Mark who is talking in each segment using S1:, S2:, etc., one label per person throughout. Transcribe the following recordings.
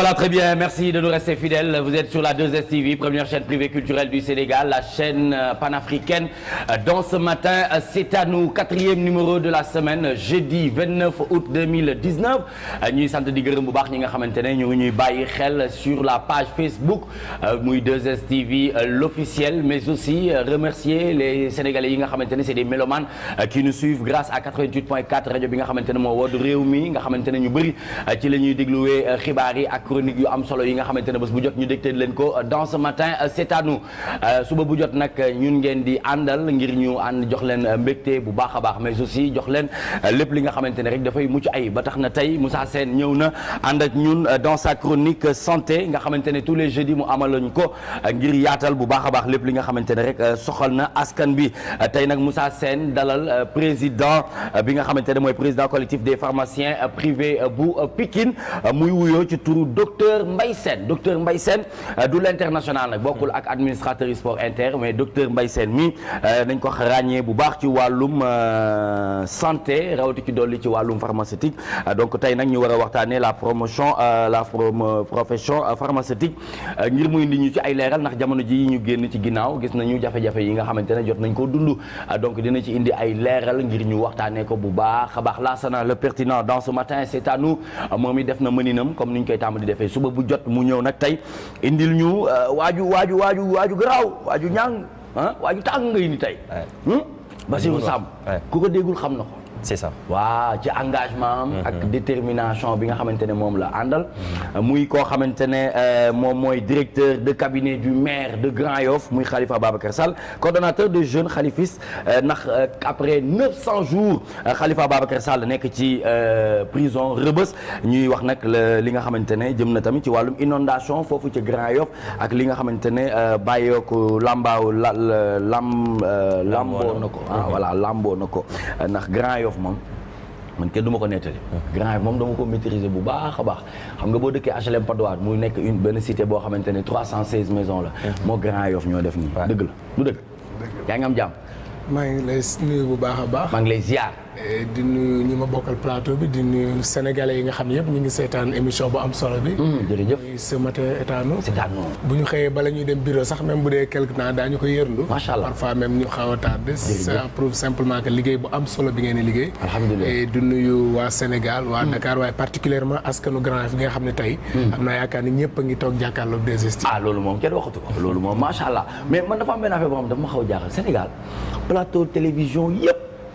S1: balaa très bien merci de nous rester fidèles vous êtes la 2STV première chaîne privée culturelle du Sénégal la chaîne euh, panafricaine euh, dans ce matin euh, c'est à nous quatrième numéro de la ñu ngi ñuy bàyyi la page Facebook muy 2STV l'officiel mais aussi remercier les Sénégalais yi nga xamante ne c'est des mélomanes qui nous suivent grâce à rajo bi nga xamante ne moo woodu réew mi nga ne ñu la ñuy dégluwee chronique yu am solo yi nga xamante ne bés bu jot ñu dégteel leen ko dans matin euh, c'est euh, suba bu jot nag euh, ñun ngeen di àndal ngir ñu ànd jox leen mbégte bu baax a baax mais aussi jox leen lépp li nga xamante ne rek dafay mucc ay ba tax na tey Moussa Sène ñëw na ànd ak ñun dans sa chronique santé nga xamante ne tous les jeudis mu amalañ ko ngir yaatal bu baax a baax lépp li nga xamante ne rek soxal na askan bi tey nag Moussa Sène dalal président bi nga xamante ne mooy président collectif des pharmaciens privés bu Pikine muy wuyoo docteur Mbaye Sène docteur Mbaye Sène euh, du l'international nag bokkul ak administrateur sport inter mais docteur Mbaye Sène mi dañ euh, ko ràññee bu baax ci wàllum euh, santé rawati ci dolli ci wàllum pharmaceutique donc tey nag ñu war a waxtaanee la promotion la profession pharmaceutique ngir muy indi ñu ci ay leeral ndax jamono ji ñu génn ci ginnaaw gis nañu jafe-jafe yi nga xamante ne jot nañ koo dund donc dina ci indi ay leeral ngir ñu waxtaanee ko bu baax a baax laasana le pertinent dans ce matin c'est i def na mëninam comme ñu koy tàmm di def defee suba bu jot mu ñëw nag tey indil ñu euh, waaju waaju waaju waaju garaaw waaju ñàng ah waaju tàng nga indi tey hmm? Basiru Samb ku ko déggul xam na c'est ça ci engagement ak mhm. détermination bi nga xamante ne moom la àndal. muy koo xamante ne euh, moom mooy directeur de cabinet du maire de Grand Yoff muy Khalifa Babacar Sall coordonnateur des jeunes khalifistes euh, ndax euh, après 900 jours Khalifa Babacar Sall nekk ci prison Rebeuss ñuy wax nag li nga xamante ne jëm na tamit ci wàllum inondation foofu ci Grand Yoff ak li nga xamante ne bàyyoo ko lambaaw la lam. lamboo na ko ah, Grand Yoff Yoff moom man kenn du ko nettali Grand Yoff moom dama ko maîtriser bu baax a baax xam nga boo dëkkee HLM Patte d'Oie muy nekk une benn cité boo xamante ne 316 maisons la moo Grand Yoff ñoo def nii dëgg la du dëgg yaa ngi
S2: am jàmm maa bu baax a baax maa ngi lay ziar Eh, di nuyu ñi ma bokkal plateau bi di nuyu sénégalais yi nga xam ne yëpp ñu ngi seetaan émission bu am solo bi. Hmm, jërëjëf muy ce bu ñu xëyee bala ñuy dem bureau sax même bu dee quelque temps daañu ko yërndu. macha allah parfois a tardé. ça prouve simplement que liggéey bu hmm. askanu Grand Yoff bi xam ne tey. Hmm. am naa yaakaar ni ñëpp a ngi toog jàkkaarloog des ah loolu moom kenn waxatu ko. loolu moom macha allah mais man dafa am benn affaire boo xam dafa ma xaw a jaaxal
S1: plateau télévision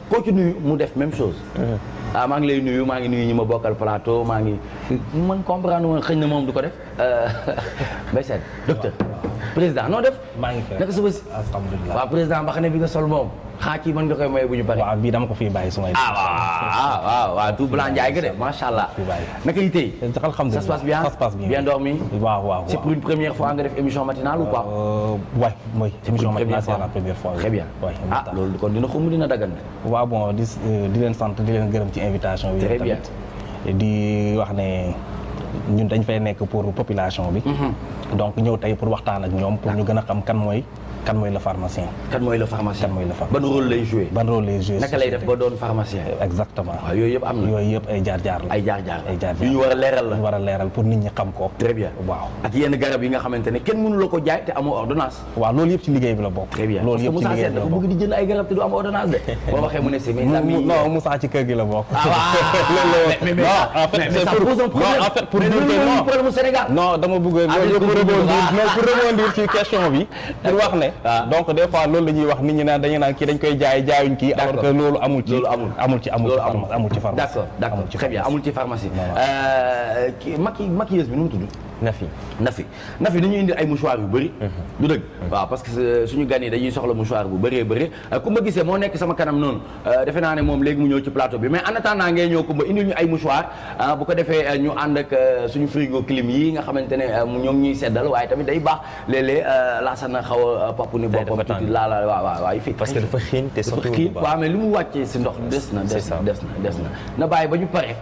S1: koo ci nuyu mu def même chose. Uh-huh. ah maa ngi lay nuyu maa ngi nuyu ñi ma bokkal plateau maa ngi man comprendre woon xëy na moom du ko def Baïssène euh, docteur. président noo def. maa ngi fay naka suba si. alhamdulilah président ba bi nga sol moom. xaa ci mën nga koy maye bu ñu bari. waaw bii dama ko fi bàyyi su ma. ah ah waaw waaw du blanc Ndiaye nga de macha allah. naka yi tey. ça se passe bien ça se passe bien bien dormi. waaw waaw c'est pour une première fois nga def émission matinale ou mooy. Euh, émission matinale c'est la première fois. très bien ah loolu kon dina waaw bon euh, di leen sant di leen gërëm ci invitation bi.
S3: très bien di wax ne. ñun dañ fay nekk pour population bi. Mm-hmm. donc ñëw tey pour waxtaan ak ñoom pour ah. ñu gën a xam kan mooy. kan mooy le pharmacien.
S1: kan mooy le pharmacien kan mooy le lay def ba doon pharmacien. exactement waaw yooyu am na. yooyu yëpp ay jaar jaar la ay ñu war a leeral la. yu nit ñi xam ko. waaw ak yenn garab yi nga xamante kenn mënu la jaay te amoo ordonnance. waaw loolu yëpp ci liggéey bi la bokk. très bien loolu yëpp dafa bëgg di jënd ay garab te du am ordonnance de. boo waxee mu ne si mais. non Moussa ci kër gi la bokk. ah waaw
S3: mais mais ça pose
S1: un dama bëgg
S3: ah, Ah. donc des fois loolu la ñuy wax nit ñi
S1: naan dañu naan kii dañ koy jaay jaayuñ kii alors que loolu amul ci amul ci amul amul ci pharmacie d'accord d'accord très bien amul ci pharmacie euh, maquilleuse bi mu tudd Nafi Nafi Nafi dañuy indi ay mouchoir yu bëri. Mhm. du dëgg waaw parce que suñu gan yi dañuy soxla mouchoir bu bëree bëri euh, Kumba gisee moo nekk sama kanam noonu euh, defe naa moom léegi mu ñëw ci plateau bi mais en attendant ngay ñëw Kumba indil ñu ay euh, yi nga xamante ne ñoom ñuy seddal waaye tamit day baax léeg-léeg laasana xaw a papu ni boppam tuuti laa la waaw waaw waaw fii
S4: parce que dafa xiin te dafa xiin waaw
S1: mais si ndox des na des na des na na na bàyyi ba ñu pare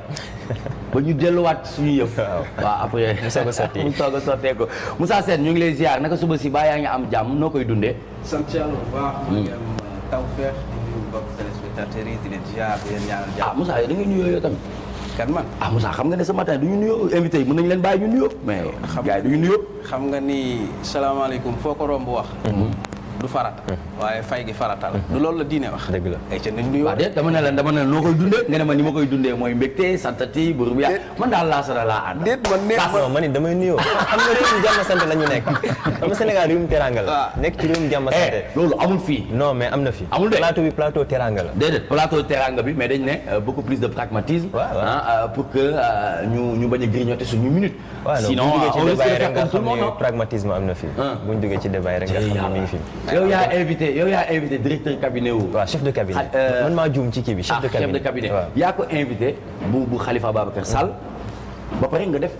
S1: ba ñu delluwaat suñu yëf waaw après sotti mu soog a sottee ko Moussa ñu ngi lay ziar naka suba si baa yaa ngi am jàmm noo koy dundee.
S3: sant yàlla bu baax. maa ngi am hmm. uh, tawfeex di leen
S1: ziar di leen ñaanal ah, da nga nuyoo yow tamit. kan man ah Moussa xam nga ne sa matin du ñu nuyoo invité yi mën nañu leen bàyyi ñu nuyoo. mais gars yi du ñu
S3: xam nga ni salaamaaleykum foo ko romb wax. Hmm. du farata eh. waaye fay gi
S1: farata la eh. loolu la diine wax dëgg la ay eh, ca nit du yow dama ne la dama ne la noo koy dundee nga ne ma ni ma koy dundee mooy
S4: mbégte santati bërëb yaa man daal laasara laa ànd déet ma man it damay nuyoo xam nga réewum jàmm sant la nekk xam Sénégal réewum teranga la ah. nekk ci réewum jàmm sant loolu amul fii non mais am na fii plateau bi plateau teranga la plateau teranga bi mais dañ ne euh, beaucoup plus de pragmatisme
S1: euh, pour que euh, ñu ñu
S4: am na fii buñ duggee yow yaa invité yow yaa invité directeur cabinet wu. waaw chef de cabinet euh, man maa juum ci kii ah, chef de cabinet chef ko invité
S1: bu bu Khalifa Babacar Sall ba pare nga def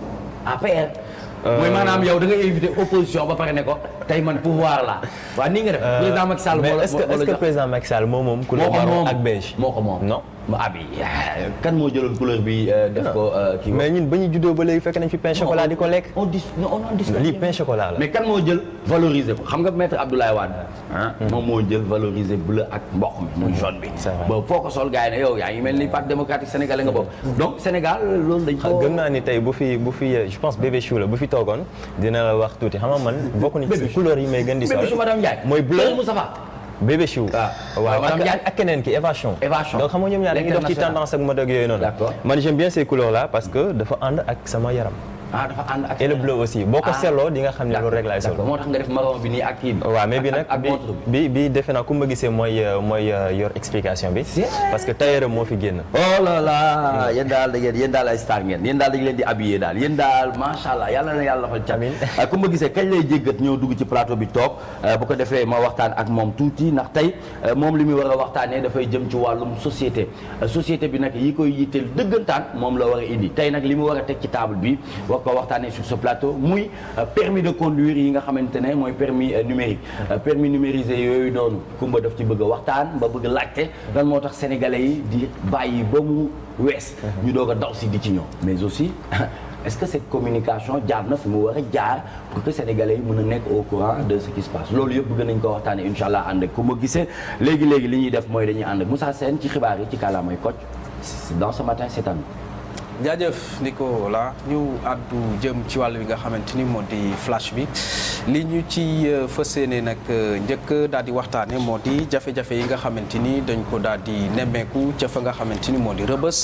S1: APR. Euh, mooy maanaam yow da nga invité opposition ba pare ne ko tey man pouvoir la waaw nii nga def. Euh, président Macky Sall moo la est-ce que
S4: président Macky Sall moo moom. couleur marron ak beige moo ko Ah, ma abi euh, kan moo jëloon
S1: couleur bi euh, def ko euh, kii mais
S4: ñun ba ñu juddoo ba léegi fekk nañ fi pain chocolat di ko lekk. on dis non on en
S1: chocolat la. mais kan moo jël valoriser ko xam nga maître Abdoulaye Wade. Hmm. moom moo jël valoriser bleu ak mboq mi muy jaune bi. ba foo ko sol gars yi yow yaa ngi mel ni parti démocratique sénégalais nga bokk.
S4: donc Sénégal loolu dañ ko gëm naa ni tey bu fi bu fi je pense bébé chou la bu fi toogoon dina la wax tuuti xam nga man bokk nañ ci couleur yi may gën di sol. bébé chou bébé Chou. waaw ah, ak keneen ki évasion. évasion donc xam nga ñoom ñaar dañuy dox ci tendance ak mode ak yooyu noonu. man j'aime bien ces couleurs là parce que dafa ànd ak sama yaram. ah dafa ànd ak. et le bleu aussi boo ko ah. seetloo di nga xam ne loolu rek laay sol. moo tax nga def marron bi nii ak bi. bi defe naa ku ma gisee mooy euh, mooy euh, yor explication bi. parce que tailleur moo fi génn. oh la là yéen daal da yéen daal ay star ngeen yéen daal dañu leen di habillé daal yéen daal macha allah yàlla na yàlla fal ca. amiin
S1: ah, ku ma gisee kañ lay jéggat ñëw dugg ci plateau bi toog euh, bu ko defee ma waxtaan ak moom tuuti ndax tey moom li muy war a waxtaanee dafay jëm ci wàllum société société bi nag yi koy yitteel dëggantaan moom la war indi tey nag li mu war a teg ci table bi ko waxtaanee sur ce plateau muy euh, permis de conduire yi nga xamante ne mooy permis euh, numérique euh, permis numérisé yooyu noonu Kumba def ci bëgg waxtaan ba bëgg laajte lan moo tax sénégalais yi di bàyyi ba mu wees uh-huh. ñu doog a daw si di ci ñëw mais aussi est-ce que cette communication jaar na fi mu war a jaar pour que sénégalais yi mën a nekk au courant de ce qui se passe loolu yëpp bëgg nañ ko waxtaanee incha allah ànd ak ku gisee léegi léegi li ñuy def mooy dañuy ànd ak Moussa Sène ci xibaar yi ci kàllaamay Kocc dans ce matin c'est à jaajëf Nicolas ñu àddu jëm ci wàll bi nga xamante ni moo di
S3: flash bi li ñu ci euh, fas yéene nag euh, njëkk daal di waxtaane moo di jafe-jafe nga xamante ni dañ ko daal di nemmeeku ca nga xamante ni moo di rëbës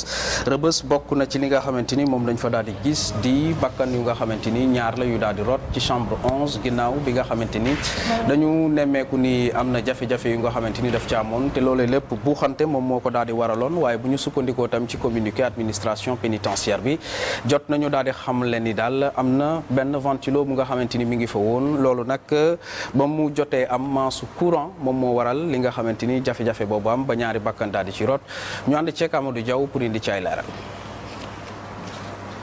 S3: rëbës bokk na ci li nga xamante ni moom dañ fa daal di di bakkan yu nga xamante ni ñaar la yu daal di rot ci chambre 11 ginnaaw bi nga xamante ni dañu nemmeeku ni am na jafe-jafe yu nga xamante ni daf ci amoon te loolee lépp buuxante moom moo ko daal di waraloon waaye bu ñu sukkandikoo tam ci communiqué administration pénitentiaire pénitentiaire bi jot nañu daal di xam leen ni daal am na benn ventilo bu nga xamante ni mi ngi fa woon loolu nag ba mu jotee am maasu courant moom moo waral li nga xamante ni jafe-jafe boobu am ba ñaari bakkan daal di ci rot ñu ànd ceeg Amadou Diaw pour indi ci ay leeral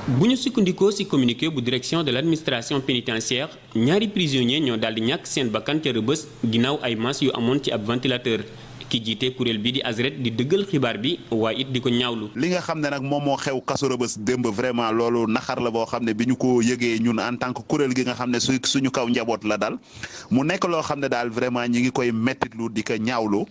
S4: bu ñu sukkandikoo ci communiqué bu direction de l'administration pénitentiaire ñaari prisonniers ñoo daal di ñàkk seen bakkan ca Rebeuss ginnaaw ay mas yu amoon ci ab ventilateur ki jiite kuréel bi di Azret di dëggal xibaar bi waaye it di ko ñaawlu.
S5: li nga xam ne nag moom moo xew kaso Rebeuss démb vraiment loolu naxar la boo xam ne bi ñu ko yëgee ñun en tant que kuréel gi nga xam ne su suñu kaw njaboot la dal mu nekk loo xam ne daal vraiment ñi ngi koy mettitlu di ko ñaawlu.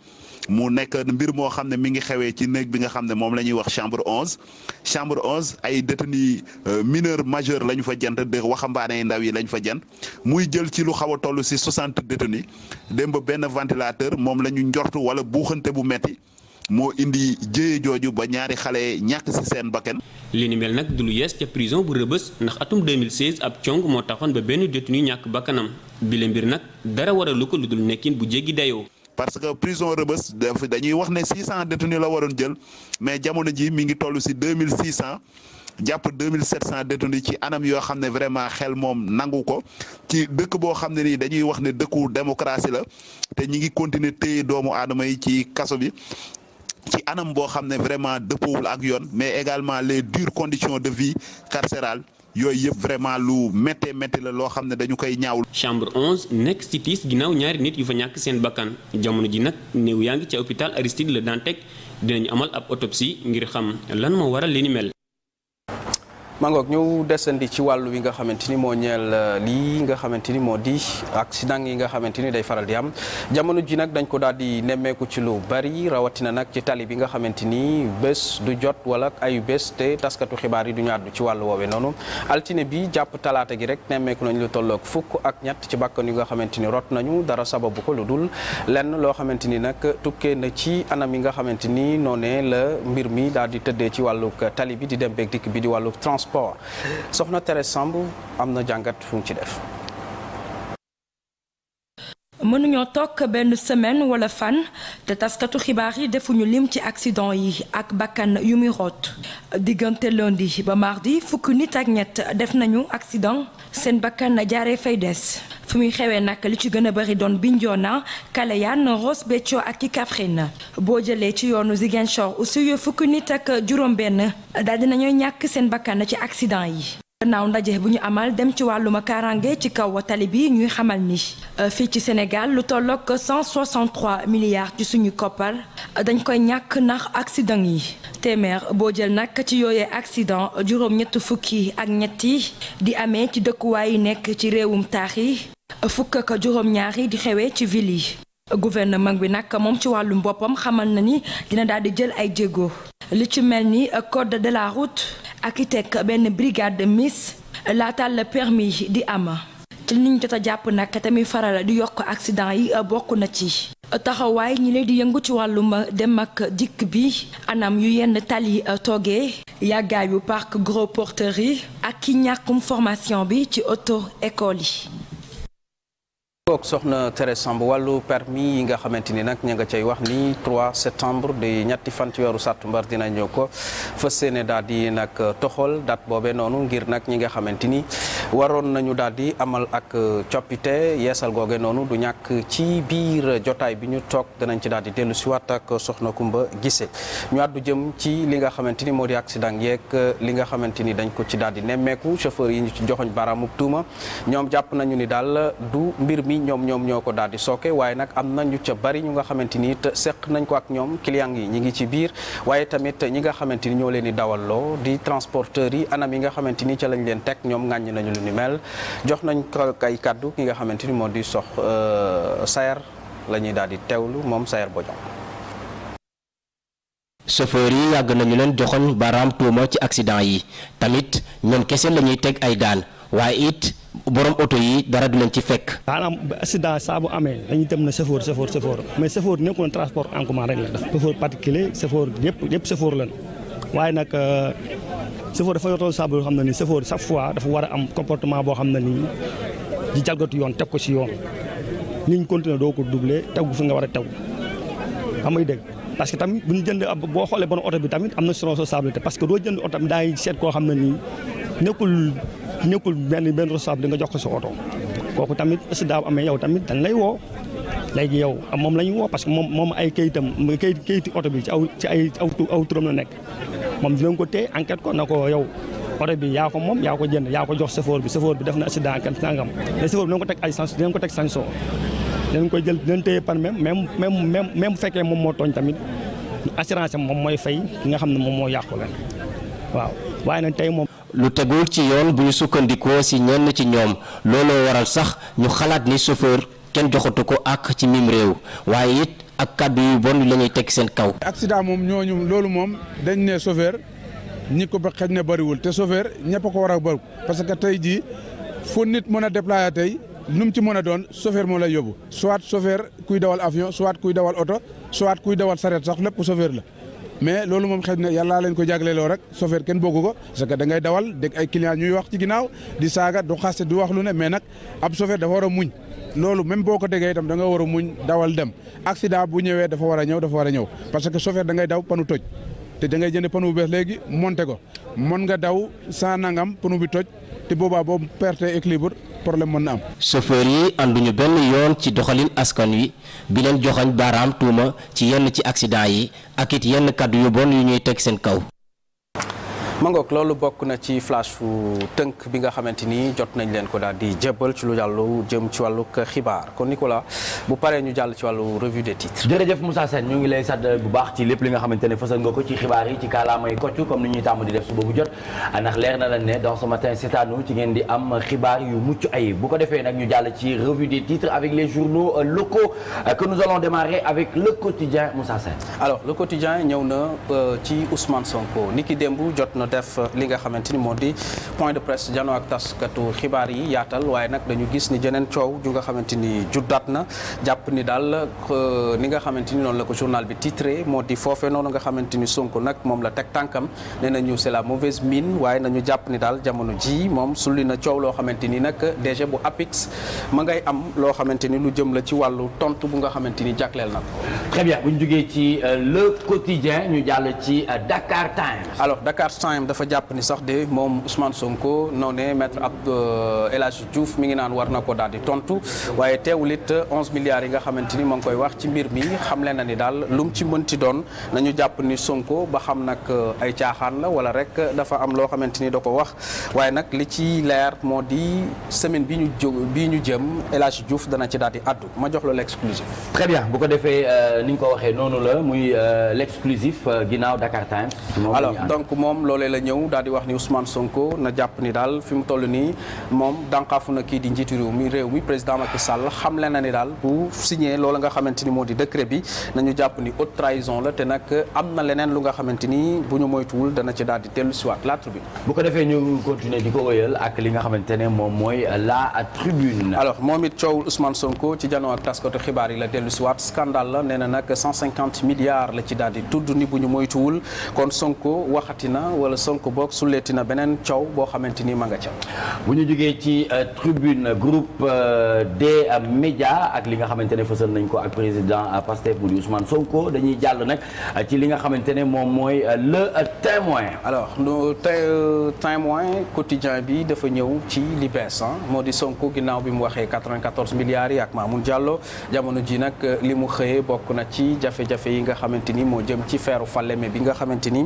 S5: mu nekk mbir moo xam ne mi ngi xewee ci néeg bi nga xam ne moom la ñuy wax chambre onze chambre onze ay détenus euh, mineurs majeurs la ñu fa jënd de waxambaane ndaw yi lañu fa jënd muy jël ci lu xaw a toll si soixante détenus démb benn ventilateur moom la ñu njortu wala buuxante bu metti moo indi jëye jooju ba ñaari xale ñàkk ci seen bakkan
S4: li ni mel nag du lu yees ca prison bu rëbës ndax atum 2016 ab cong moo taxoon ba benn détenu ñàkk bakkanam bile mbir nag dara waralu ko lu dul nekkin bu jéggi dayoo parce que prison
S5: Rebeuss dañuy wax ne 600 détenus la waroon jël mais jamono ji mi ngi toll si 2600 jàpp 2700 détenus ci anam yoo xam ne vraiment xel moom nangu ko ci dëkk boo xam ne nii dañuy wax ne dëkku démocratie la te ñi ngi continuer téye doomu aadama yi ci kaso bi. ci anam boo xam ne vraiment dëppowul ak yoon mais également les dures conditions de vie carcérale yooyu yëpp vraiment lu méttee métti la loo xam ne dañu
S4: koy ñaaw chambre 11 nekk ci tiis ginnaaw ñaari nit yu fa ñàkk seen bakkan jamono ji nag néew yaa ngi ca hôpital Aristide Le Dantec dinañu amal ab autopsie ngir xam lan moo waral li ni mel.
S3: mangook ñëw desandi ci wàllu wi nga xamante ni moo ñeel euh, lii nga xamante ni moo di ak accident yi nga xamante ni day faral di am jamono ji nag dañ ko daal di nemmeeku ci lu bari rawatina nag ci tali bi nga xamante ni bés du jot wala ayu bés te taskatu xibaar yi du ñu àddu ci wàllu woowe noonu altine bi jàpp talaata gi rek nemmeeku nañ lu tolloog fukk ak ñett ci bakkan yi nga xamante ni rot nañu dara sababu ko lu dul lenn loo xamante ni nag tukkee na ci anam yi nga xamante ni noonee mbir mi daal di tëddee ci wàllug tali bi di dem beeg bi di wàllug transport sport soxna Tere Samb am na jàngat fu mu ci def.
S6: mënuñoo toog benn semaine wala fan te taskatu xibaar yi defuñu lim ci accident yi ak bakkan yu muy root diggante lundi ba mardi fukki nit ak ñett def nañu accident seen bakkan jaaree fay des fi muy xewee nag li ci gën a bëri doon Bignona Kalayaan Ross Béthio ak i Kaffrine boo jëlee ci yoonu Ziguinchor aussi fukki nit ak juróom-benn daal dinañoo ñàkk seen bakkan ci accident yi. gannaaw ndaje bu ñu amal dem ci wàllum kaaraange ci kaw wa tali bi ñuy xamal ni euh, fii ci Sénégal lu tollook 163 milliards ci suñu koppal euh, dañ koy ñàkk nax accident yi téeméer boo jël nag ci yooyee accident juróom-ñett fukki ak ñetti di amee ci dëkkuwaay yi nekk ci réewum taax yi fukk ak juróom-ñaar di xewee ci ville yi gouvernement bi nag moom ci wàllum boppam xamal na ni dina daal di jël ay jéego li ci mel ni code de la route ak i teg benn brigade miss laataal la permis di ama ci li ñu jot a jàpp nag tamit faral di yokk accident yi euh, bokk na ci. taxawaay ñi leen di yëngu ci wàllum euh, dem ak dikk bi anam yu yenn tali euh, toogee yàggaayu parc gros porteur yi ak ki ñàkkum formation bi ci auto école yi.
S3: boog soxna Tere Samb wàllu permis yi nga xamante ni nag ña nga cay wax ni 3 septembre di ñetti fan ci weeru sàttumbar dina ñëw ko fas yéene daal di nag toxal date boobee noonu ngir nag ñi nga xamante ni waroon nañu daal di amal ak coppite yeesal googe noonu du ñàkk ci biir jotaay bi ñu toog danañ ci daal di dellu si ak soxna Kumba Gise ñu àddu jëm ci li nga xamante ni moo di accident yeeg li nga xamante ni dañ ko ci daal di nemmeeku chauffeur yi ñu ci joxoñ baaraamub tuuma ñoom jàpp nañu ni daal du mbir mi ni ñoom ñoom ñoo ko daal di sooke waaye nag am na ñu ca bari ñu nga xamante ni te seq nañ ko ak ñoom client yi ñi ngi ci biir waaye tamit ñi nga xamante ni ñoo leen di dawaloo di transporteurs yi anam yi nga xamante ni ca lañ leen teg ñoom ŋàññi nañu lu ni mel jox nañ ko ay kàddu ki nga xamante ni moo di sox euh, Sayer lañuy ñuy daal di teewlu moom Sayer Bodian chauffeur yi yàgg nañu leen joxoon baaraam tuuma ci
S7: accident yi tamit ñoom kese la ñuy teg ay daan waaye it borom oto yi
S8: dara du leen ci fekk.
S7: maanaam ba accident saa amee dañuy dem na chauffeur chauffeur chauffeur mais chauffeur nekkul transport en commun rek la def. chauffeur particulier chauffeur yëpp yëpp chauffeur waaye nag euh, chauffeur dafa yotol saabu yoo xam ne nii chauffeur chaque fois dafa war am comportement boo xam ne nii di yoon teg ko si yoon ni ñu continuer doo ko doubler tegu fi nga war a tegu nga dégg parce que tamit bu ñu jënd boo xoolee bon oto bi doo jënd oto bi daa seet koo xam ne nii. nekkul nekkul benn benn responsable nga jox ko sa oto kooku tamit accident bu lay woo léegi yow moom la ñu woo parce que moom moom ay kayitam kayit kayiti oto bi ci aw ci ay aw turam la nekk moom ko téye enquête ko na ko yow oto bi yaa moom yaa ko jënd yaa ko jox chauffeur bi chauffeur bi def na accident kan sangam mais chauffeur bi dinañ ko teg ay sanction dinañ ko teg sanction dinañ koy jël dinañ téye par même même même même même bu fekkee moom moo tooñ tamit assurance moom mooy fay ki nga xam ne moom moo yàqu leen waaw waaye nag tey moom lu tegul ci yoon bu ñu sukkandikoo ci ñenn ci ñoom looloo waral sax ñu xalaat ni chauffeur kenn joxatu ko ak ci mim réew waaye it ak kàddu
S3: yu bon la ñuy teg seen kaw.
S2: accident moom ñooñu loolu moom dañ ne chauffeur ñi ko ba xëj na bëriwul te chauffeur ñëpp ko war a bëri parce que tey jii fu nit mën a déplacer tey nu mu ci mën a doon chauffeur moo lay yóbbu soit kuy dawal avion soit kuy dawal oto soit kuy dawal sareet sax lépp chauffeur la. mais loolu moom xëy na yàllaa leen ko jagleeloo rek chauffeur kenn bëggu ko parce que da ngay dawal dégg ay client ñuy wax ci ginnaaw di saaga du xaste du wax lu ne mais nag ab chauffeur dafa war a muñ loolu même boo ko degee itam da nga war a muñ dawal dem accident bu ñëwee dafa war a ñëw dafa war a ñëw parce que chauffeur dangay daw panu toj te da ngay jënd panu bu léegi monté ko mën nga daw sans nangam panu bi toj te boobaa boobu perte équilibre problème mën na am.
S3: chauffeur yi ànduñu benn yoon ci doxalin askan wi bi leen joxañ baaraam tuuma ci yenn ci accident yi ak it yenn kàddu yu bon yu ñuy teg seen kaw. mangook loolu bokk na ci flash fu tënk bi nga xamante ni jot nañ leen ko daal di jébbal ci lu jàll
S1: jëm ci wàllu xibaar kon Nicolas bu paree ñu jàll ci wàllu revue des titres. jërëjëf Moussa Sène ñu ngi lay sàdd bu baax ci lépp li nga xamante ne fësal nga ko ci xibaar yi ci kaalaamay kocc comme ni ñuy tàmm di def suba bu jot ndax leer na lañ ne dans ce matin seetaanu ci ngeen di am xibaar yu mucc ay bu ko defee nag ñu jàll ci revue des titres avec les journaux euh, locaux euh, que nous allons démarrer avec le quotidien Moussa Sène.
S3: alors le quotidien ñëw na euh, ci Ousmane Sonko niki démb jot na a def euh, li nga xamante ni moo di point de presse janoo ak taskatu xibaar yi yaatal waaye nag dañu gis ni jeneen coow ju nga xamante ni juddaat na jàpp ni daal euh, ni nga xamante ni noonu la ko journal bi titré moo di foofee noonu nga xamante ni Sonko moom la teg tànkam nee nañu c'est mauvaise mine waaye nañu jàpp ni daal jamono ji moom sulli na coow loo xamante ni nag DG bu APIX ma ngay am loo xamante ni lu jëm la ci wàllu tont bu nga xamante ni jàkkleel na ko. très bien temps dafa jàpp ni sax de moom Ousmane Sonko noo ne maître ab euh, El Hadj Diouf mi ngi naan war na ko daal di tontu waaye teewul it 11 euh, milliards yi nga xamante ni moo ngi koy wax ci mbir mi xam leen na ni daal lu mu ci mënti doon ñu jàpp ni Sonko ba xam nag euh, ay caaxaan la wala rek dafa am loo xamante ni da ko wax waaye nag li ci leer moo di semaine bi ñu jë bii
S1: ñu jëm élage Hadj dana ci daal di addu ma jox la l'exclusif. très bien bu ko defee ni ñu ko waxee noonu la muy l'exclusif ginnaaw Dakar
S3: loolee la ñëw daal di wax ni Ousmane Sonko na jàpp ni daal fi mu toll nii moom dànkaafu na kii di njiitu réew mi réew mi président Macky Sall xamle na ni moo di décret bi nañu jàpp ni haute trahison la te nag am na leneen lu nga xamante ni bu ñu moytuwul dana ci daal di tellu siwaat la tribune
S1: bu ko defee ñu continuer di ko wëyal ak li nga xamante ne moom mooy la tribune
S3: alors moom it coowul Ousmane Sonko ci janoo ak taskatu xibaar yi la dellu siwaat scandale la nee na milliards la ci daal di tudd ni bu ñu moytuwul kon Sonko waxati na wala Sonko boog
S1: sulleeti na beneen coow boo xamante ni ma nga ca. bu ñu jógee ci euh, tribune groupe euh, des médias ak li nga xamante ne fësal nañ ko ak président euh, Pastef bu di Ousmane Sonko dañuy jàll nag ci li nga xamante ne moom mooy le témoin. alors
S3: le témoin quotidien bi dafa ñëw ci li bees moo di Sonko ginnaaw bi mu waxee 94 milliards yi ak Mamoun Diallo jamono ji nag li mu xëyee bokk na ci jafe-jafe yi nga xamante ni moo jëm ci feeru Falémé bi nga xamante ni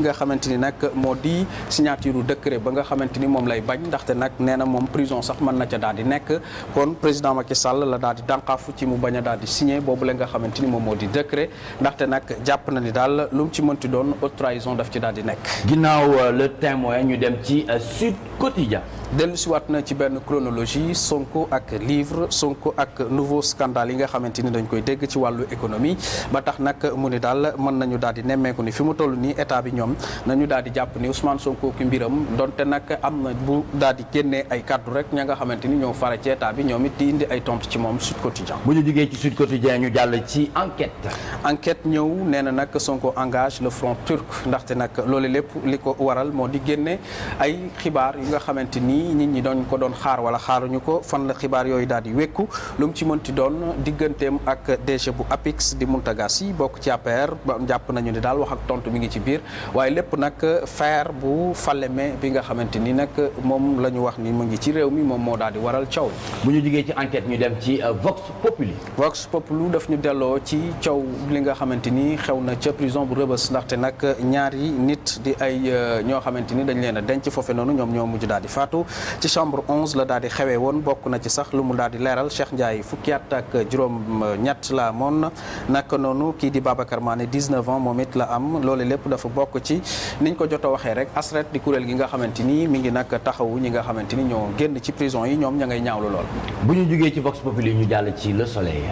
S3: nga xamante ni nag moo di signature décret ba nga xamante ni moom lay bañ ndaxte nag nee na moom prison sax mën na ca daal di nekk kon président ma Macky Sall la daal di dànqaafu ci mu bañ a daal di signé boobu la nga xamante ni moom moo di décret ndaxte nag jàpp na ni daal lu mu ci mënti doon haute trahison daf ci daal di nekk. ginnaaw euh, le témoin ñu dem ci euh, Sud Quotidien. dellu siwaat na ci benn chronologie Sonko ak livre Sonko ak nouveau scandale yi nga xamante ni dañ koy dégg ci wàllu économie ba tax nag mu ni daal mën nañu daal di nemmeeku ni fi mu toll nii état bi ñoom nañu daal di jàpp ni Ousmane Sonko ki mbiram donte nag am na bu daal di génnee ay kaddu rek ña nga xamante ni ñoom fare ci état bi ñoom it di indi ay tontu ci moom Sud Quotidien
S1: mu ñu jugee ci Sud Quotidien ñu jàll ci
S3: enquête. enquête ñëw nee na nag Sonko engage le front ndaxte nag loolu lépp li ko waral moo di génne ay xibaar nii nit ñi doon ko doon xaar wala xaaruñu ko fan la xibaar yooyu daal di wékku lu mu ci mënti doon digganteem ak DG bu APIX di Mountaga Sy bokk ci APR jàpp nañu ni daal wax ak tontu mi ngi ci biir waaye lépp nag faire bu Falémé bi nga xamante ni nag moom la ñu wax ni mu ngi ci réew mi moom moo daal di waral caw bu ñu jugee ci enquête ñu dem ci euh, Vox Populi. Vox Populi def ñu delloo ci caw li nga xamante ni xew na ca prison bu Rëbës ndaxte nag ñaari nit di ay euh, ñoo xamante ni dañ leen a denc foofe noonu ñoom ñoo mujj daal di ci chambre 11 la daal di xewee woon bokk na ci sax lu mu daal di leeral Cheikh Ndiaye fukki at ak juróom ñett la amoon naka noonu kii di Babacar Mané 19 ans moom it la am loolu lépp dafa bokk ci niñ ko jot a waxee rek asret di kuréel gi nga xamante ni mi ngi nag taxawu ñi nga xamante ni ñoo génn ci prison yi ñoom ña ngay ñaawlu lool. bu ñu jugee ci Vox Populi ñu jàll ci Le Soleil.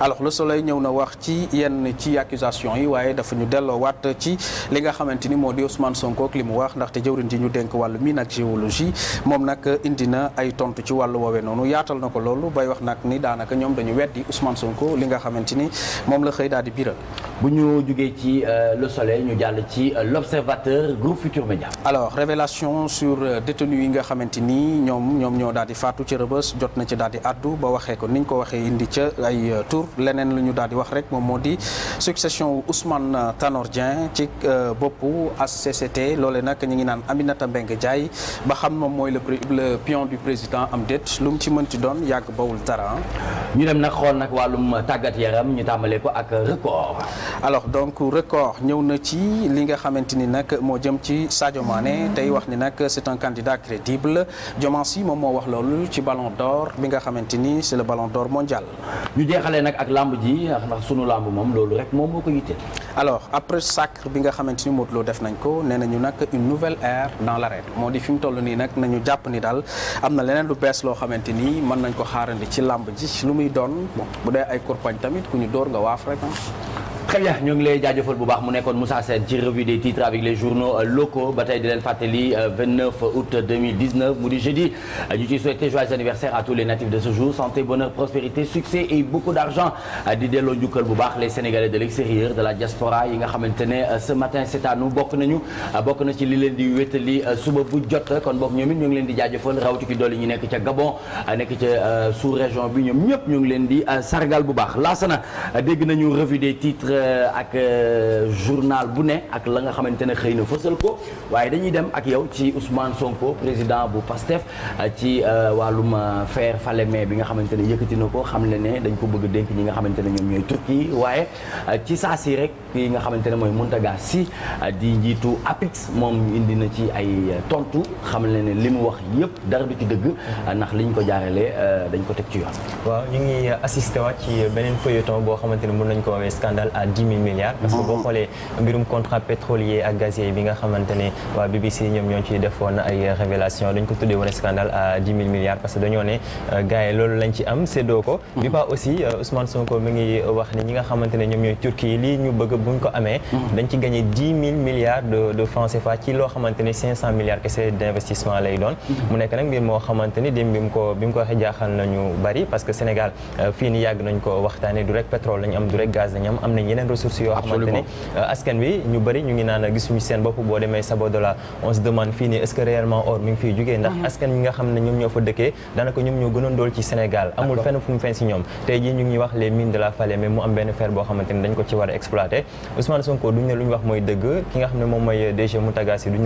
S3: alors Le Soleil ñëw na wax ci yenn ci accusation yi waaye dafa ñu delloowaat ci li nga xamante ni moo di Ousmane Sonko ak li mu wax ndaxte jëwriñ ji ñu dénk wàllu mine ak géologie moom nag indi na ay tontu ci wàllu woowee noonu yaatal na ko loolu bay wax nag ni daanaka ñoom dañu weddi Ousmane Sonko li nga xamante ni moom la xëy daal di biral bu ñu jugee ci euh, le soleil ñu jàll ci euh, l'observateur groupe Futur Média. alors révélation sur euh, détenus yi nga xamante ni ñoom ñoom ñoo daal di faatu ci rëbës jot na ci daal di addu ba waxee ko niñ ko waxee indi ca ay tur leneen lu ñu daal di wax rek moom moo di succession Ousmane Tanor Dieng ci boppu HCCT loole nag ñu ngi naan Aminata Mbengue Ndiaye ba le pion du président am déet lu ci mënti doon yàgg bawul dara ñu dem nag xool nag wàllum tàggat yaram ñu tàmbalee ko ak record. alors donc record ñëw na ci li nga xamante ni nag moo jëm ci Sadio Mané tey wax ni nag c'est un candidat crédible Diomansi moom moo wax loolu ci Ballon d'Or bi nga xamante ni c'est le Ballon d'Or mondial. ñu jeexalee nag ak lamb ji ndax sunu lamb moom loolu rek moom moo ko yitteel. alors après sacre bi nga xamante ni Modou Lo def ko nee nañu nag une moo di jàpp ni daal am na leneen lu bees loo xamante
S1: ni mën nañ ko xaarandi ci làmb ji lu muy doon bon bu dee ay kurpañ tamit ku ñu dóor nga waaf rek ah. très bien ñu ngi lay jaajëfal bu baax mu nekkoon Moussa Sène ci revue des titres avec les journaux euh, locaux ba tey di leen fàttali 29 euh, août 2019 mu di jeudi ñu ciy souhaité joyeux anniversaire à tous les natifs de ce jour santé bonheur prospérité succès et beaucoup d'argent euh, di delloo njukkal bu baax les sénégalais de l'extérieur de la diaspora yi nga xamante ce matin c'est à nous bokk nañu bokk na ci li leen di wétali suba bu jot kon bokk ñoom it ñu ngi di jaajëfal rawati ki Euh, ak euh, journal bu ne ak la nga xamante ne xëy na fësal ko waaye dañuy dem ak yow ci Ousmane Sonko président bu PASTEF euh, ci wàllum faire Falémé bi nga xamante ne yëkkati na ko xam le ne dañ ko bëgg dénk ñi nga xamante ne ñoom ñooy Turquie waaye ci saa si rek yi nga xamante ne mooy Mountaga si di njiitu APIX moom indi na ci ay tontu xam le ne li mu wax yëpp dara du ci dëgg ndax liñ ko jaaralee dañ ko teg ci yoon.
S4: waaw ñu ngi assisté à dix mille milliards. parce que boo xoolee mbirum contrat pétrolier ak gazier bi nga xamante ne waa BBC ñoom ñoo ciy defoon ay révélation dañ ko tuddee woon scandale à milliards parce que dañoo ne euh, mhm. euh, ñooy Turquie lii ñu bëgg buñ ko amee. Mhm. dañ ci gagné dix mille milliards mhm. ni dem bi mu nañu bari parce que Sénégal euh, fii nii yàgg nañ ko waxtaanee du rek pétrole lañ am du rek gaz lañ am am nañ yeneen ressources yoo xamante ni euh, askan wi ñu bëri ñu ngi naan gisuñu seen bopp boo demee Sabodola on se demande fii nii est-ce or mi ngi fiy jugee ndax mhm. askan mi nga xam ne ñoom ñoo fa dëkkee daanaka ñoom ñoo gënoon dool ci Sénégal amul fenn fu fen si ñoom tey jii ñu ngi wax les mines de la mais mu am benn fer boo xamante dañ ko ci war a exploité Sonko duñ ne lu ñu wax mooy dëgg ki nga xam ne moom mooy DG Moutagassi duñ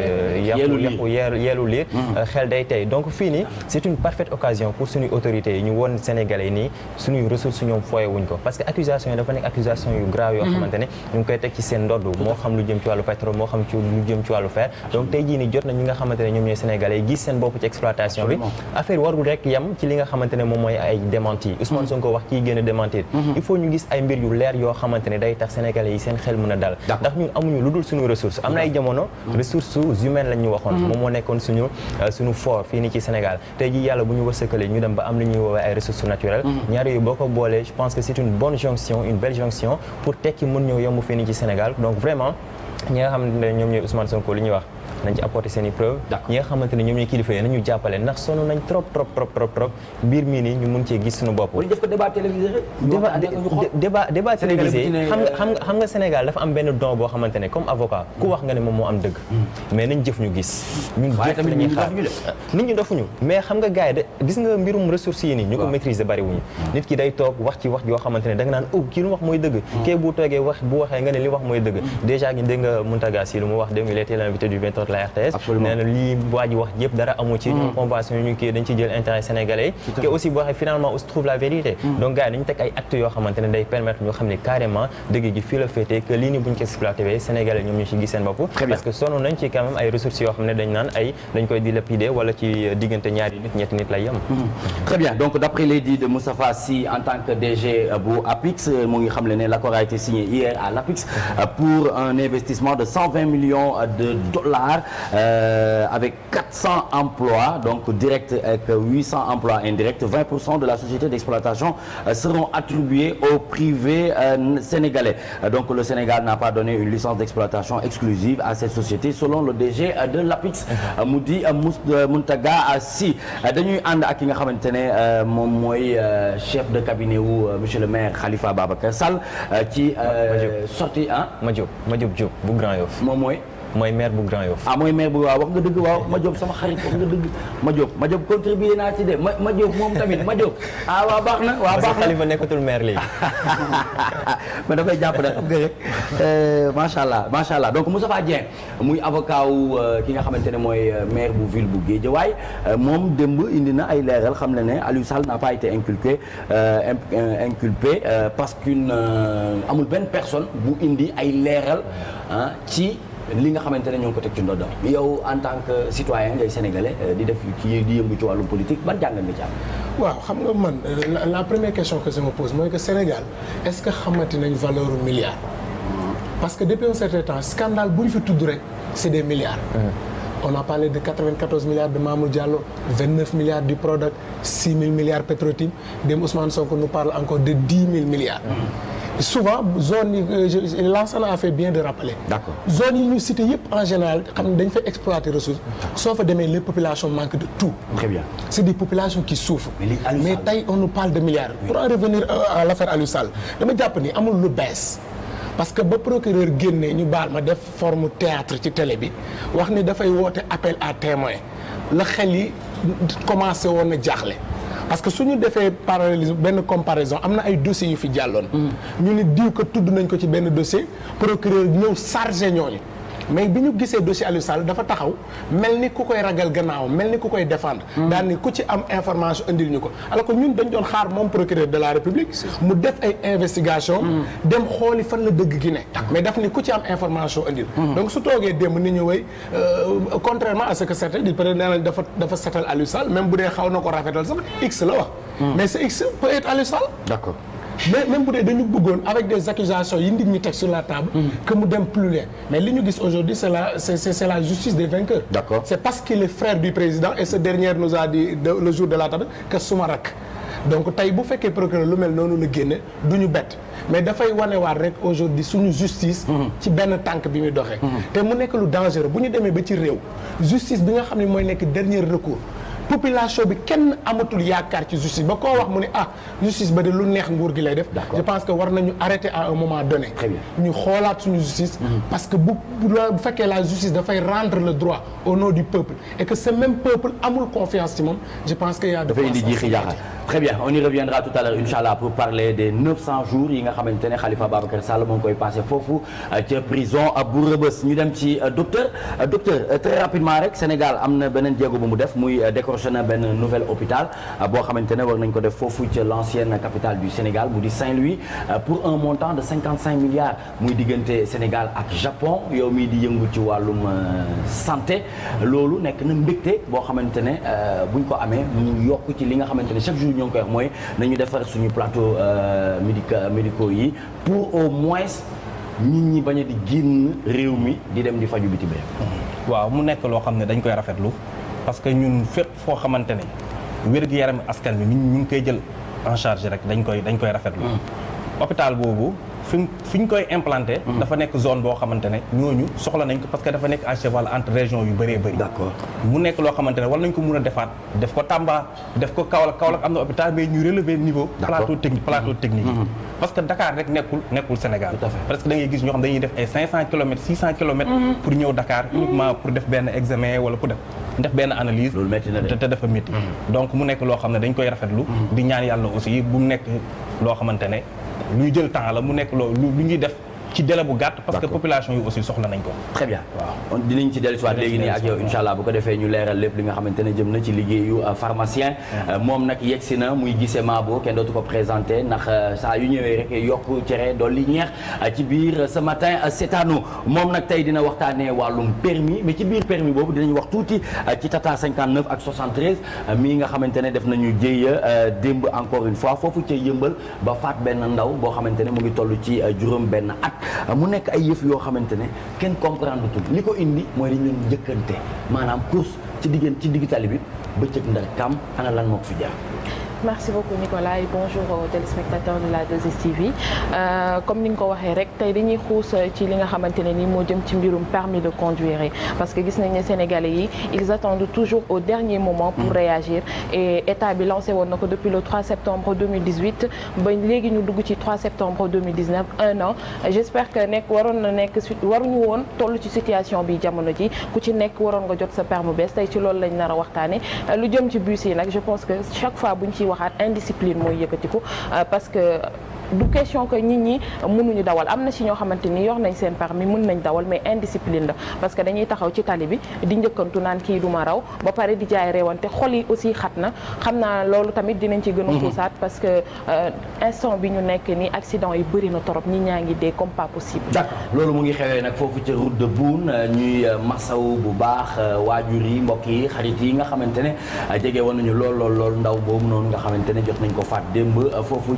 S4: Euh, yeelu yàqu yeelu hmm. xel day tey donc fii nii c'est une parfaite occasion pour suñuy autorités yi ñu woon Sénégalais yi nii suñuy ressources ñoom fooye wuñ ko parce que accusation yi dafa nekk accusation yu grave yoo hmm. xamante ñu nga xamante ñoom ñooy Sénégalais yi gis seen bopp ci exploitation bi affaire warul rek yam ci li nga xamante moom mooy ay démenti hmm. Ousmane Sonko wax kii gën a il faut ñu gis ay mbir yu leer yoo xamante day tax Sénégalais yi ressources humaines lañ ñu waxoon mm-hmm. moom moo nekkoon suñu euh, suñu fort fii nii ci Sénégal tey jii yàlla bu ñu wërsëkalee ñu dem ba am lu ñuy woowee ay ressources naturelles mm-hmm. ñaar yooyu boo ko boolee je pense que c'est une bonne jonction une belle jonction pour tekki mën ñëw yomb fii nii ci Sénégal donc vraiment ñi nga xam ñoom ñooy Ousmane Sonko li ñuy wax nañ ci apporter seen i preuve ñi nga xamante ne ñoom ñooy kilifa yi nañu jàppale ndax sonn nañ trop trop trop trop trop mbir mii nii ñu mën cee gis suñu bopp
S1: débat débat télévisé
S4: xam xam nga Sénégal dafa am benn don boo xamante ne comme avocat ku wax nga ne moom moo am dëgg hmm. mais nañ jëf ñu gis ñun jëf lañuy xaar nit ñi dofuñu mais xam nga gars yi de gis nga mbirum ressources yi nii ñu ko maîtriser bari wuñu hmm. nit ki day toog wax ci wax yoo xamante ne da nga naan ub oh, kii lu wax avec la wax yëpp dara amu ci mm-hmm. ñoom convention yi ñu ci jël intérêt sénégalais yi aussi bu waxee finalement où se trouve la vérité mm-hmm. donc gars yi dañu ay actes yoo xamante ne day permettre ñu xam carrément dëgg gi fii la féetee que lii ni buñ ko exploité sénégalais ñoom ñu ci gis seen bopp parce que sonn nañ ci quand ay ressources yoo xam ne dañ naan ay dañ koy dilapider wala ci diggante ñaari nit ñetti nit lay yem mm-hmm. très bien donc d'après
S1: milliards euh, avec 400 emplois donc directs avec 800 emplois indirects 20 pour cent de la société d'exploitation euh, seront attribués au privé euh, sénégalais donc le Sénégal n'a pas donné une licence d'exploitation exclusive à cette société selon le DG de l'APIX mu di Mountaga Sy dañuy ànd ak ki nga xamante ne moom mooy chef de cabinet wu monsieur le maire Khalifa Babacar Sall ci sorti ah Madiop Madiop Diop mooy maire bu Grand Yoff. ah mooy maire bu waaw wax nga dëgg waaw ma Diop sama xarit wax nga dëgg ma Diop ma Diop contribué naa ci de ma ma Diop moom tamit ma Diop ah waaw baax na. waa baax na Khalifa
S4: nekkatul maire léegi.
S1: mais dafay jàpp ne euh, macha allah macha allah donc Moustapha Dieng muy avocat wu euh, ki nga xamante ne mooy euh, maire bu ville bu waaye moom démb indi na ay leeral xam na ne Aliou Sall n'a pas été inculpé inculpé parce qu'une amul benn personne bu indi ay leeral ci. li nga xamante ne ñoo ko teg ci ndoddam yow en tant que citoyen ngay sénégalais euh, di def ci di yëngu ci wàllu politique ban jàngal nga ci
S2: waaw xam nga man euh, la première question que je me pose mooy que Sénégal est-ce que xamante nañ valeur milliard parce que depuis un certain temps scandale bu ñu fi tudd rek c'est des milliards
S8: uh-huh.
S2: on a parlé de 94 de Mamour du Prodac 6 000 dem Ousmane Sonko nous parle encore de 10 souvent zone yi euh, Lansana a fait bien de rappeler. d'accord zone yi ñu cité yëpp en général xam ne dañ fay exploiter ressources. soo fa demee les populations manquent de tout. très bien c'est des populations qui mais tey on nous parle de milliards. pour en revenir euh, à l'affaire Aliou Sall dama jàpp ni amul lu bees. parce que ba procureur génnee ñu baal ma def forme théâtre ci tele bi wax ni dafay woote appel à témoin la xel yi commencé woon na jaaxle. parce que su ñu defee parallélisme benn comparaison am na ay dossiers yu fi jàlloon. Mm. ñu ni diw ko tudd nañ ko ci benn dossier procureur ñëw chargé ñooñu. mais bi ñu gisee dossier Aliou dafa taxaw mel ni ku koy ragal gannaaw mel ni ku koy défendre. Hmm. daal ni ku ci am information indil ñu ko alors que ñun dañ doon xaar moom procureur de la république. mu def ay investigation hmm. dem xooli fan la dëgg gi ne. Hmm. mais daf ni ku ci am information indil. donc su toogee démb ni ñu way euh, contrairement à ce que certains disent peut dafa dafa setal Aliou Sall même bu dee xaw na ko rafetal sax x la wax. mais ce x peut être Aliou mais même bu dee dañu bëggoon avec des accusations yi nit ñi teg sur la table. Hmm. que mu dem plus loin mais li ñu gis aujourd'hui c'est la c'est c'est la justice des vainqueurs. d'accord c'est parce qu'il est frère du président et ce dernier nous a dit jour de la table que suma rak donc tey bu fekkee procureur lu mel noonu la génne du ñu bett mais dafay wanewaat rek aujourd'hui suñu justice. Hmm. ci benn tànk bi muy doxee. Hmm. te mu nekk lu dangereux bu ñu demee ba ci réew. justice b nga xam ne mooy nekk dernier recours. population bi kenn amatul yaakaar ci justice ba koo wax mu ne ah justice ba de lu neex nguur gi lay def. je pense que war nañu arrêter à un moment donné. ñu xoolaat suñu justice. Mm-hmm. parce que bu bu fekkee la justice dafay rendre le droit au no du peuple et que ce même peuple amul confiance ci moom je pense que y a. dafay indi jiixi
S1: très bien on y reviendra tout à l'heure inchallah pour parler des 900 jours yi nga xamante ne Khalifa Babacar Sall moo ngi koy foofu euh, ca prison euh, bu Rebeuss ñu dem ci euh, docteur docteur rapidement rek Sénégal am na beneen jéego bu mu muy décroché na benn nouvel hôpital boo xamante ne war nañ ko def foofu ca l'ancienne capitale du Sénégal mu di Saint-Louis pour un montant de 55 milliards muy diggante Sénégal ak Japon yow mi di yëngu ci wàllum santé loolu nekk na mbégte boo xamante ne buñ ko amee ñoo mooy nañu defar suñu plateau euh, médica médicaux yi pour au moins nit ñi bañ a di génn réew mi di dem di faju biti bi
S3: waaw mu nekk loo xam ne dañ koy rafetlu parce que ñun fépp foo xamante ne wér-gu-yaram askan bi ñu ngi koy jël en rek dañ koy dañ koy rafetlu hôpital boobu fi fi ñu koy implanté. Hmm. dafa nekk zone boo xamante ne ñooñu soxla nañ ko parce que dafa nekk à cheval entre région yu bëree bëri. mu nekk loo xamante ne war ko mun a defaat def ko Tamba def ko Kaolack Kaolack am na hôpital mais ñu relever niveau. plateau technique plateau technique yi. Hmm. parce que Dakar rek nekkul nekkul Sénégal. parce que da ngay gis ñoo xam dañuy def ay 500 kilomètres 600 kilomètres. Hmm. pour ñëw Dakar pour def benn pour def. benn analyse loo xam ne dañ koy rafetlu. di ñaan yàlla aussi bu loo xamante ne luy jël temps la mu nekk loolu lu ñuy def ci délai bu gàtt parce que population yi aussi soxla nañ ko
S1: très bien waaw dinañ ci dellu si waat léegi nii ak yow insha allah bu ko defee ñu leeral lépp li nga xamante ne jëm na ci liggéeyu euh, pharmacien euh, moom nag yegsi na muy gise maabo kenn dootu ko présenté ndax euh, saa yu ñëwee rek yokk cere yi ñeex ci biir ce matin seetaanu moom nag tey dina waxtaanee wàllum permis mais ci biir permis boobu dinañ wax tuuti ci tata 59 ak 73 mii nga xamante ne def nañu jéeya démb encore une fois foofu ca yëmbal ba faat benn ndaw boo xamante ne mu ngi toll ci juróom benn at Ah, mu nekk ay yëf yoo xamante ne kenn comprendre tul li ko indi mooy dañu leen njëkkante maanaam course ci diggante ci diggu digitali bi bëccëg ndar kam ana lan moo ko fi jaar
S9: merci beaucoup Nicolas et bonjour aux téléspectateurs de la 2STV euh, comme ni nga ko waxee rek tey dañuy xuus euh, ci li nga xamante ne ni moo jëm ci mbirum permis de conduire yi parce que gis nañ ne Sénégalais yi ils attendent toujours au dernier moment pour mm. réagir et état bi lancé woon na ko depuis le 3 septembre 2018 ba léegi ñu dugg ci 3 septembre 2019 un an j'espère que nekk waroon na nekk waruñu woon toll ci situation bi jamono ji ku ci nekk waroon nga jot sa permis bees lu jëm ci bus yi nag waxaat indiscipline mooy yëkkatiku euh, parce que du question que nit ñi mënuñu dawal am na si ñoo xamante ni yor nañ seen permis mën nañ dawal mais indiscipline la parce que dañuy taxaw ci tali bi di njëkkantu naan kii du raw ba pare di jaay reewante xol yi aussi xat na xam naa loolu tamit dinañ ci gën a mhm. xuusaat parce que euh, instant bi ñu nekk ni accident yi bëri na torop ñi ñaa ngi dee comme pas possible d'accord
S1: loolu mu ngi xewee nag foofu ca route de Boune euh, ñuy euh, masaw bu baax waajur yi mbokk yi xarit yi nga xamante ne jege woon nañu lool lool ndaw boobu noonu nga xamante ne jot nañ ko faat démb foofu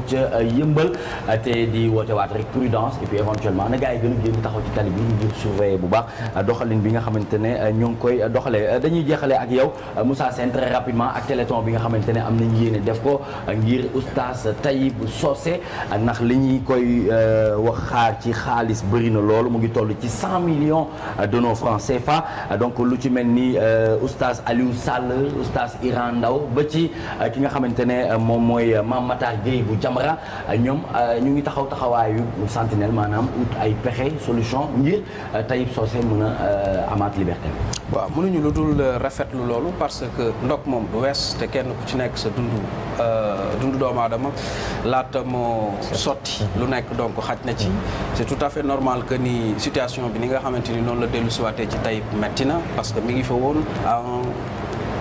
S1: yëmbal Euh, te di woote waat rek prudence et puis éventuellement na gars yi gën génn taxaw ci tali bi ngir surveiller bu baax euh, doxalin bi nga xamante ne euh, ñoo ngi koy doxalee dañuy jeexalee ak yow Moussa Sène très rapidement ak téléthon bi nga xamante ne am nañu yéene def ko ngir oustaz Tayib Socé ndax li ñuy koy wax xaar ci xaalis bëri na loolu mu ngi toll ci 100 millions de nos francs CFA donc lu ci mel ni oustaz Aliou Sall oustaz Iran Ndaw ba ci ki nga xamante ne moom mooy Mame Matar Gueye bu Jamra ñoom Euh, ñu ngi taxaw taxawaayu sentinelle maanaam ay pexe solution ngir euh, Taïb Socé mën a euh, amaat liberté
S3: waaw mënuñu lu dul rafetlu loolu parce que ndok moom du wees te kenn ku ci nekk sa dundu dundu doomu aadama laata moo sotti lu nekk donc xaj na ci c'est tout à fait normal que ni situation bi ni nga xamante ni noonu la dellu siwaatee ci Taïb metti na parce que mi ngi fa woon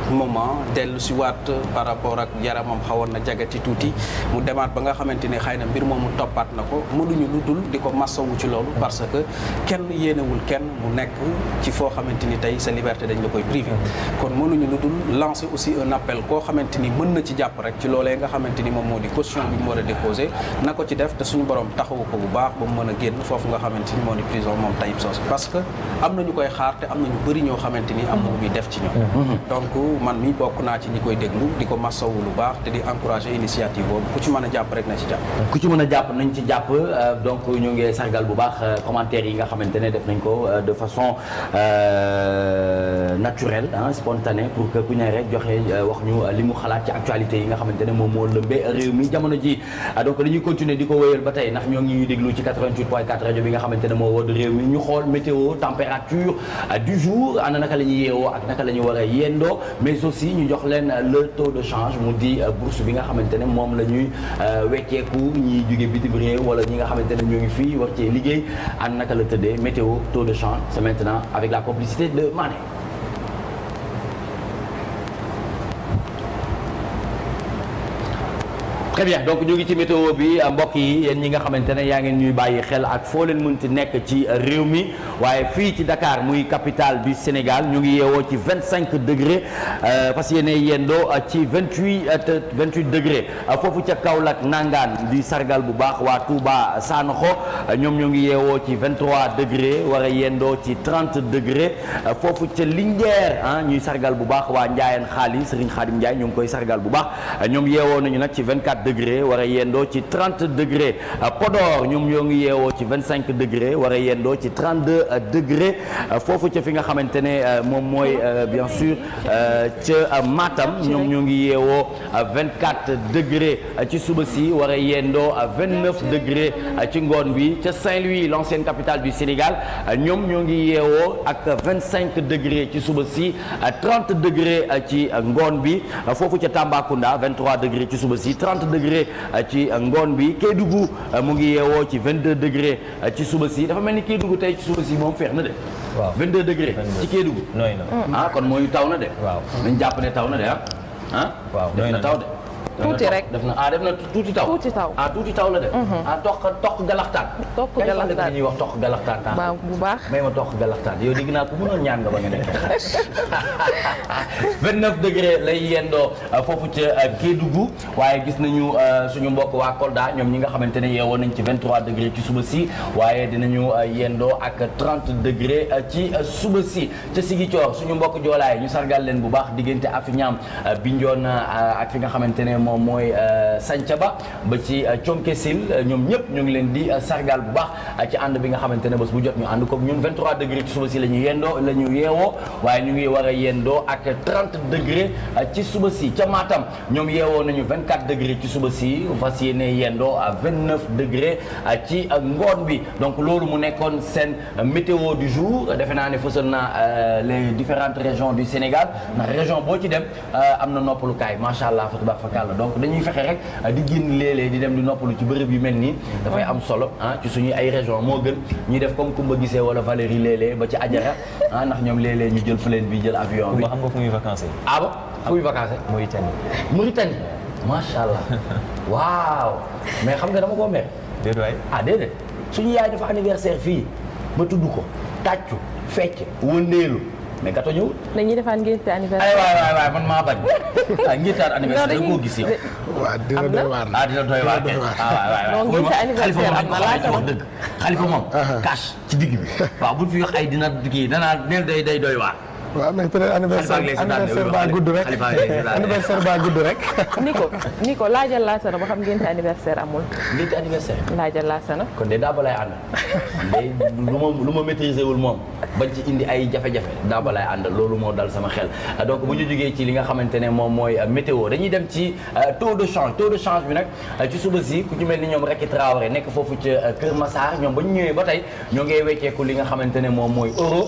S3: moment dellu si waat par rapport ak yaramam xawoon na jagati tuuti mu demaat ba nga xamante ne xëy na mbir moomu toppaat na ko mënuñu lu dul di ko massawu ci loolu parce que kenn yéenewul kenn mu nekk ci foo xamante ni tey sa liberté dañ la koy privé kon mënuñu lu dul lancer aussi un appel koo xamante ni mën na ci jàpp rek ci loolee nga xamante ni moom moo di caution bi mu war a déposé na ko ci def te suñu borom taxawu ko bu baax ba mu mën a génn foofu nga xamante ni moo di prison moom Tayib Socé parce que am nañu koy xaar te am nañu bëri ñoo xamante ni am na muy def ci ñoom mm-hmm. man mi bokk naa ci ñi koy déglu di ko masawu lu baax te di
S1: encourager initiative boobu ku ci mën a jàpp rek na ci jàpp ku ci mën a jàpp nañ ci jàpp euh, donc ñoo ngi sargal bu baax euh, commentaires yi nga xamante ne def nañ ko euh, de façon naturelle ah spontanée pour que ku ne rek joxe wax ñu li mu xalaat ci actualité yi nga xamante ne moom moo lëmbee réew mi jamono ji ah, donc dañuy continuer di ko wéyal ba tey ndax ñoo ngi ñuy déglu ci 88 point 4 rajo bi nga xamante ne moo wodd réew mi ñu xool météo température du jour ana naka la ñuy yeewoo ak naka la ñu war a yendoo mais aussi ñu jox leen euh, le taux de change mu di euh, bourse bi nga xamante ne moom la ñuy euh, wecceeku ñiy jóge bitim réew wala ñi nga xamante ne ñoo ngi fii war cee liggéey ànd naka la tëddee météo taux de change c'est maintenant avec la complicité de Mané très donc ñu ngi ci météo bi mbokk yi yéen ñi nga xamante ne yaa ngeen nuy bàyyi xel ak foo leen mënti nekk ci réew mi waaye fii ci dakaar muy capitale du Sénégal ñu ngi yeewoo ci 25 degré euh, fas yéene yendoo ci 28 28 degré foofu ca Kaolack nangaan di sargal bu baax waa Touba xo euh, ñoom ñu ngi yeewoo ci 23 degré war yendoo ci 30 degré euh, foofu ca Linguère ah ñuy sargal bu baax waa Ndiayène Xaalis Serigne Khadim Ndiaye ñu ngi koy sargal bu baax ñoom yeewoo nañu nag ci 24 degré war a yendoo ci 30 degré Podor ñoom ñoo ngi yeewoo ci 25 degré war a yendoo ci 32 euh, degré euh, foofu ca fi nga xamante ne euh, moom mooy bien sûr ca Matam ñoom ñoo ngi yeewoo a 24 degré ci suba si war a yendoo 29 degré ci ngoon bi ca Saint-Louis l'ancienne capitale du Sénégal ñoom ñoo ngi yeewoo ak 25 degré ci suba si 30 degré ci ngoon bi foofu ca Tambacounda 23 degré ci suba si degré euh, ci euh, ngoon bi Kédougou euh, mu ngi yeewoo ci 22 degré ci suba si dafa mel ni Kédougou tey ci suba si moom feex na de. waaw 22 degré ci Kédougou. nooy na ah kon mooy taw na de. waaw nañ jàpp ne taw na de ah. ah?
S4: waaw def na taw
S1: de. tuuti rek def na ah def na tuuti taw tuuti taw ah, la def mhm. ah toq toq galaxtaan toq galaxtaan ñuy wax ah. bu baax may ma toq galaxtaan yow dégg naa ko mënoon ñaan nga ba nga nekk 29 degré lay yendoo ah, foofu ca Kédougou waaye gis nañu suñu mbokk waa Kolda ñoom ñi nga xamante ne yeewoon nañ ci 23 degré ci suba si waaye dinañu yendoo ak 30 degré ci suba si ca Ziguinchor suñu mbokk joolaay ñu sargal leen bu baax diggante Afiñam Bignona ak fi nga xamante moom mooy euh, Santhiaba ba ci euh, Thionke Sil euh, ñoom ñëpp ñoo ngi leen di sargal bu baax ci ànd bi nga xamante ne bés bu jot ñu ànd ko ñun 23 degré ci suba si la ñu yendoo la ñu yeewoo waaye ñu ngi war a yendoo ak 30 degré ci suba si ca Matam ñoom yeewoo nañu 24 degré ci suba si fas yéene yendoo à 29 degré ci ngoon bi donc loolu mu nekkoon seen météo du jour defe naa ne fësal naa les différentes région du Sénégal ndax région boo ci dem am na noppalukaay macha allah Fatou Bakar la donc dañuy fexe rek ah, di génn léeg-léeg di dem di noppalu ci bërëb yu mel nii dafay am solo ah ci suñuy ay région moo gën ñuy def comme Kumba Gisee wala Valérie léeg lée ba ci Ajara ah ndax ñoom léeg-léeg ñu jël plane bi jël avion bi xam nga fu muy vacances ah bon fu muy vacances Mauritanie Mauritanie macha allah waaw mais xam nga dama koo mer déedéet waay ah déedéet suñu yaay dafa anniversaire fii ba tudd ko
S9: tàccu fecc
S1: wëndeelu mais gâteau ñëwul.
S9: dañuy defaat ngénte anniversaire. ay waay waay man
S1: maa bañ. ah ngéntaat anniversaire da nga koo gis yow. waaw dina doy waar ah dina doy waar kay
S2: ah waay ci digg bi.
S1: waaw bu ñu fi wax ay dina kii danaa neel day day doy waar.
S2: waaw mais peut-être anniversaire anniversaire baa gudd rek anniversaire baa gudd ba
S9: xam ngénte anniversaire amul. ngénte anniversaire. laajal laasana. kon de daa balay ànd.
S1: mais lu ma lu wul moom bañ ci indi ay jafe-jafe daa balay ànd loolu moo dal sama xel donc bu ñu jugee ci li nga xamante ne moom mooy euh, météo dañuy dem ci euh, taux de change taux de change bi nag euh, ci suba si ku ci mel ni ñoom Racky Traoré nekk foofu ca Kër Massar ñoom ba ñu ñëwee ba tey ñoo ngi wecceeku li nga xamante ne moom mooy euro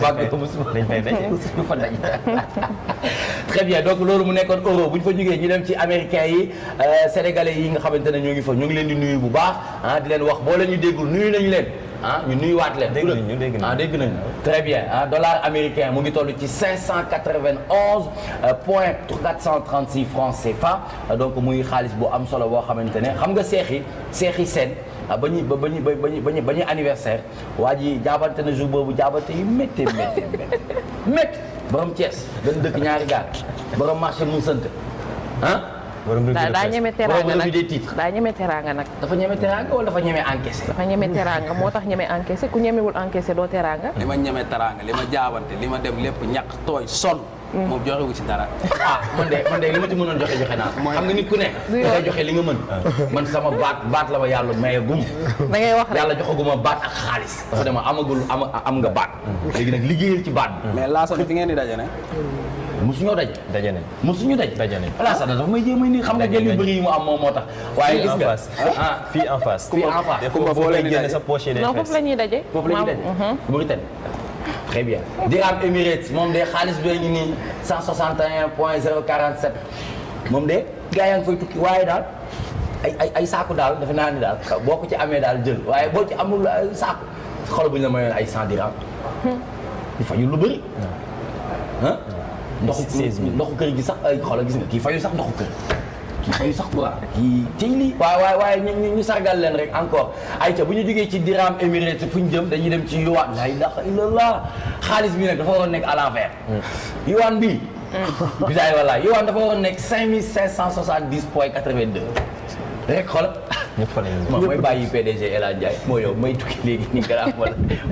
S1: banque ko musuma dañ fay dañ suñu fa daj très bien donc loolu mu nekkoon euro bu ñu fa jógee ñu leen ci américains yi euh, sénégalais yi nga xamante ne ñoo ngi fa ñu ngi leen di nuyu bu baax ah di leen wax boo leen ñu déggul nuyu nañu leen ah ñu nuyuwaat leen. dégg nañu dégg nañu ah dégg nañu. très bien ah dollar américain mu ngi toll ci 591 euh, point 436 francs CFA donc muy xaalis bu am solo boo xamante ne xam nga seexi seexi seen. Ah, ba ñuy ba ñuy ba ñuy ba ñuy anniversaire waa ji jaabante na jour boobu jaabante yu métti métti métti métti borom Thiès dañ dëkk ñaari gaar borom marché mu sant ah. borom
S3: daa daa ñeme teraanga nag
S9: daa ñeme teraanga nag. dafa ñeme teraanga wala dafa ñeme encaissé. dafa ñeme teraanga moo tax ñeme encaissé ku ñemewul encaissé doo teraanga. li
S3: ma ñeme teraanga li ma
S1: jaabante li ma dem lépp ñàkk tooy sonn. Mm. moom joxe wu ci dara. ah man de man de li joxe joxe naa moom xam nga nit ku ne. dafay joxe li nga mën. Ah. man sama baat baat la ma yàlla may gum. da ngay wax rek yàlla joxaguma baat ak xaalis. dafa ah. dama amagul am am nga baat. Mm. léegi nag liggéeyal ci baat bi. Mm. mais laasoon fi ngeen di daje ne. musuñoo daj. daje nañ musuñu daj. daje nañ alaasa dafa may jéem a nii xam nga jël yu bëri yi mu am moom moo tax. waaye gis nga ah, ah fii en face. fii en face. foofu la ñuy daje foofu la
S9: daje. foofu mm-hmm.
S1: la très bien dirham Emirates moom de xaalis bee ñu nii 161 point 047 moom de gars yaa tukki waaye daal ay ay ay saako daal defe naa ni daal boo ko ci amee daal jël waaye boo ci amul euh, saako xool bu ñu la ay 100 dirham. di fayul lu bëri. ah ndoxu ndoxu kër gi sax ay xoolal gis nga kii fayul sax ndoxu kër. xëy sax quoi kii cëñ lii waaw waaw waaye ñu ñu sargal leen rek encore ay ayca bu ñu jógee ci dirham émirate fu ñu jëm dañuy dem ci yuwaan la ilaha illallah xaalis bi nag dafa waroon nekk à l'envers hmm. yuwaan bi
S8: hmm. bisaay walla
S1: yuwaan dafa waroon nekk 5570 point 82 rek xoolal. ñëpp fa lañuy ñëw mooy bàyyi PDG El Hadj mooy yow may tukki léegi nii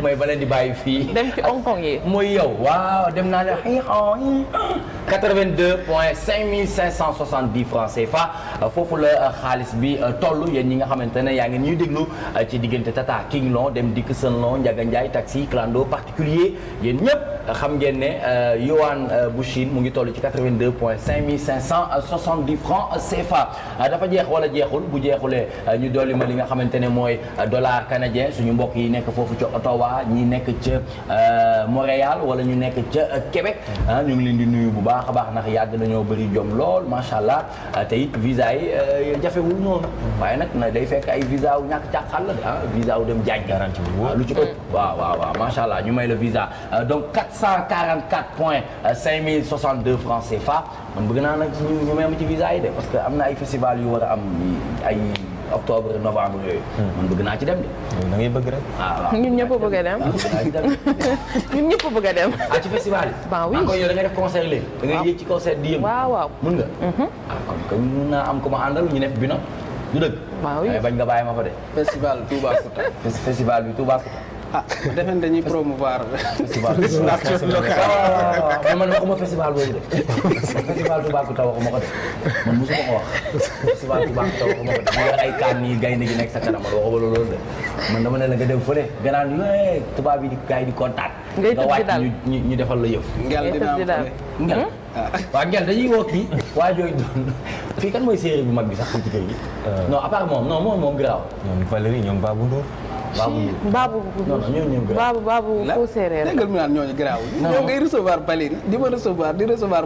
S1: mooy bala di bàyyi fii. dem ci Hong Kong yi. mooy yow waaw dem naa ne xëy na 82 point 5570 francs CFA foofu la euh, xaalis bi euh, toll yéen ñi nga xamante ne yaa ngi ñuy déglu euh, ci diggante Tata King Long dem dikk Sën Long Ndiaga Ndiaye taxi clando particulier yéen ñëpp xam ngeen ne Yuan bu Chine mu ngi toll ci 82 point 5570 francs CFA dafa jeex wala jeexul. bu jeexulee euh, ñu dolli ma li nga xamante ne mooy euh, dollar canadien ñu mbokk yi nekk foofu ca Ottawa ñi nekk ca euh, Montréal wala ñu nekk ca Québec ah, ñu ngi leen di nuyu bu baax a baax ndax yàgg nañoo bëri jom lool macha allah te it visa yi jafewul noonu waaye nag na day fekk ay visa wu ñàkk càqal la ah visa wu dem jaaj garanti ah, lu ci ëpp mm. waaw waaw waaw macha allah ñu may la visa donc 444 points 5062 francs CFA man bëgg naa nag ñu ñu may am ci visa yi de parce que am na ay festival yu war a am ay octobre novembre yooyu. Hmm. man bëgg naa ci dem de. Hmm, da ngay bëgg rek. Ah, waaw
S9: ñun ñëpp bëgg a dem. Ah, ñun ñëpp bëgg a dem.
S1: ah ci festival yi. bah oui encore ah, yow da ngay def concert nga. Mhm. ah kon naa am ko ma àndal ñu def bino du dëgg. waaw oui eh, bañ nga bàyyi ma fa de. festival Toubacouta. festival bi Toubacouta. ah defe a dañuy promouvoir. festival ah, ah, ah, man waxuma festival boobu de. festival a waxuma ko de man mosuma ko wax. festival a waxuma ko de mu ay kaan nii gaynde gi nekk sa kanam man waxuma loolu de man dama ne la nga dem fële gannaaw yooyu eh, tubaab yi di gars di kontaan. ngay tëb di daal nga wàcc ñu ñu defal la yëf. ngel dinaa ngel. Hmm? waaw ngel dañuy woo kii. waa jooju doon fii kan mooy séeréer bu mag bi sax ci kër gi. Euh. non à moom non moom moom ñoom baabu baabu
S9: baabu foo séeréer déggal
S1: mu naan ñooñu
S3: garaawul
S8: ñoo
S1: ngay recevoir Baléry di ma recevoir di recevoir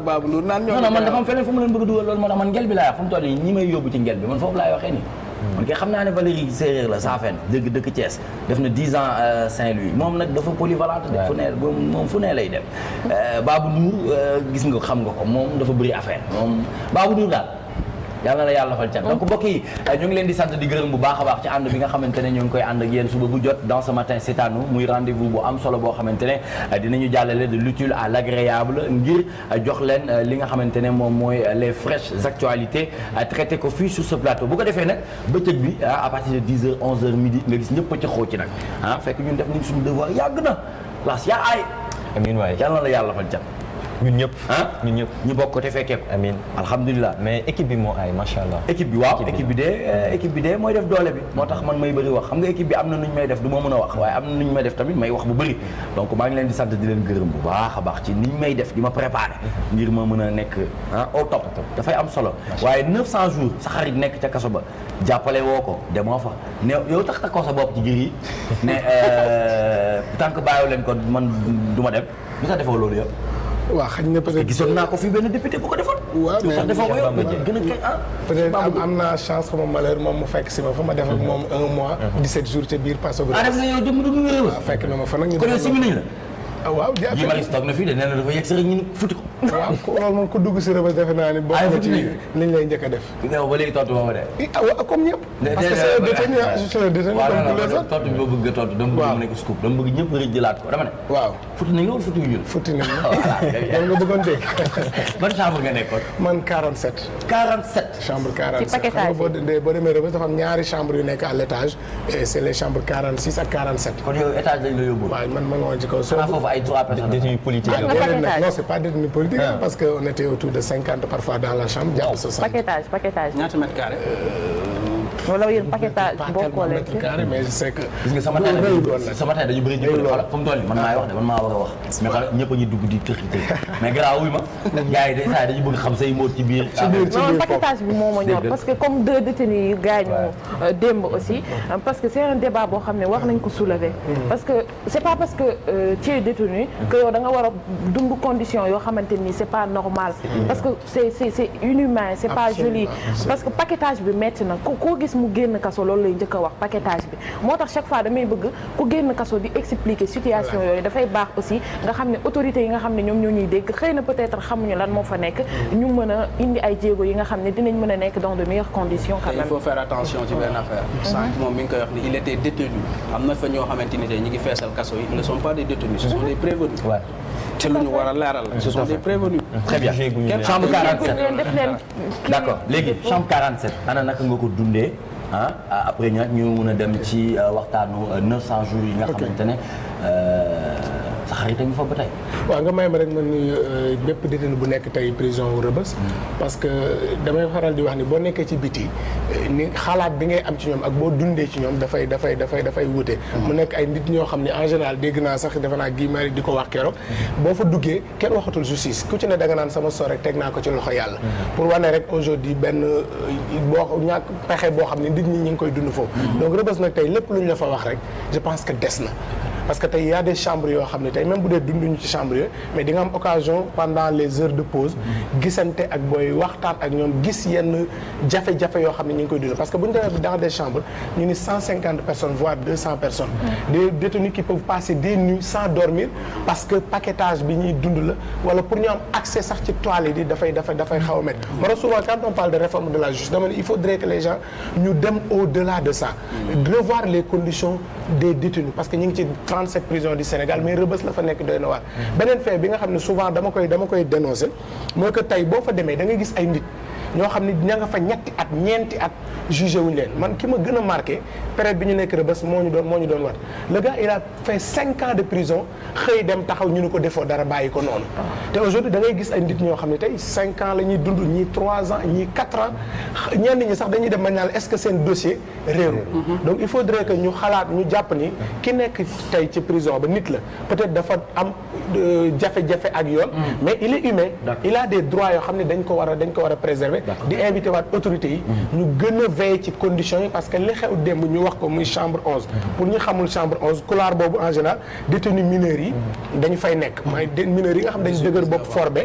S1: a hmm. naa ne Valérie séeréer la saafeen dëkk Thiès def na 10 ans euh, saint moom nag dafa polyvalente de fu ne moom fu ne lay dem euh, Babou euh, gis nga xam nga ko moom dafa bëri affaire moom Babou Ndour daal yàlla na yàlla fal cat donc mbokk yi euh, ñu ngi leen di sant di gërëm bu baax a baax ci ànd bi nga xamante ne ngi koy ànd ak yéen suba bu jot dans ce matin c'est à nous muy rendez bu am solo boo xamante ne euh, dinañu jàllale de l'utile à l'agréable ngir euh, jox leen li nga xamante ne moom mooy les actualité a traité ko fii sur ce plateau bu ko defee nag bëccëg bi à partir de 10 heures 11 heures midi nga gis ñëpp a ca xoo ci nag ah fekk ñun def na classe yaa aay amiin
S4: waay la yàlla fal cat ñun ñëpp ah ñëpp ñu bokk te fekkee ko amiin alhamdulilah mais équipe bi moo ay macha allah équipe bi waaw
S1: équipe bi de euh, équipe bi de mooy def doole bi moo tax man may bari wax xam nga équipe bi am na nuñ may def du ma mën a wax waaye am na nuñ may def tamit may wax bu bëri donc maa ngi leen di sant di leen gërëm bu baax a baax ci niñ may def di ma préparé ngir ma mën a nekk ah au top dafay am solo waaye cent jours sa xarit nekk ca kaso ba jàppale woo ko demoo fa ne yow tax takkoo sa bopp ci gir yi ne euh, tant que leen ko man du ma dem
S2: lu tax defoo loolu yëpp waaw xañ na peut-être naa ko fi benn député bu ko defoon. waaw mais peut-être am naa chance sama malheur moom mu fekk si ma fa ma def moom un mois. 17 uh-huh. jours te biir Paso. ah def mu wér. waaw fekk na ma fa nag ñu. kon yow simi nañ la. waaw jafe ji a na
S1: a de nee na dafa yegg si a def. néew de.
S2: ah a dafa am ñaari chambre yu nekk à l'étage et kon yow étage lañ la yóbbu. man man ma woon ci kaw ay trois personnes. détenus politiques non c'est pas détenu politique ah. parce que on était autour de cinquante parfois dans la chambre. jàpp
S3: soixante paquetage paquetage. ñaata mètre carré. Euh, wala yéen paquetage bokkoo leen ci
S2: sama sama dañu bëri ñu bëri fa mu toll man maa wax de
S1: maa war a wax. mais xanaa ñëpp dugg di tëxi tëxi mais garaaw wuy ma. gars dañu bëgg xam say mboot ci biir. paquetage
S9: bi moo ma ñor parce que comme deux détenus yu gaañu euh, démb aussi. parce que c' mm. pas parce que euh, tu détenu. que yow da nga war condition yoo xamante ni c' pas normal. parce que c' est c' est pas joli parce que paquetage bi métti na ko gis mu génn kaso loolu lay njëkk a wax paquetage bi moo tax chaque fois damay bëgg ku génn kaso di expliquer situation yooyu dafay baax aussi nga xam ne autorité yi nga xam ne ñoom ñoo ñuy dégg xëy na peut-être xamuñu lan moo fa nekk ñu mën indi ay jéego yi nga xam ne dinañ mën a nekk dans de meilleures conditions il faut
S3: faire attention ci benn affaire mhm. sànq moom mi ngi koy wax ni il était détenu am na fa ñoo xamante ni ñi ngi feesal kaso yi ne sont pas
S1: te lu ñu war a leeral la. ce sont des prévenus. très bien chambre 47. d'accord léegi chambre 47 ana naka nga ko dundee. Ah, ah après nag ñu mun a dem ci
S2: euh, waxtaanu 900 euh, jours yi nga xamante ne euh, sa xarit nga fa ba tey. waaw nga may ma rek ma nuyu bépp détenu bu nekk tey prison wu Rebeuss. Hmm. parce que damay faral di wax ni boo nekkee ci biti ni xalaat bi ngay am ci ñoom ak boo dundee ci ñoom dafay dafay dafay dafay wute. Hmm. mu nekk ay nit ñoo xam ne en général dégg naa sax defe naa Guy Marius di ko wax keroog. Hmm. boo fa duggee kenn waxatul justice ku ci ne danga naan sama sor rek teg naa ko ci yàlla. pour wane rek aujourd'hui benn boo ñàkk boo xam nit ñi ñu ngi koy dund foofu mm-hmm. donc rëbës nag tey lépp lu ñu la fa wax rek je pense que des na parce que tey y a des yoo xam ne tey même bu dee dunduñu ci chambre yooyu mais di nga am occasion pendant les heures de pause gisante ak booy waxtaan ak ñoom gis yenn jafe-jafe yoo xam ne ñu ngi koy dund parce que bu ñu demee dans des chambres ñu ni cent cinquante personnes voire deux cent personnes mm. parce que paquetage bi ñuy dund la wala pour ñu am accès sax ci toilettes yi dafay dafay dafay xaw a métti mm. moo tax souvent quand on parle de réforme de la justice dama ne il faudrait que les gens ñu dem au-delà de ça mm. revoir les conditions des détenus parce que ñu ngi ci 37 prisons du Sénégal mais rëbës la fa nekk doy na waar. Mm-hmm. beneen fait bi nga xam ne souvent dama koy dama koy dénoncer moo que tey boo fa demee da ngay gis ay nit. ñoo xam ni ña nga fa ñetti at ñeenti at jugé wuñ leen man ki ma gën a marqué période bi ñu nekk Rebeuss moo ñu doon moo ñu doon war le a fait cinq ans de prison xëy dem taxaw ñu ni ko defoo dara bàyyi ko noonu te aujourd'hui da ngay gis ay ndit ñoo xam ne tey cinq ans la ñuy dund ñii trois ans ñii quatre ans ñenn ñi sax dañuy dem ba naan est-ce que seen dossier réeru mm-hmm. donc il faudrait que ñu xalaat ñu jàpp ni ki nekk tey ci prison ba nit la peut-être dafa am euh, jafe-jafe ak yoon mm. mais il est humain il a des droits yoo xam ne dañ ko war a dañ ko war a di invité waat autorité yi mm-hmm. ñu gën a ci conditions yi parce que li xew démb ñu wax ko muy chambre 11 mm-hmm. pour ñu xamul chambre 11 couloir boobu en général détenu mineurs yi mm-hmm. dañu fay nekk mooy mineurs yi nga xam dañu dëgër bopp forbe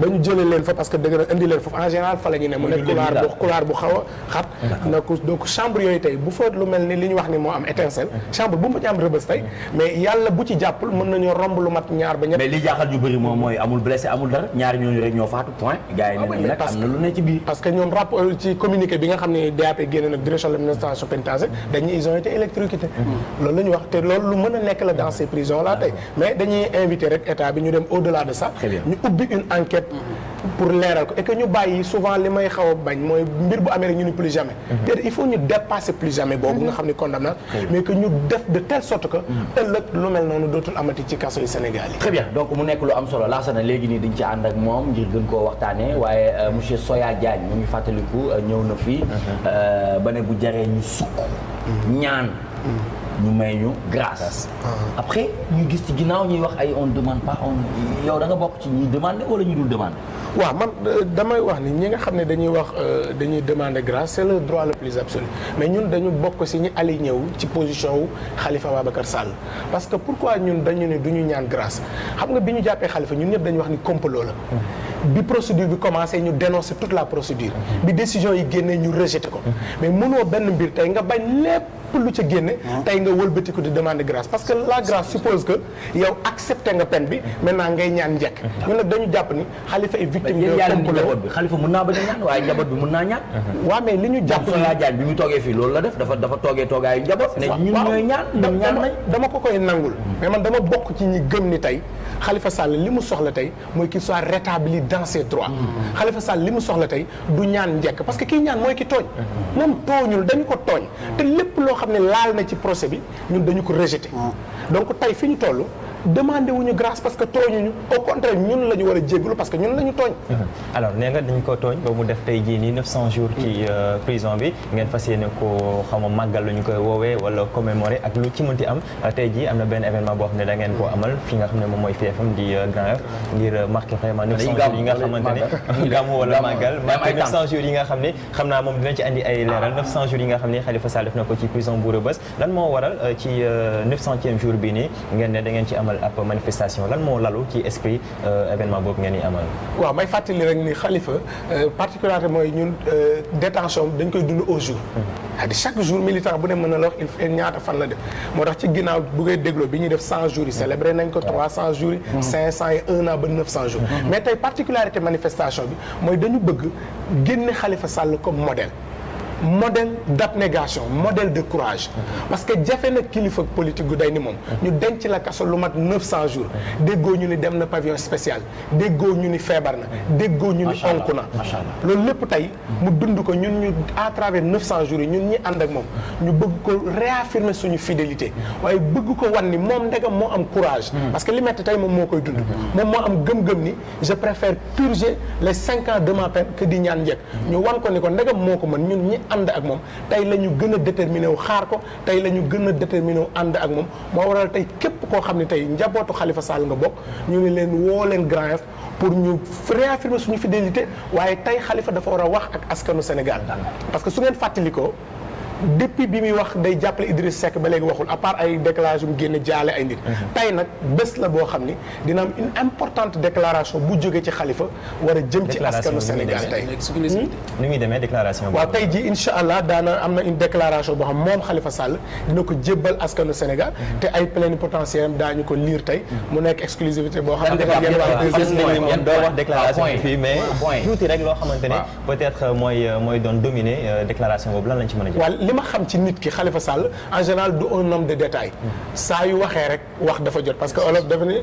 S2: ba ñu jëlee fa parce que dëgër indi leen foofu en fa la ne mu nekk couloir bu couloir bu xaw a xat donc chambre yooyu tey bu fa lu mel ni li ñu wax ni moo am étincelle chambre bu mu ci am rëbës tey mais yàlla bu ci jàppul mën nañoo romb lu mat ba li jaaxal ñu bëri mooy amul blessé amul dara bi parce que ñoom rap euh, ci communiqué bi nga xam ne DAP génne nag direction de l'administration dañuy ils ont été électrocutés mhm. loolu la wax te loolu lu mën a nekk la dans ces prisons ah. tey mais dañuy invité rek état bi ñu dem au delà de ça ñu ubbi une enquête mhm. pour leeral ko e que ñu bàyyi souvent li may xaw a bañ mooy mbir bu amee rek ñu ni plus jamais. Mhm. te il faut ñu dépasser plus jamais boobu nga mhm. xam ni condamnable mais que ñu def de telle sorte que. Mhm. ëllëg lu mel noonu dootul amati ci kaso yi Sénégal yi. très bien donc mu
S1: nekk lu am solo laasana léegi nii dañ ci ànd ak moom ngir gën koo waxtaanee waaye euh, monsieur Soya Diagne mu ngi fàttaliku euh, ñëw na fi. Euh, ba ne bu jaree ñu sukk ñaan. ñu may ñu grâce. Ah. après ñu gis ci ginnaaw ñuy wax ay on demande pas on
S2: yow da nga bokk ci ñuy demander wala ñu dul demander. waaw man euh, damay wax ni ñi nga xam ne dañuy wax euh, dañuy demande grâce c'est le droit le plus absolu mais ñun dañu bokk si ñi aligné wu ci position wu Khalifa Babacar Sall parce que pourquoi ñun dañu ne du ñu ñaan grâce xam nga bi ñu jàppee Khalifa ñun ñëpp dañu wax ni complot la. Mm-hmm. bi procédure bi commencé ñu dénoncer toute la procédure. Mm-hmm. bi yi génnee ñu rejeté ko. Mm-hmm. mais nga bañ lépp. lépp lu ca génne ah. tey nga wëlbatiku di que la grâce suppose que nga peine bi maintenant ngay ñaan njëkk ah. ñun xalifa est victime de
S1: complot
S2: bi xalifa mën naa bañ bi mën naa ñaan ah. waaw ñu jàpp
S1: bi mu toogee fii loolu la def dafa dafa
S2: toogee toogaayu njaboot ne ñun ñooy ñaan dama ko koy nangul hmm. mais man dama bokk ci ñi gëm ni tey xalifa Sall li mu soxla tey mooy qu'il soit rétabli dans ses droits xalifa hmm. Sall li mu soxla tey du ñaan njekk parce que kii ñaan mooy ki tooñ hmm. moom tooñul dañu ko tooñ te lépp loo xam ne laal na ci procès bi ñun dañu ko rejeté ah. donc tey fi ñu toll demandé wuñu grâce parce que tooñuñu au contraire ñun la ñu war parce que ñun la ñu tooñ.
S4: Mhm. alors nee nga dañ ko tooñ ba mu def tey jii nii mm. euh, ngeen fas yéene ko xaw ma màggal la ñu koy woowee wala commémorer ak lu ci mënti am euh, tey jii am na benn événement boo xam ne da ngeen koo amal fi nga xam ne moom mooy FFM di euh, Grand Yoff ngir marqué vraiment 900 jours yi nga xamante ne gàmmu wala màggal nga xam ne xam naa moom dina ci andi ay ah. leeral ne ko ci prison bu Rebeuss lan moo bi nii ngeen ne ngeen ci amal amal ab manifestation lan moo lalu ci esprit euh, ngeen di amal.
S2: waaw may fàttali rek ni xalifa euh, particularité mooy ñun euh, détention dañ koy dund au jour. Mm-hmm. di chaque jour militant bu ne mën a la wax il faut ñaata fan la def moo tax ci ginnaaw bu ngay dégloo bi ñu def 100 jours yi célébré nañ ko 300 mm-hmm. jours yi. 500 mm-hmm. yi 1 an ba 900 jours. mais tey particularité manifestation bi mooy dañu bëgg génne xalifa Sall comme modèle. modèle d'abnégation modèle de courage parce que jafe na kilifa politique gu day ni moom ñu denc la kaso lu mat cent jours déggoo ñu ni dem na pavillon spécial déggoo ñu ni feebar na déggoo ñu ni onk na loolu lépp tey mu dund ko ñun ñu à travers 900 jours yi ñun ñi ànd ak moom ñu bëgg ko réaffirmer suñu fidélité waaye bëgg ko wan ni moom ndegam moo am courage hmm. parce que li metti tey moom moo koy dund moom moo am gëm-gëm ni je préfère purger les cinq ans de ma peine que di ñaan njëkk ñu wan ko ni ko ndegam moo ko mën ñun ñi ànd ak moom tey la ñu gën a déterminé wu xaar ko tey la ñu gën a déterminé wu ànd ak moom moo waral tey képp koo xam ne tey njabootu xalifa Sall nga bokk ñu ne leen woo leen Grand Yoff pour ñu réaffirmer suñu fidélité waaye tey xalifa dafa war a wax ak askanu Sénégal parce que su ngeen fàttalikoo depuis bi muy wax day jàppale Idriss Seck ba léegi waxul à ay déclaration mu génn jaale ay mhm. tey nag bés la boo xam ni dina am une bu jóge ci xalifa war a jëm ci askanu Sénégal tey
S4: ni hmm? muy demee déclaration waaw
S2: tey jii incha allah daana am na une déclaration boo xam moom xalifa Sall dina ko jébbal askanu Sénégal mhm. te ay plénipotentiaire am daañu ko liir tey mhm. mu nekk exclusivité boo xam ne yéen doo wax fii mais tuuti rek loo xamante ne
S4: peut-être euh, mooy euh, mooy doon dominer euh, déclaration boobu lan lañ ci mën a li ma xam ci nit ki Khalifa Sall en général du
S2: un homme de détail saa yu waxee rek wax dafa jot parce que olof dafa ni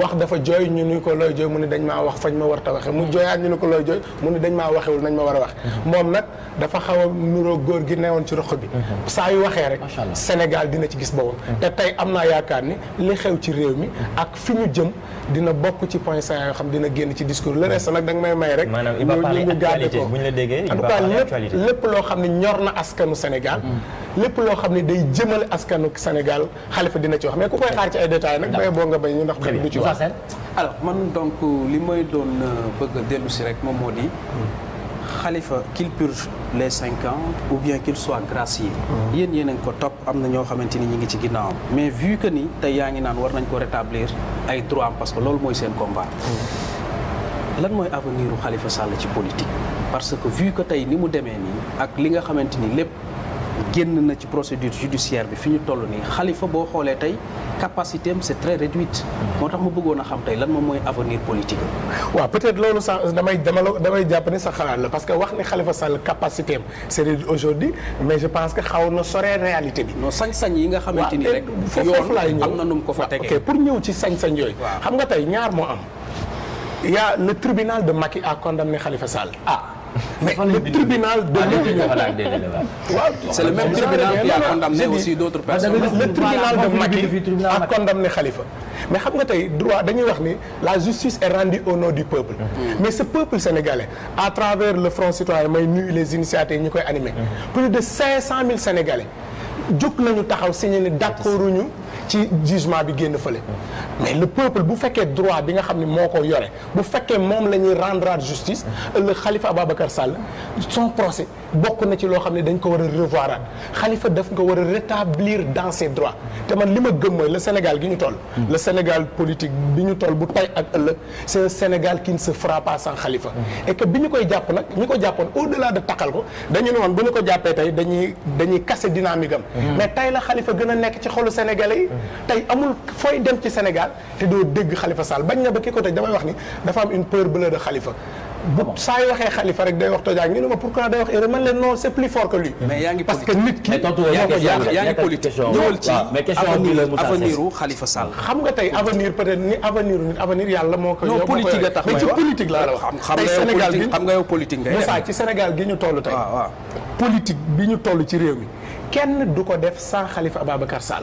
S2: wax dafa jooy ñu ni ko looy jooy mu ni dañ maa wax fañ ma war ta waxe mu jooyaat ñu ko looy jooy mu ni dañ maa waxewul nañ ma war a wax moom nag dafa xaw a nuroo góor gi newoon ci roq bi saa yu waxee rek Sénégal dina ci gis boppam te tey am naa yaakaar ni li xew ci réew mi ak fi ñu jëm dina bokk ci point saillant yoo xam dina génn ci discours le reste nag da nga may may rek ñu ñu garde ko en tout cas Sénégal lépp loo xam ne day jëmale askanu Sénégal xalifa dina ci wax mais ku koy xaar ci ay détails boo nga bay ñu ndax xel du ci wax
S3: alors man donc li may doon euh, bëgg a dellu si rek moom moo di xalifa qu'il purge les cinq ans ou bien qu'il soit gracié hmm. yéen yéen a ko topp am na ñoo xamante ni ñi ngi ci ginnaawam mais vu que ni tey yaa ngi naan war nañ ko rétablir ay droit am parce que loolu mooy seen combat
S8: hmm.
S3: lan mooy avenir xalifa Sall ci politique parce que vu que tey ni mu demee nii ak li nga xamante ni lépp génn na ci procédure judiciaire bi fi ñu toll nii xalifa boo xoolee tey capacité c'est très réduite. moo tax ma bëggoon a xam tey lan moom mooy
S2: avenir politique am. waaw peut-être loolu sax damay damay jàpp ne sa xalaat la parce que wax ni xalifa Sall capacité am c'est réduit aujourd'hui mais je pense que xaw na soree réalité bi. non sañ-sañ yi nga xamante ni rek. foofu laay am na nu mu ko fa tegee. ok pour ñëw ci sañ-sañ yooyu. xam nga tey ñaar moo am. y a le tribunal de Macky a condamné xalifa Sall ah. mais le tribunal de l'opinion
S8: c'est le même tribunal qui a condamné aussi d'autres personnes
S2: le de Macky a condamné Khalifa mais xam nga tey droit dañuy wax ni la justice est rendue au nom du peuple mm-hmm. mais ce peuple sénégalais à travers le Front citoyen may nuyu les initiatives ñu koy animé mm-hmm. plus de 500 000 sénégalais jóg nañu taxaw signé ni d'accorduñu ci jugement bi génn fële mais le peuple bu fekkee droit bi nga xam ne moo ko yore bu fekkee moom la ñuy rendre justice ëllëg Khalifa Ababacar Sall son procès bokk na ci loo xam ne dañ ko war a revoiraat Khalifa daf nga war a rétablir dans ses te man li ma gëm la Sénégal gi ñu toll mm. le Sénégal politique bi ñu toll bu tay ak ëllëg sa un Sénégal qui ne se xalifa pas mm. bi ñu koy jàpp nag ñu ko jàppoon au delà de takkal ko dañu ne woon bu ñu ko jàppee tey dañuy dañuy casser dynamique am mm. mais tay la Khalifa gën a nekk ci xolu Sénégalais tey amul fooy dem ci Sénégal te doo dégg Khalifa Sall bañ na ba ki ko tëj damay wax ni dafa am une peur bleue a Khalifa. bu ah saa waxee xalifa rek day wax tojaag ñu ne ma pourquoi day que ngi parce que nit ki yaa ngi politique ñëwal ci
S3: avenir
S2: nga tey avenir peut-être avenir nit avenir yàlla moo ko. non a tax mais ci politique nga
S3: yow politique ngay Moussa ci
S2: Sénégal ah, ah. bi ñu toll ci réew mi kenn du ko def sans xalifa Ababacar Sall.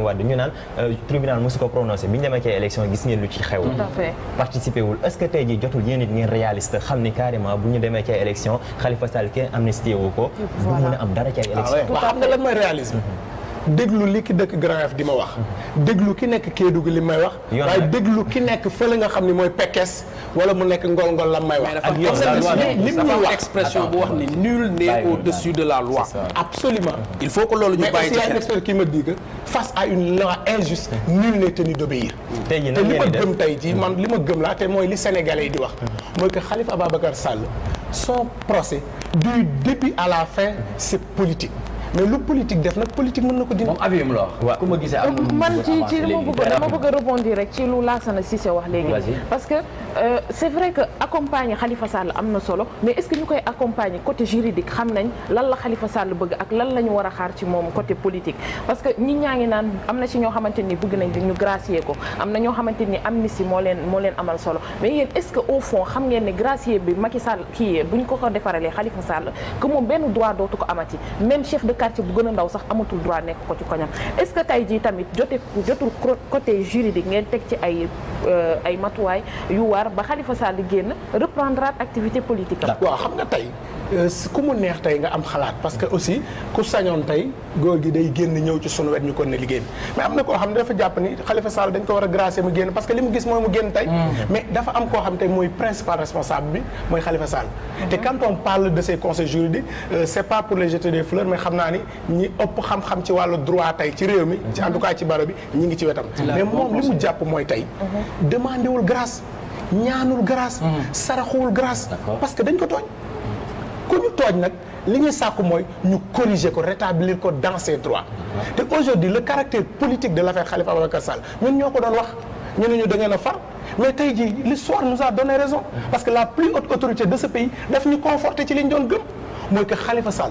S4: Karim Wade ñu naan euh, tribunal mosu ko prononcé bi ñu demee ci élection gis ngeen lu ci xew participé wul jotul yéen it ngeen ni carrément bu ñu demee ci élection Khalifa Sall kenn amnistie wu ko du mën a am dara
S2: déglu li ki dëkk Grand Yoff di ma wax déglu ki nekk Kédougou li may wax waaye déglu ki nekk fële nga xam ne mooy Pekes wala mu nekk ngol-ngol la may wax ak lim ñuy wax expression bu wax ni nul n'est de la loi absolument il faut que loolu ñu bàyyi mais aussi y a un expert qui me dit que face à une loi injuste nul n'est tenu d'obéir mmh.
S4: te li ma gëm
S2: tey jii mmh. man li ma gëm laa te mooy li Sénégalais yi di wax mmh. mooy que Khalifa Ababacar Sall son procès du début à la fin c'est politique mais lu politique def nag politique mën na ko dindi. moom aviam la wax. ku ma
S1: gisee euh, bëgg dama
S9: rek ci lu Lassana Cissé wax léegi. parce que euh, c' est vrai que accompagner xalifa Sall am na solo mais est ñu koy accompagner côté juridique xam nañ lan la Khalifa Sall bëgg ak lan la ñu war a xaar ci moom côté politique. parce que ñi ñaa ngi naan am na ci ñoo xamante ni bëgg nañ ñu gracier ko am na ñoo xamante ni si moo leen moo leen amal solo mais yéen est au fond xam ngeen ne gracier bi Macky ko ko defaralee Khalifa Sall que benn droit dootu ko amati même chef de quartier bu gën a ndaw sax amatul droit nekk ko ci koñam est-ce que tey ji tamit jote jotul côté juridique ngeen teg ci ay euh, ay matuwaay yu war ba xalifa Khalifa Sall génn reprendre activité politique la waaw xam nga tey Euh,
S2: ku mu neex tey nga am xalaat parce que aussi ku sañoon tey góor gi day génn ñëw ci sunu wet ñu kon ne liggéey bi mais am na koo xam ne dafa jàpp ni Khalifa Sall dañ ko war a gracier mu génn parce que li mu gis mooy mu génn tey mm. mais dafa am koo xam tey mooy principal responsable bi mooy Khalifa Sall te mm-hmm. quand on parle de ces conseils juridiques euh, c'est pas pour les jeter des fleurs mais xam naa ni ñi ëpp xam-xam ci wàllu droit tey ci réew mi ci mm-hmm. en tout cas ci baro bi ñi ngi ci wetam mais moom li mu jàpp mooy tey
S8: mm-hmm.
S2: demandewul grâce ñaanul grâce saraxuwul grâce parce que dañ ko tooñ ku ñu tooñ nag li ñuy sàkku mooy ñu corriger ko rétablir ko dans ses te aujourd'hui le caractère politique de l'affaire Khalifa Ababacar Sall ñun ñoo ko doon wax ñu ne ñu da ngeen a far mais tey jii l'histoire nous a donné raison parce que la plus haute autorité de ce pays daf ñu conforté ci li doon gëm mooy que Khalifa Sall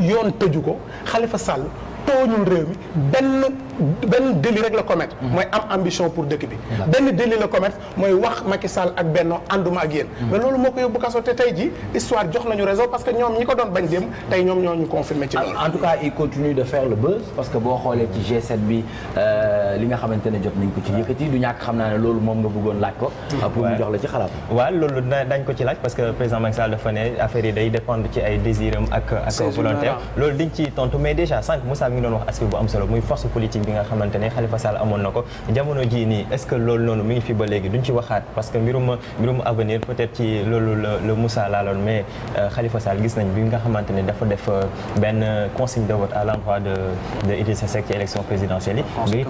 S2: yoon tëju ko Khalifa Sall tooñul réew mi benn benn délit rek la commettre. Mhm. mooy am ambition pour dëkk bi. benn délit la commettre mooy wax Macky Sall ak Benno ànduma ak yéen. Mhm. mais loolu moo ko yóbbu kaso te tey jii histoire jox nañu raison parce que ñoom ñi ko doon bañ dem tey ñoom ñoo ñu confirmé ci loolu. en tout cas il continue de faire le buzz parce que boo xoolee ci
S1: g bi euh, li nga xamante ne jot nañ ko ci yëkkati du ñàkk xam naa ne loolu moom nga bëggoon laaj ko.
S4: Euh, pour ñu jox la ci xalaat. waaw loolu dañ ko ci bi nga xamante ne Khalifa Sall amoon na ko jamono jii nii est-ce que loolu noonu mi ngi fi ba léegi duñ ci waxaat parce que mbirum mbirum avenir peut-être ci loolu la la laaloon mais euh, Khalifa Sall gis nañ bi nga xamante dafa def euh, benn consigne de vote à l'endroit de de Idrissa Seck ci élection présidentielle yi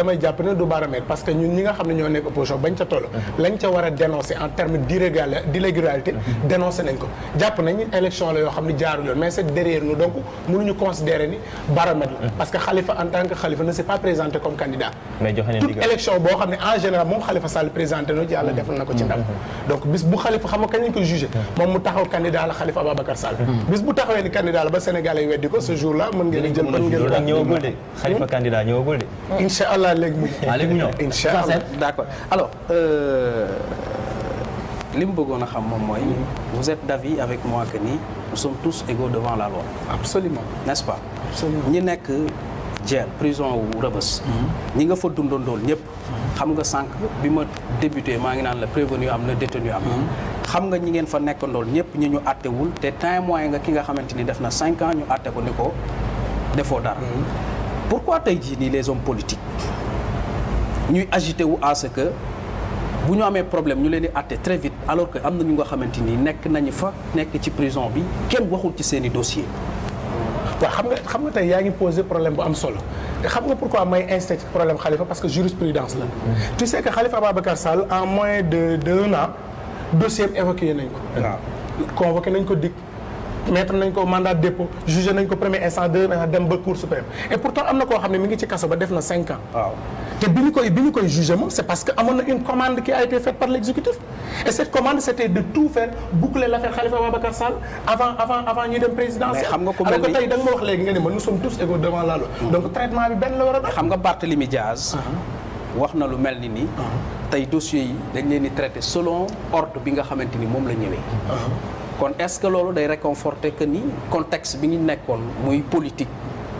S4: nga xam
S2: ne du baromètre parce que nga ca toll mhm. lañ ca war a dénoncer en termes d'illégalité mhm. dénoncé nañ ko jàpp nañ élection la yoo xam ne jaarul considérer ni baromètre la parce que Khalifa en tant que Khalifa ne s'est pas présenté comme candidat toute élection boo xam ne en général moom Khalifa Sall présenté na yàlla defal na ko ci ndam donc bu Khalifa xam nga ko jugé moom mu taxaw candidat la Khalifa Ababacar Sall bis bu taxawee ni candidat la ba Sénégalais yi weddi ko ce jour là mën ngeen jël mën ngeen ñëwagul de
S4: hmm? Khalifa candidat ñëwagul de
S2: incha allah léegi mu ñëw
S3: ah, léegi mu ñëw incha allah d'accord alors euh, li mu bëggoon a xam moom mooy. vous êtes d'avis avec mois que ni nous sommes tous égaux devant la loi. absolument n'est-ce pas. absolument ñi nekk jeel prison wu Rebeuss. Mhm. ñi nga fa dundandool ñëpp. Mhm. xam nga sànq bi ma débuté maa ngi naan la prévenu am na détenu am. Mhm. xam nga ñi ngeen fa nekkandool ñëpp ñi ñu àttewul te témoin nga ki nga xamante ni def na cinq ans ñu àtte ko ni ko defoo dara. pourquoi tey jii nii les hommes politiques ñuy agité wu à que. bu ñu amee problème ñu leen di àtte très vite alors que am na ñu
S2: nga xamante ni nekk nañu fa nekk ci prison bi kenn waxul ci seen i dossier xam nga xam nga tey yaa ngi posé problème bu am solo te xam nga pourquoi may insisté ci problème Khalifa parce que jurisprudence la tu sais que Khalifa Ababacar Sall en moins de d'un an dossier nañ ko waaw convoqué nañ ko dikk mettre nañ ko mandat de dépôt jugé nañ ko premier instant deux dem ba cour suprême et pourtant am na koo xam ne mi ngi ci kaso ba def na cinq ans. waaw te bi ñu koy bi ñu koy jugé moom c' est parce que amoon na une commande qui a été faite par l' exécutif et cette commande c' était de tout faire boucler l' affaire Khalifa Babacar Sall avant avant avant ñuy dem présidentielle. mais xam nga ku mel ni tey da nga ma wax léegi nga ne ma nous sommes tous égaux devant la loi. donc traitement bi benn la war a doon. xam nga Barthélemy Diaz. Uh-huh.
S3: wax na lu mel ni nii. Uh-huh. tey dossiers yi dañ leen di traité selon ordre bi nga xamante ni moom la ñëwee. Uh-huh. kon est-ce que loolu day réconforter que ni contexte bi ñu nekkoon muy
S2: politique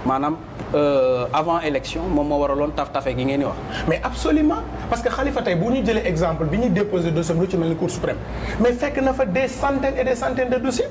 S2: maanaam euh, avant élection moom moo waraloon taf tafe gi ngeen di wax. mais absolument parce que Khalifa tey bu ñu jëlee exemple bi ñuy déposé dossier lu ci mel ni Cour suprême mais fekk na fa des centaines et des centaines de dossiers.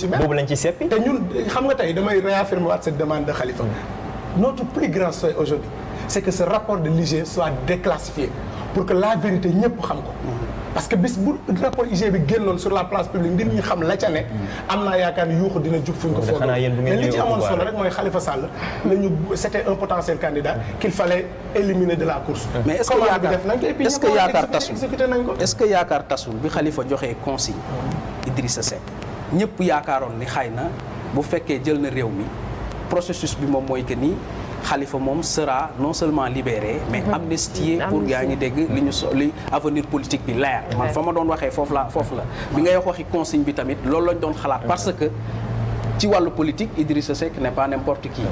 S2: ci mel. boobu lañ ci seppi te ñun xam nga tey damay réaffirmer waat cette demande de Khalifa. notre plus grand souhait aujourd'hui c'est que ce rapport de l'IG soit déclassifié pour que la vérité ñëpp xam ko. parce que bis bu rapport IG bi génnoon sur la place publique ngir ñu xam la ca ne. am naa yaakaar ni yuuxu dina jug fuñ ko foog. mais li ci amoon solo rek mooy Khalifa Sall. la ñu c'était un potentiel candidat qu'il fallait éliminer de la course. mais est
S3: tasul est ñëpp yaakaaroon ni xay na bu fekkee jël na réew mi processus bi moom mooy que ni xalifa moom sera non seulement libéré mais mhm. amnistié pour yaa ngi dégg li ñu so li avenir politique bi leer man fa ma doon waxee foofu la foofu la bi ngay wax waxi consigne bi tamit loolu lañ doon xalaat parce que ci wàllu politique Idrissa Seck n'est pas n'importe qui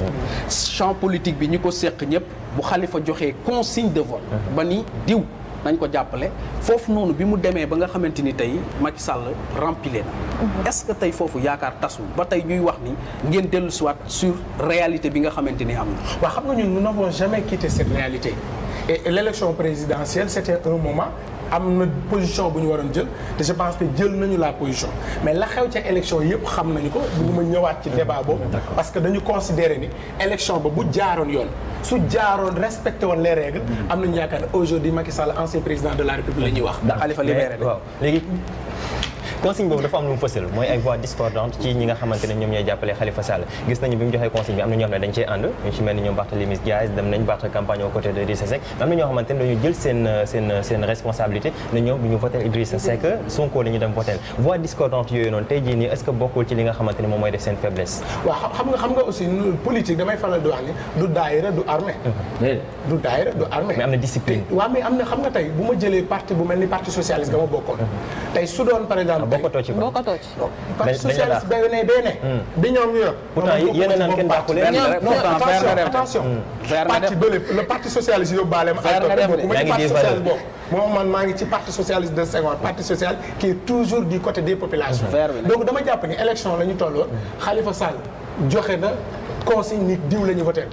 S3: champ politique bi ñu ko seq ñëpp bu xalifa joxee consigne de vote ba ni diw nañ ko jàppale foofu noonu bi mu demee ba nga xamante ni tey Macky Sall rempilé na. Mhm. est-ce que tey foofu yaakaar tasul ba tey ñuy wax ni ngeen dellu siwaat sur
S2: réalité bi nga xamante ni am na. waaw xam nga ñun nous n'avons jamais quitté cette réalité et l'élection présidentielle c'était un moment. am na position bu ñu waroon jël te je pense que jël nañu la position mais la xew ca élection yëpp xam nañu ko bugguma ñëwaat ci débat boobu parce que dañu considérer ni élection ba bu jaaroon yoon su jaaroon respecté woon les règles hmm. am nañu yaakaar ne aujourd'hui Macky Sall ancien président de la République la ñuy wax ndax Khalifa libéré waaw
S4: léegi consigne boobu dafa am lu mu fësal mooy ay voix discordantes ci ñi nga xamante ñoom ñooy jàppale Khalifa Sall gis nañu bi mu joxee consigne bi am na ñoo xam ne dañ cee ànd ñu ci ni ñoom Barthélémy Diaz am na ñoo xamante dañu jël seen responsabilité ne ñoom du ñu voté Idrissa Seck Sonko la ñu dem voté voix discordantes yooyu noonu tey jii nii est-ce que bokkul ci li nga xamante ne moom mooy def seen faiblesse
S2: waaw xam nga xam nga aussi politique damay faral di wax ni du daayira du armée mm-hmm. bokkatoo ci bokkatoo ci. parti socialiste bay ne bay ne. Hmm. bi ñoom ñu yor. pourtant yéen naan kenn dàqu leen. attention hmm. parti bële le parti socialiste yóbbaale ma. ma ci maa ngi ci parti socialiste de Senghor parti social qui est toujours du côté des populations. Hmm. donc dama jàpp ni élection la ñu tolloon. Khalifa Sall joxe na consigne nit diw la ñu voté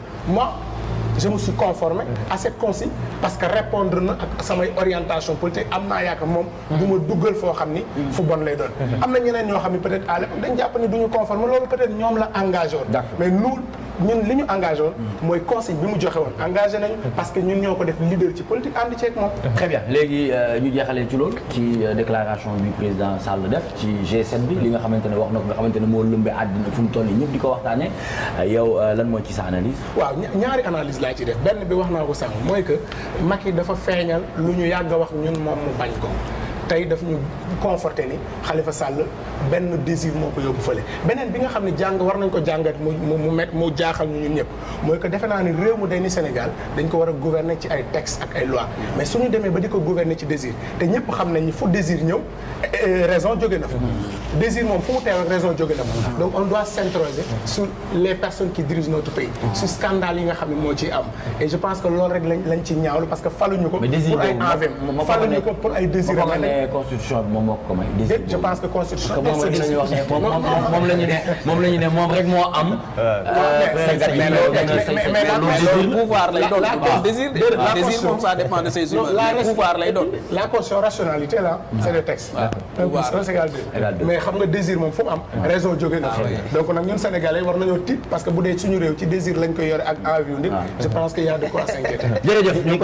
S2: je me suis conformé à cette consigne parce que répondre na ak samay orientation politique am naa yaakaar moom du ma duggal foo xam ni fu bon lay doon mhm. am na ñeneen ñoo xam ne peut-être à l'époque dañ jàpp ni du ñu loolu peut-être ñoom la engagé woon mais nous ñun li ñu engagé woon. Mm. mooy conseil bi mu joxe woon engagé nañu. Mm. parce que ñun ñoo ko def leader ci politique ànd ceeg moom.
S1: Mm. très bien léegi euh, ñu jeexalee ci ci euh, déclaration bi président Sall def ci G7 bi li nga xamante ne wax na ko nga xamante ne moo lëmbee àddina fu mu toll nii ñëpp di ko waxtaanee euh, yow lan mooy ci sa analyse.
S2: waaw ñaari analyse laa ci def benn bi wax naa ko sànq mooy que yi dafa feeñal lu ñu yàgg a wax ñun moom mu bañ ko. tey daf ñu conforte ni Khalifa Sall benn désir moo ko yóbbu fële beneen bi nga xam ne jàng war nañ ko jàng at mu met mu jaaxal ñu ñun ñëpp mooy que defe naa ni réew mu day ni Sénégal dañ ko war a gouverner ci ay textes ak ay lois mais suñu demee ba di ko gouverner ci désir te ñëpp xam nañ ni fu désir ñëw euh, raison jóge na fa désir moom fu mu teew raison jóge na fa donc on doit s'interroger sur les personnes qui dirigent notre pays sur scandale yi nga xam ne mais xam nga désir moom fu am. raison jóge na ah donc nag ñun sénégalais war nañoo tiit parce que bu dee suñu réew ci désir lañ koy yore ak envie yu ah. je pense que y de quoi s'inquiéter. jërëjëf ñu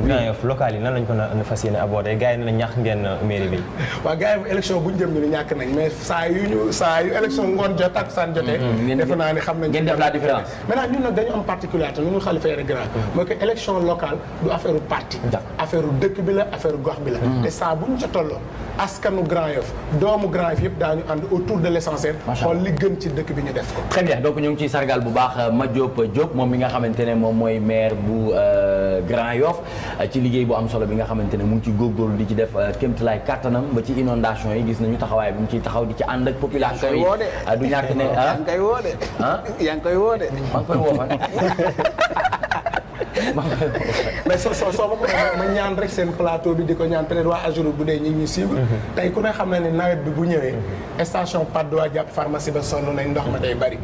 S4: ngi yi nan lañ ko na fas yéene aborder gars yi ne na ñàkk ngeen uh, mairie bi
S2: waaw gars yi élection bu ñu jëm ñu ñàkk nañ mais saa yu ñu saa yu élection ngoon jot ak saan jotee mm-hmm. defe naa ni xam na ngeen def la différence maintenant ñun nag dañu am particularité lu ñu xalifa dëkk bi la affaire gox bi la mm-hmm. te saa bu ñu jotolloo askanu Grand Yoff doomu Grand Yoff yëpp daañu ànd autour de l'essentiel xool li gën ci dëkk bi ñu def ko
S1: très bien donc ñu ngi ciy sargal bu baax Madiop Diop moom mi nga xamante ne moom mooy maire bu euh, Grand Yoff ci liggéey boo am solo bi nga xamante ne mu ngi ci góorgóorlu di ci def euh, kéemtalaay kàttanam ba ci inondation yi gis nañu taxawaay bu mu ciy taxaw di ci ànd ak population yi ah, du ñàkk ah. yaa ngi
S2: koy woo de ah yaa ngi koy woo
S3: de maa ngi
S2: koy mais soo soo soo ñaan rek seen plateau bi di ko ñaan peut-être waa Ageroute bu dee ñu ngi suivre. Mm-hmm. tey ku ne xam na ne nawet bi bu ñëwee. Mm-hmm. station Patte d'Oie jàpp pharmacie ba sonn nañ ndox ma day bari.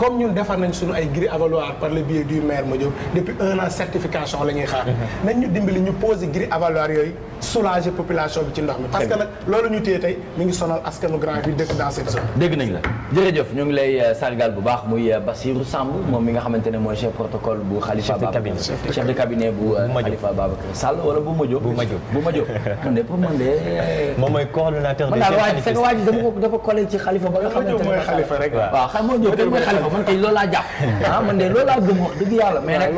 S2: comme ñun defar nañ suñu ay grille avaloir par le biais du maire Madiop depuis un an certification la ñuy xaar mm-hmm. nañ ñu dimbali ñu poser grille avaloir yooyu soulager population bi ci ndox mi. parce que nag loolu ñu téye tey mi ngi sonal askanu grand bi dégg
S1: nañ la jërëjëf ñu ngi lay euh, sargal bu baax muy euh, Bassirou Samb moom mi nga xamante ne mooy chef protocole bu Khalifa Babacar chef de cabinet bu euh, Khalifa Babacar Sall wala bu Majo bu Majo bu Majo man de pour man de.
S4: moom mooy coordonnateur de. seen waa ji
S1: dama ko dafa collé ci Khalifa ba nga xamante ne. mooy Khalifa rek waaw xam nga ñoom mooy Khalifa man kay loolu laa jàpp. ah man de loolu laa gëm wax dëgg yàlla mais nag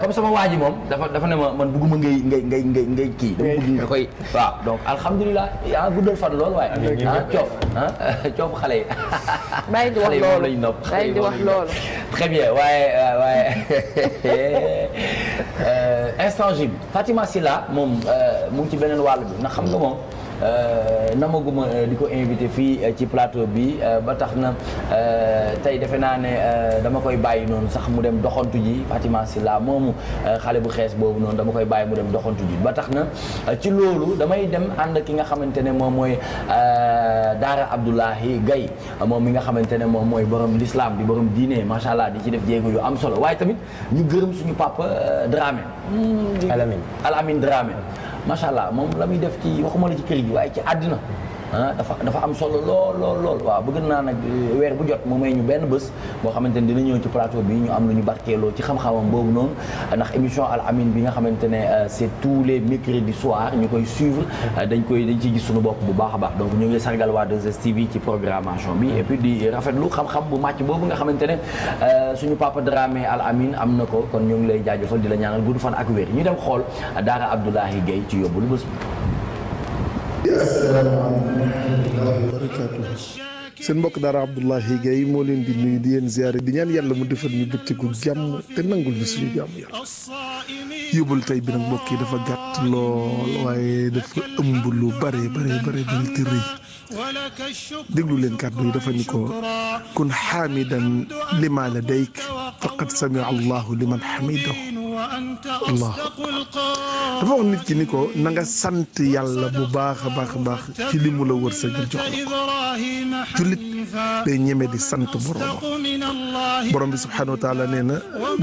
S1: comme sama waa ji moom dafa dafa ne ma man bëgguma ngay ngay ngay ngay kii ngay ji da koy waaw donc alhamdulilah ah guddal fan lool waaye. ah coof ah coof xale yi. bàyyi di wax loolu lañ nopp bàyyi di wax loolu. très bien waaye euh, waaye euh, instant J Fatima Silla moom euh, mu ngi ci beneen wàll bi ndax xam nga moom. Euh, namaguma euh, di ko invité fii euh, ci plateau bi ba tax na tey defe naa ne dama koy bàyyi noonu sax mu dem doxantu ji Fatima Sylla moomu xale bu xees boobu noonu dama koy bàyyi mu dem doxantu ji ba tax na ci loolu damay dem ànd ki nga xamante ne moom mooy Daara Abdoulahi gay moom mi nga xamante ne moom mooy borom l'islam bi borom diine macha allah di ci def jéego yu am solo waaye tamit ñu gërëm suñu papa Dramé. Mm, Alamine Alamine Dramé. macha allah moom la muy def ci waxuma la ci kër gi waaye ci àddina ah dafa dafa am solo lool lool lool waaw bëgg naa nag eh, weer bu jot mu may ñu benn bés moo xamante ne dina ñëw ci plateau bi ñu am lu ñu barkeeloo ci xam-xamam boobu noonu ndax émission Al Amine bi nga xamante ne eh, c'est tous les mercredis soir ñu koy suivre eh, dañ koy dañ ciy gis suñu bopp bu baax a baax donc ñu ngi sargal waa 2STV ci programmation bi et puis di rafetlu xam-xam bu màcc boobu nga xamante ne suñu papa Dramé Al Amine am na ko kon ñu ngi lay jaajëfal di la ñaanal gudd fan ak wér ñu dem xool Daara Abdoulaye Gueye ci yóbbu lu bés bi
S10: asalaamaaleykum wa rahmatullaahi wa barakaatuh seen mbokk daara Abdoulahi Gaye moo leen di nuyu di leen ziare di ñaan yàlla mu defal ñu bëccëgu jàmm te nangul ñu suñu jàmm yàlla yóbbul tey bi nag mbokk yi dafa gàtt lool waaye dafa ëmb lu bare bare bare bare te rëy déglu leen kàddu yi dafa ni ko kun xaamidan lima ladayk faqad samia allahu liman xamidahu
S8: dafa
S10: wax nit ki ni ko nanga sant yàlla bu baax a baax a baax ci li mu la wërsëgal jox la ko jullit day ñeme di sant boroomam borom bi subxanahu wa taala na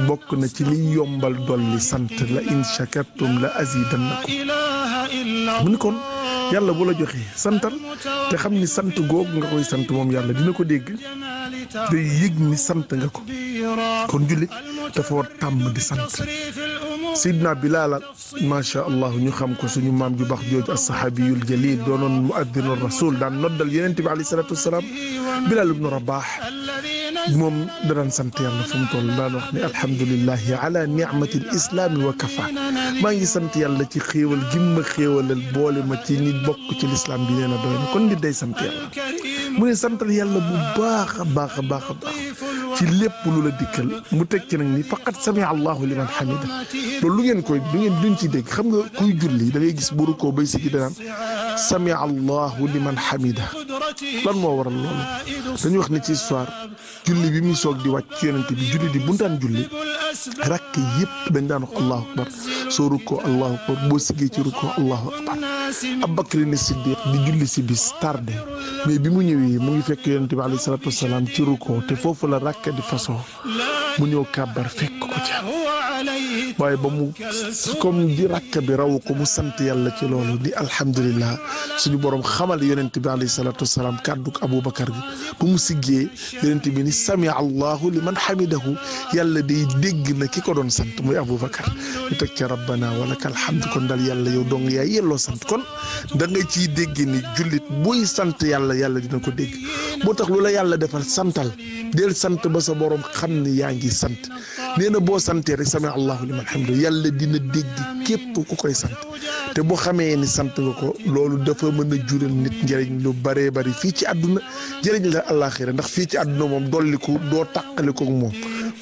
S10: bokk na ci liy yombal dolli sant la in shakartum la azidannakum mu ni kon yàlla bu la joxee santal te xam ni sant googu nga koy sant moom yàlla dina ko dégg day yëg ni sant nga ko kon jullit dafa war tàmm di sant. sidna Bilaal macha allah ñu xam ko suñu maam ju baax jooju as-saxaabiyul jaliil doonoon muaddinu rasul daan noddal yonent bi alayhi salaatu wasalaam Bilaal ibnu Rabaax moom da daan sant yàlla fu mu toll daan wax ne alhamdulilahi ala nicmatil islaami wa kafa maa ngi sant yàlla ci xéewal gi ma xéewalal boole ma ci ñi bokk ci lislaam bi nee na doy na kon nit day sant yàlla mu ne santal yàlla bu baax a baax a baax a baax ci lépp lu la dikkal mu teg ci nag ni faqad samia allahu liman xam tamit loolu ngeen koy lu ngeen duñ ci dégg xam nga kuy julli da ngay gis bu rukkoo bay si gi danaan sami allahu liman hamida lan moo waral loolu dañu wax ne ci histoire julli bi muy soog di wàcc ci yonente bi julli di buntaan julli rakk yëpp dañ daan wax allahu akbar soo rukkoo allahu akbar boo siggee ci rukkoo allahu akbar Abubakar ni Siddiq di julli si bis tardé mais bi mu ñëwee mu ngi fekk yonente bi alayhi salaatu wasalaam ci rukkoo te foofu la rakk di façon mu ñëw kàbbar fekk ko waaye ba mu kom di rakk bi raw ko mu sant yàlla ci loolu di alhamdulillah suñu borom xamal yonent bi alayhi salaatu wasalaam kàddug Aboubacar bi bu mu siggee yonent bi ni sami allahu liman hamidahu yàlla day dégg na ki ko doon sant muy Aboubacar ñu teg ca rabbana wa ka hamd kon dal yàlla yow dong yaa yelloo sant kon da nga ciy dégg ni jullit buy sant yàlla yàlla dina ko dégg moo tax lu la yàlla defal santal del sant ba sa borom xam ne yaa ngi sant nee na boo santee rek sami allahu xam hamdu yàlla dina dégg képp ku koy sant te boo xamee ni sant nga ko loolu dafa mën a jural nit njëriñ lu baree bari fii ci àdduna njëriñ la àllaaxira ndax fii ci àdduna moom dolliku doo taqali tàqaliko moom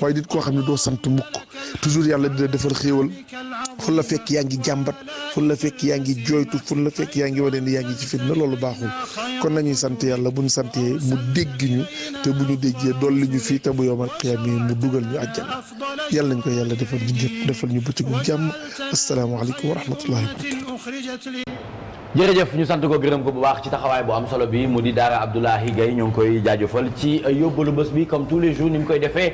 S10: waaye di koo xam ne doo sant mukk toujours yàlla dina defal xéewal fu fekk yaa ngi fu la fekk yaa ngi jooytu fu la fekk yaa ngi wane ni yaa ngi ci fitna loolu baaxul kon nañuy sant yàlla bu ñu santee mu dégg ñu te bu ñu déggee dolli ñu fii te bu yomal xiyaam yi mu dugal ñu àjjana yàlla nañ ko yàlla defal ñu ñëpp defal ñu bëccëgu jàmm asalaamaaleykum wa rahmatullahi wa barakatu
S1: jërëjëf ñu sant ko gërëm ko bu baax ci taxawaay bu am solo bi mu di Daara Abdoulahi Gaye ñoo ngi koy jaajëfal ci yóbbalu bés bi comme tous les jours ni mu koy defee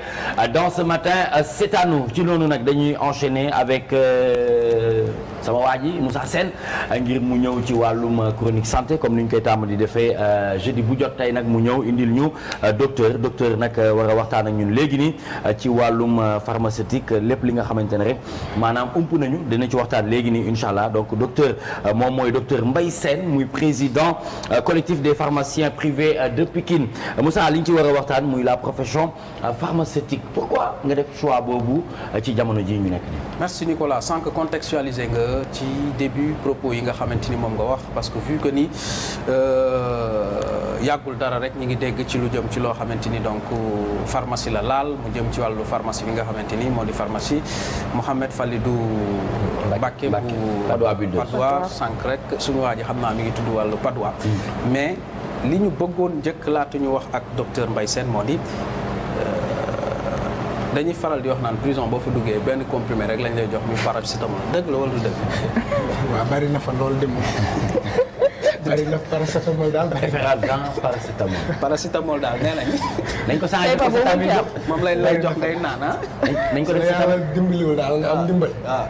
S1: dans ce matin c'est à nous ci noonu nag dañuy enchaîner avec. Euh, sama waa ji Moussa Sène euh, ngir mu ñëw ci wàllum euh, chronique santé comme ni ñu koy tàmm di defee euh, jeudi bu jot tey nag mu ñëw indil ñu docteur docteur nag war waxtaan ak ñun léegi nii ci wàllum pharmaceutique lépp li nga xamante ne rek maanaam ump nañu dina ci waxtaan léegi nii incha allah donc docteur moom mooy docteur mbay seen muy président collectif des pharmaciens privés de Pikine Moussa li ñu ci war waxtaan muy la profession pharmaceutique pourquoi nga def choix boobu ci jamono ji ñu nekk
S3: ci début propos yi nga xamante ni moom nga wax parce que vu que ni euh, yàggul dara rek ñu ngi dégg ci lu jëm ci loo xamante ni donc pharmacie la laal mu jëm ci wàllu pharmacie bi nga xamante ni moo di pharmacie Mouhamed Falidou Mbacké bu Padois sànq rek suñu waa ji xam naa mi ngi tudd wàllu Padois mm. mais li ñu bëggoon njëkk laata ñu wax ak docteur mbay seen moo di euh, dañuy faral di wax naan prison boo fa duggee benn comprimé rek lañ lay jox ñu paracétamol dëgg la wala du dëgg.
S2: bari na fa loolu dem
S3: day jox paracétamol daal. préféral gant paracétamol. paracétamol daal nee nañ. nañ ko saa jox moom lay lay jox ngay naan ah. nañ ko def si tamit dimbaliwul daal nga am ah, dimbal. waaw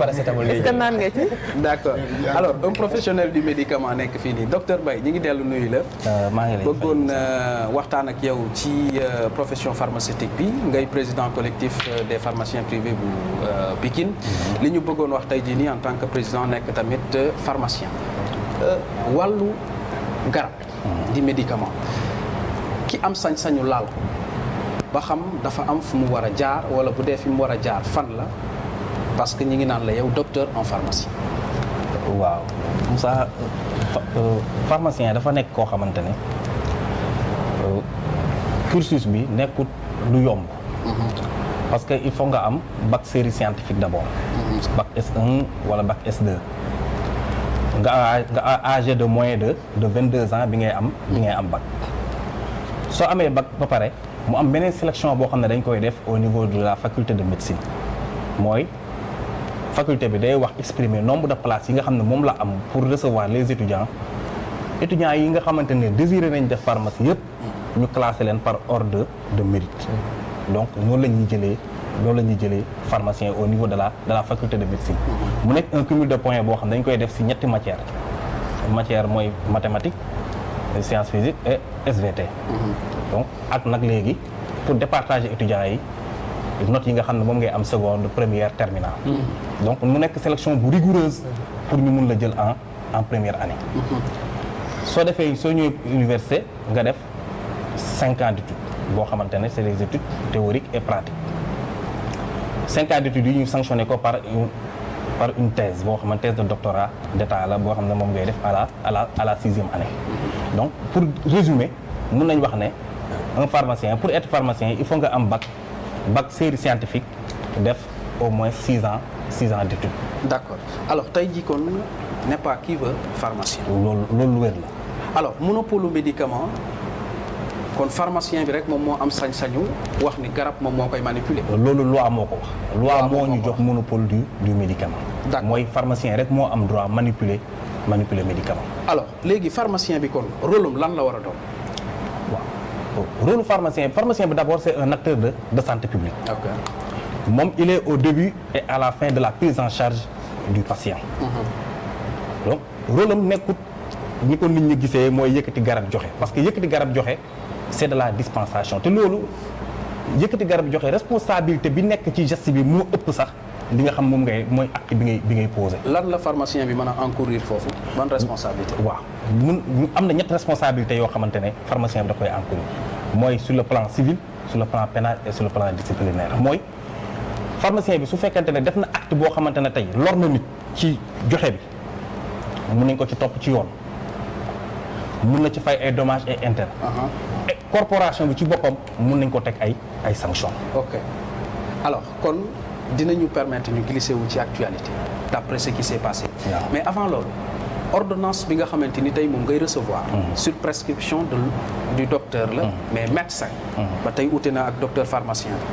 S3: paracétamol lay jox naan nga ci. d'accord alors un professionnel du médicament nekk fii nii docteur Mbaye ñi ngi dellu nuyu la. Ah, maa ngi lay bëggoon euh, waxtaan ak yow ci euh, profession pharmaceutique bi ngay président collectif euh, des pharmaciens privés bu Pikine. Mm-hmm. li ñu bëggoon wax tey jii nii en tant que président nekk tamit pharmacien. Euh, wàllu garab di médicament ki am sañ-sañu laal ko ba xam dafa am fu mu war a jaar wala bu dee fi mu war a jaar fan la parce que ñu ngi naan la yow docteur en pharmacie waaw Moussa euh, euh, pharmacien dafa nekk koo xamante ne cursus bi nekkut lu yomb mm-hmm. parce que il faut nga am bac série scientifique d'abord mm-hmm. bac s wala bac s nga nga âgé de moins de de vingt deux ans bi ngay am bi ngay am bac soo amee bac ba pare mu am beneen sélection boo xam ne dañ koy def au niveau de la faculté de médecine mooy faculté bi day wax exprimer nombre de place yi nga xam ne moom la am pour recevoir les étudiants étudiants yi nga xamante ne désiré nañ def pharmacie yëpp ñu classé leen par ordre de mérite donc noonu la ñuy jëlee loolu la ñuy jëlee pharmacien au niveau de la la faculté de médecine. mu nekk un cumul de points boo xam dañ koy def ci ñetti matière matière mooy mathématique science physique et SVT. donc ak nag léegi pour départager étudiants yi notes yi nga xam ne moom ngay am seconde première terminale. donc mu nekk sélection bu rigoureuse pour ñu mun la jël en en première année. soo defee soo ñëwee université nga def cinq ans d'études boo xamante ne c'est les études théoriques et pratiques. cinquante ans d'études yi ñu sanctionné ko par une par une thèse boo xam ne thèse de doctorat d'état la boo xam ne moom ngay def à la à la à la sixième année donc pour résumer mun nañ wax ne un pharmacien pour être pharmacien il faut nga am bac bac série scientifique def au moins six ans six ans d'études. d'accord alors tey jii kon n'est pas qui veut pharmacien. loolu loolu lu wér la. alors monopole médicament. kon pharmacien bi rek moom moo am sañ-sañu wax ni garab moom moo koy manipuler. loolu loi moo ko wax. loi moo ñu jox monopole du du médicament. d'accord mooy pharmacien rek moo am droit manipuler manipuler médicament. alors léegi pharmacien bi kon rôle lan la war a doon. waaw oh, rôle pharmacien bi pharmacien bi d'abord c'est un acteur de de santé publique. Okay. moom il est au début et la fin de la prise en charge du patient. Mm-hmm. donc rôle am nekkut ni ko nit ñi gisee mooy yëkkati garab joxe parce que yëkkati garab joxe. c'est de la dispensation te loolu yëkkati garab joxe responsabilité bi nekk ci gest bi moo ëpp sax li nga xam moom ngay mooy acte bi ngay bi ngay posé. lan la pharmacien bi mën a encourir foofu ban responsabilité. waaw mun am na ñett responsabilité yoo xamante ne pharmacien bi da koy encourir mooy su le plan civil sur le plan pénal et sur le plan disciplinaire mooy. pharmacien bi su fekkente ne def na act boo xamante ne tey lor na nit ci joxe bi mun nañ ko ci topp ci yoon. mun na ci fay ay domage et intérêts. Uh-huh. et corporation bi ci boppam mun nañ ko teg ay ay sanctions. ok alors kon dinañu permettre ñu glisser wu ci actualité. d'après ce qui s'est passé. Yeah. mais avant loolu ordonnance bi nga xamante ni tey moom ngay recevoir. Mm -hmm. sur prescription de du docteur la. Mm mais médecin. Mm-hmm. ba tey ute na ak docteur pharmacien bi.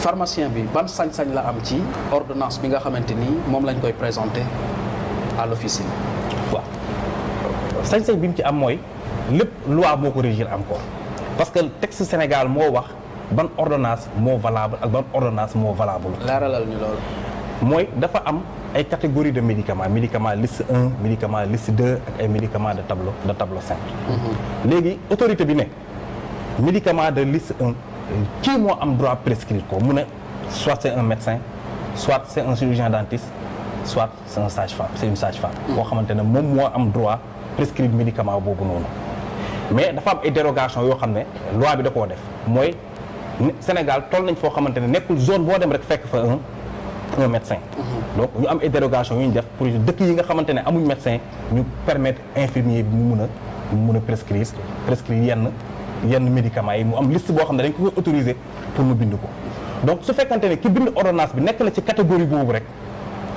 S3: pharmacien bi ban sañ-sañ la am ci ordonnance bi nga xamante ni moom lañ koy présenter à l'officine. waaw. sañ-sañ bi mu ci am mooy lépp loi moo ko régir encore parce que texte Sénégal moo wax ban ordonnance moo valable ak ban ordonnance moo valable. laaralal ñu loolu. mooy dafa am ay catégories de médicaments médicament liste 1 médicament liste 2 ak ay médicaments de tableau de tableau 5.
S8: Mm-hmm.
S3: léegi autorité bi ne médicament de liste un kii moo am droit prescrire ko mu ne soit c'est un médecin soit c'est un chirurgien dentiste soit c'est un sage-femme c'est mm. xamante ne moom moo am droit. prescrire médicament boobu noonu mais dafa am ay dérogation yoo xam ne loi bi da koo def mooy Sénégal toll nañ foo xamante ne nekkul zone boo dem rek fekk fa un un médecin mhm. donc ñu am ay dérogation yu ñu def pour dëkk yi nga xamante ne amuñ médecin ñu permettre infirmier bi mu mun a mu mun a prescrire yenn yenn médicaments yi mu am liste boo xam ne dañ ko koy autorisé pour mu bind ko donc su fekkante ne ki bind ordonnance bi nekk na ci catégorie boobu rek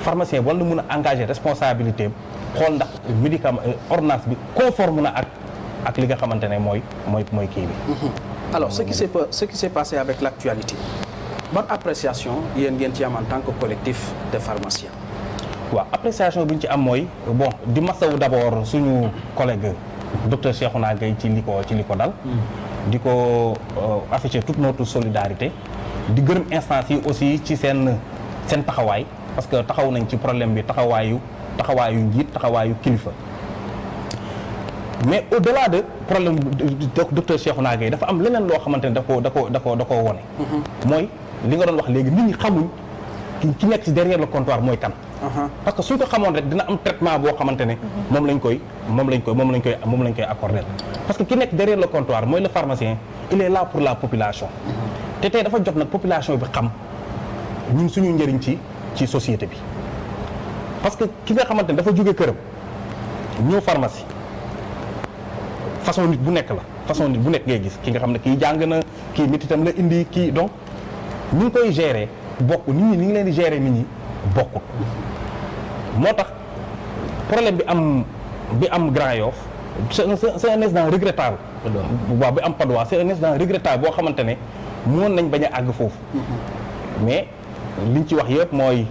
S3: pharmacien war na mun a engagé responsabilité xool ndax médicament euh, ordonnance bi conforme na ak ak li nga xamante ne mooy mooy mooy kii bi. Mm-hmm. alors ce qui s'est ce qui s'est passé avec l'actualité ban appréciation yéen ngeen ci am en tant que collectif de pharmaciens. waaw appréciation bi ñu ci am mooy bon di masawu d'abord suñu collègue docteur naa Gaye ci li ko ci li ko dal. Mm-hmm. di ko euh, afficher toute notre solidarité. di gërëm instance yi aussi ci seen seen taxawaay parce que taxaw nañ ci problème bi taxawaayu. taxawaayu njiit taxawaayu kilifa mais au delà de problème docteur Cheikhouna Gaye dafa am leneen loo xamante ne da ko da ko da ko koo wone mm-hmm. mooy li nga doon wax léegi nit ñi xamuñ ki nekk ci derrière le comptoir mooy kan uh-huh. parce que suñ ko xamoon rek dina am traitement boo xamante ne mm-hmm. moom lañ koy moom lañ koy moom lañ koy moom lañ koy accordé parce que ki nekk derrière le comptoir mooy le pharmacien il est là pour la population
S8: mm-hmm.
S3: te tey dafa jox nag population bi xam ñun suñu njëriñ ci ci société bi parce que ki nga xamante ne dafa jóge këram ñëw pharmacie façon nit bu nekk la façon nit bu nekk ngay gis ki nga xam ne kii jàng na kii mititam la indi kii donc ñu ngi koy gérer bokk nit ñi ni leen di gérer nit ñi bokkul moo tax problème bi am bi am Grand Yoff c'est un incident regrettable waaw bi am Patte d'Oie c'est un incident regrettable boo xamante ne mënoon nañ bañ a àgg foofu mm-hmm. mais liñ ci wax yëpp mooy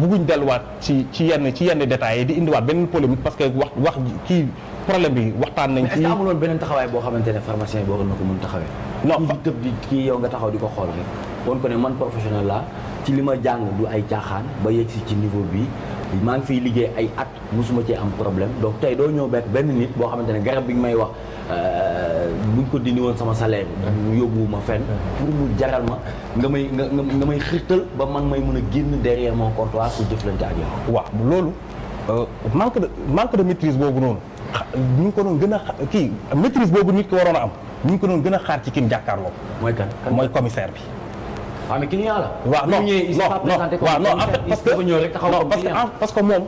S3: bëgguñ delluwaat ci ci yenn ci yenn détails yi di indiwaat benn
S1: polémique parce que wax wax kii problème bi waxtaan nañ. ci est-ce que amuloon beneen taxawaay boo xamante ne pharmacien bi waroon na ko mën taxawee. non di tëb di kii yow nga taxaw di ko xool rek. woon ko ne man professionnel la ci li ma jàng du ay caaxaan ba yegg si ci niveau bi maa ngi fiy liggéey ay at musuma cee am problème donc tey doo ñëw bekk benn nit boo xamante ne garab bi ñu may wax. Euh, buñ ko dindi woon sama salaire mu yóbbuwuma fenn mmh. pour mu jaral ma nga may nga nga may xirtal ba man may mën a génn derrière mon comptoir pour jëflante ak yow waaw loolu euh, manque
S3: de manque de maîtrise boobu noonu ñu ko doon gën a kii maîtrise boobu nit ko waroon a am ñu ngi ko doon gën a xaar ci kim jàkkaarloo mooy kan mooy commissaire bi waaw ah, mais client la waaw non non non waaw non en fait parce que parce que moom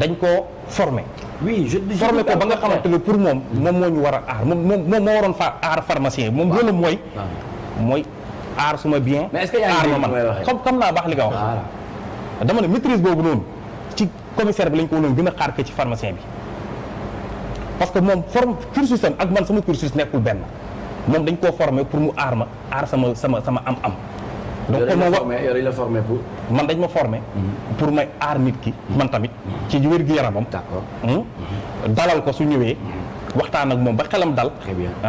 S3: dañ koo formé oui je ko ba nga xamante ne pour moom. moom moo ñu war a aar moom moom moo waroon fa aar pharmacien moom loolu mooy. Ah. mooy aar suma bien. mais est-ce que yaa ngi man xam xam naa baax li nga wax. dama ne maîtrise boobu noonu ci commissaire bi lañ ko woon gën a xaar ke ci pharmacien bi. parce que moom forme cursus am ak man sama cursus nekkul benn moom dañ koo formé pour mu aar ma aar sama sama sama am-am. donc kon moo wax yore la formé man dañ ma formé. Mhm. pour may aar nit ki. man tamit ci wér-gu-yaramam. Hmm? Mhm. dalal ko su ñëwee. Mhm. waxtaan ak moom ba xelam dal.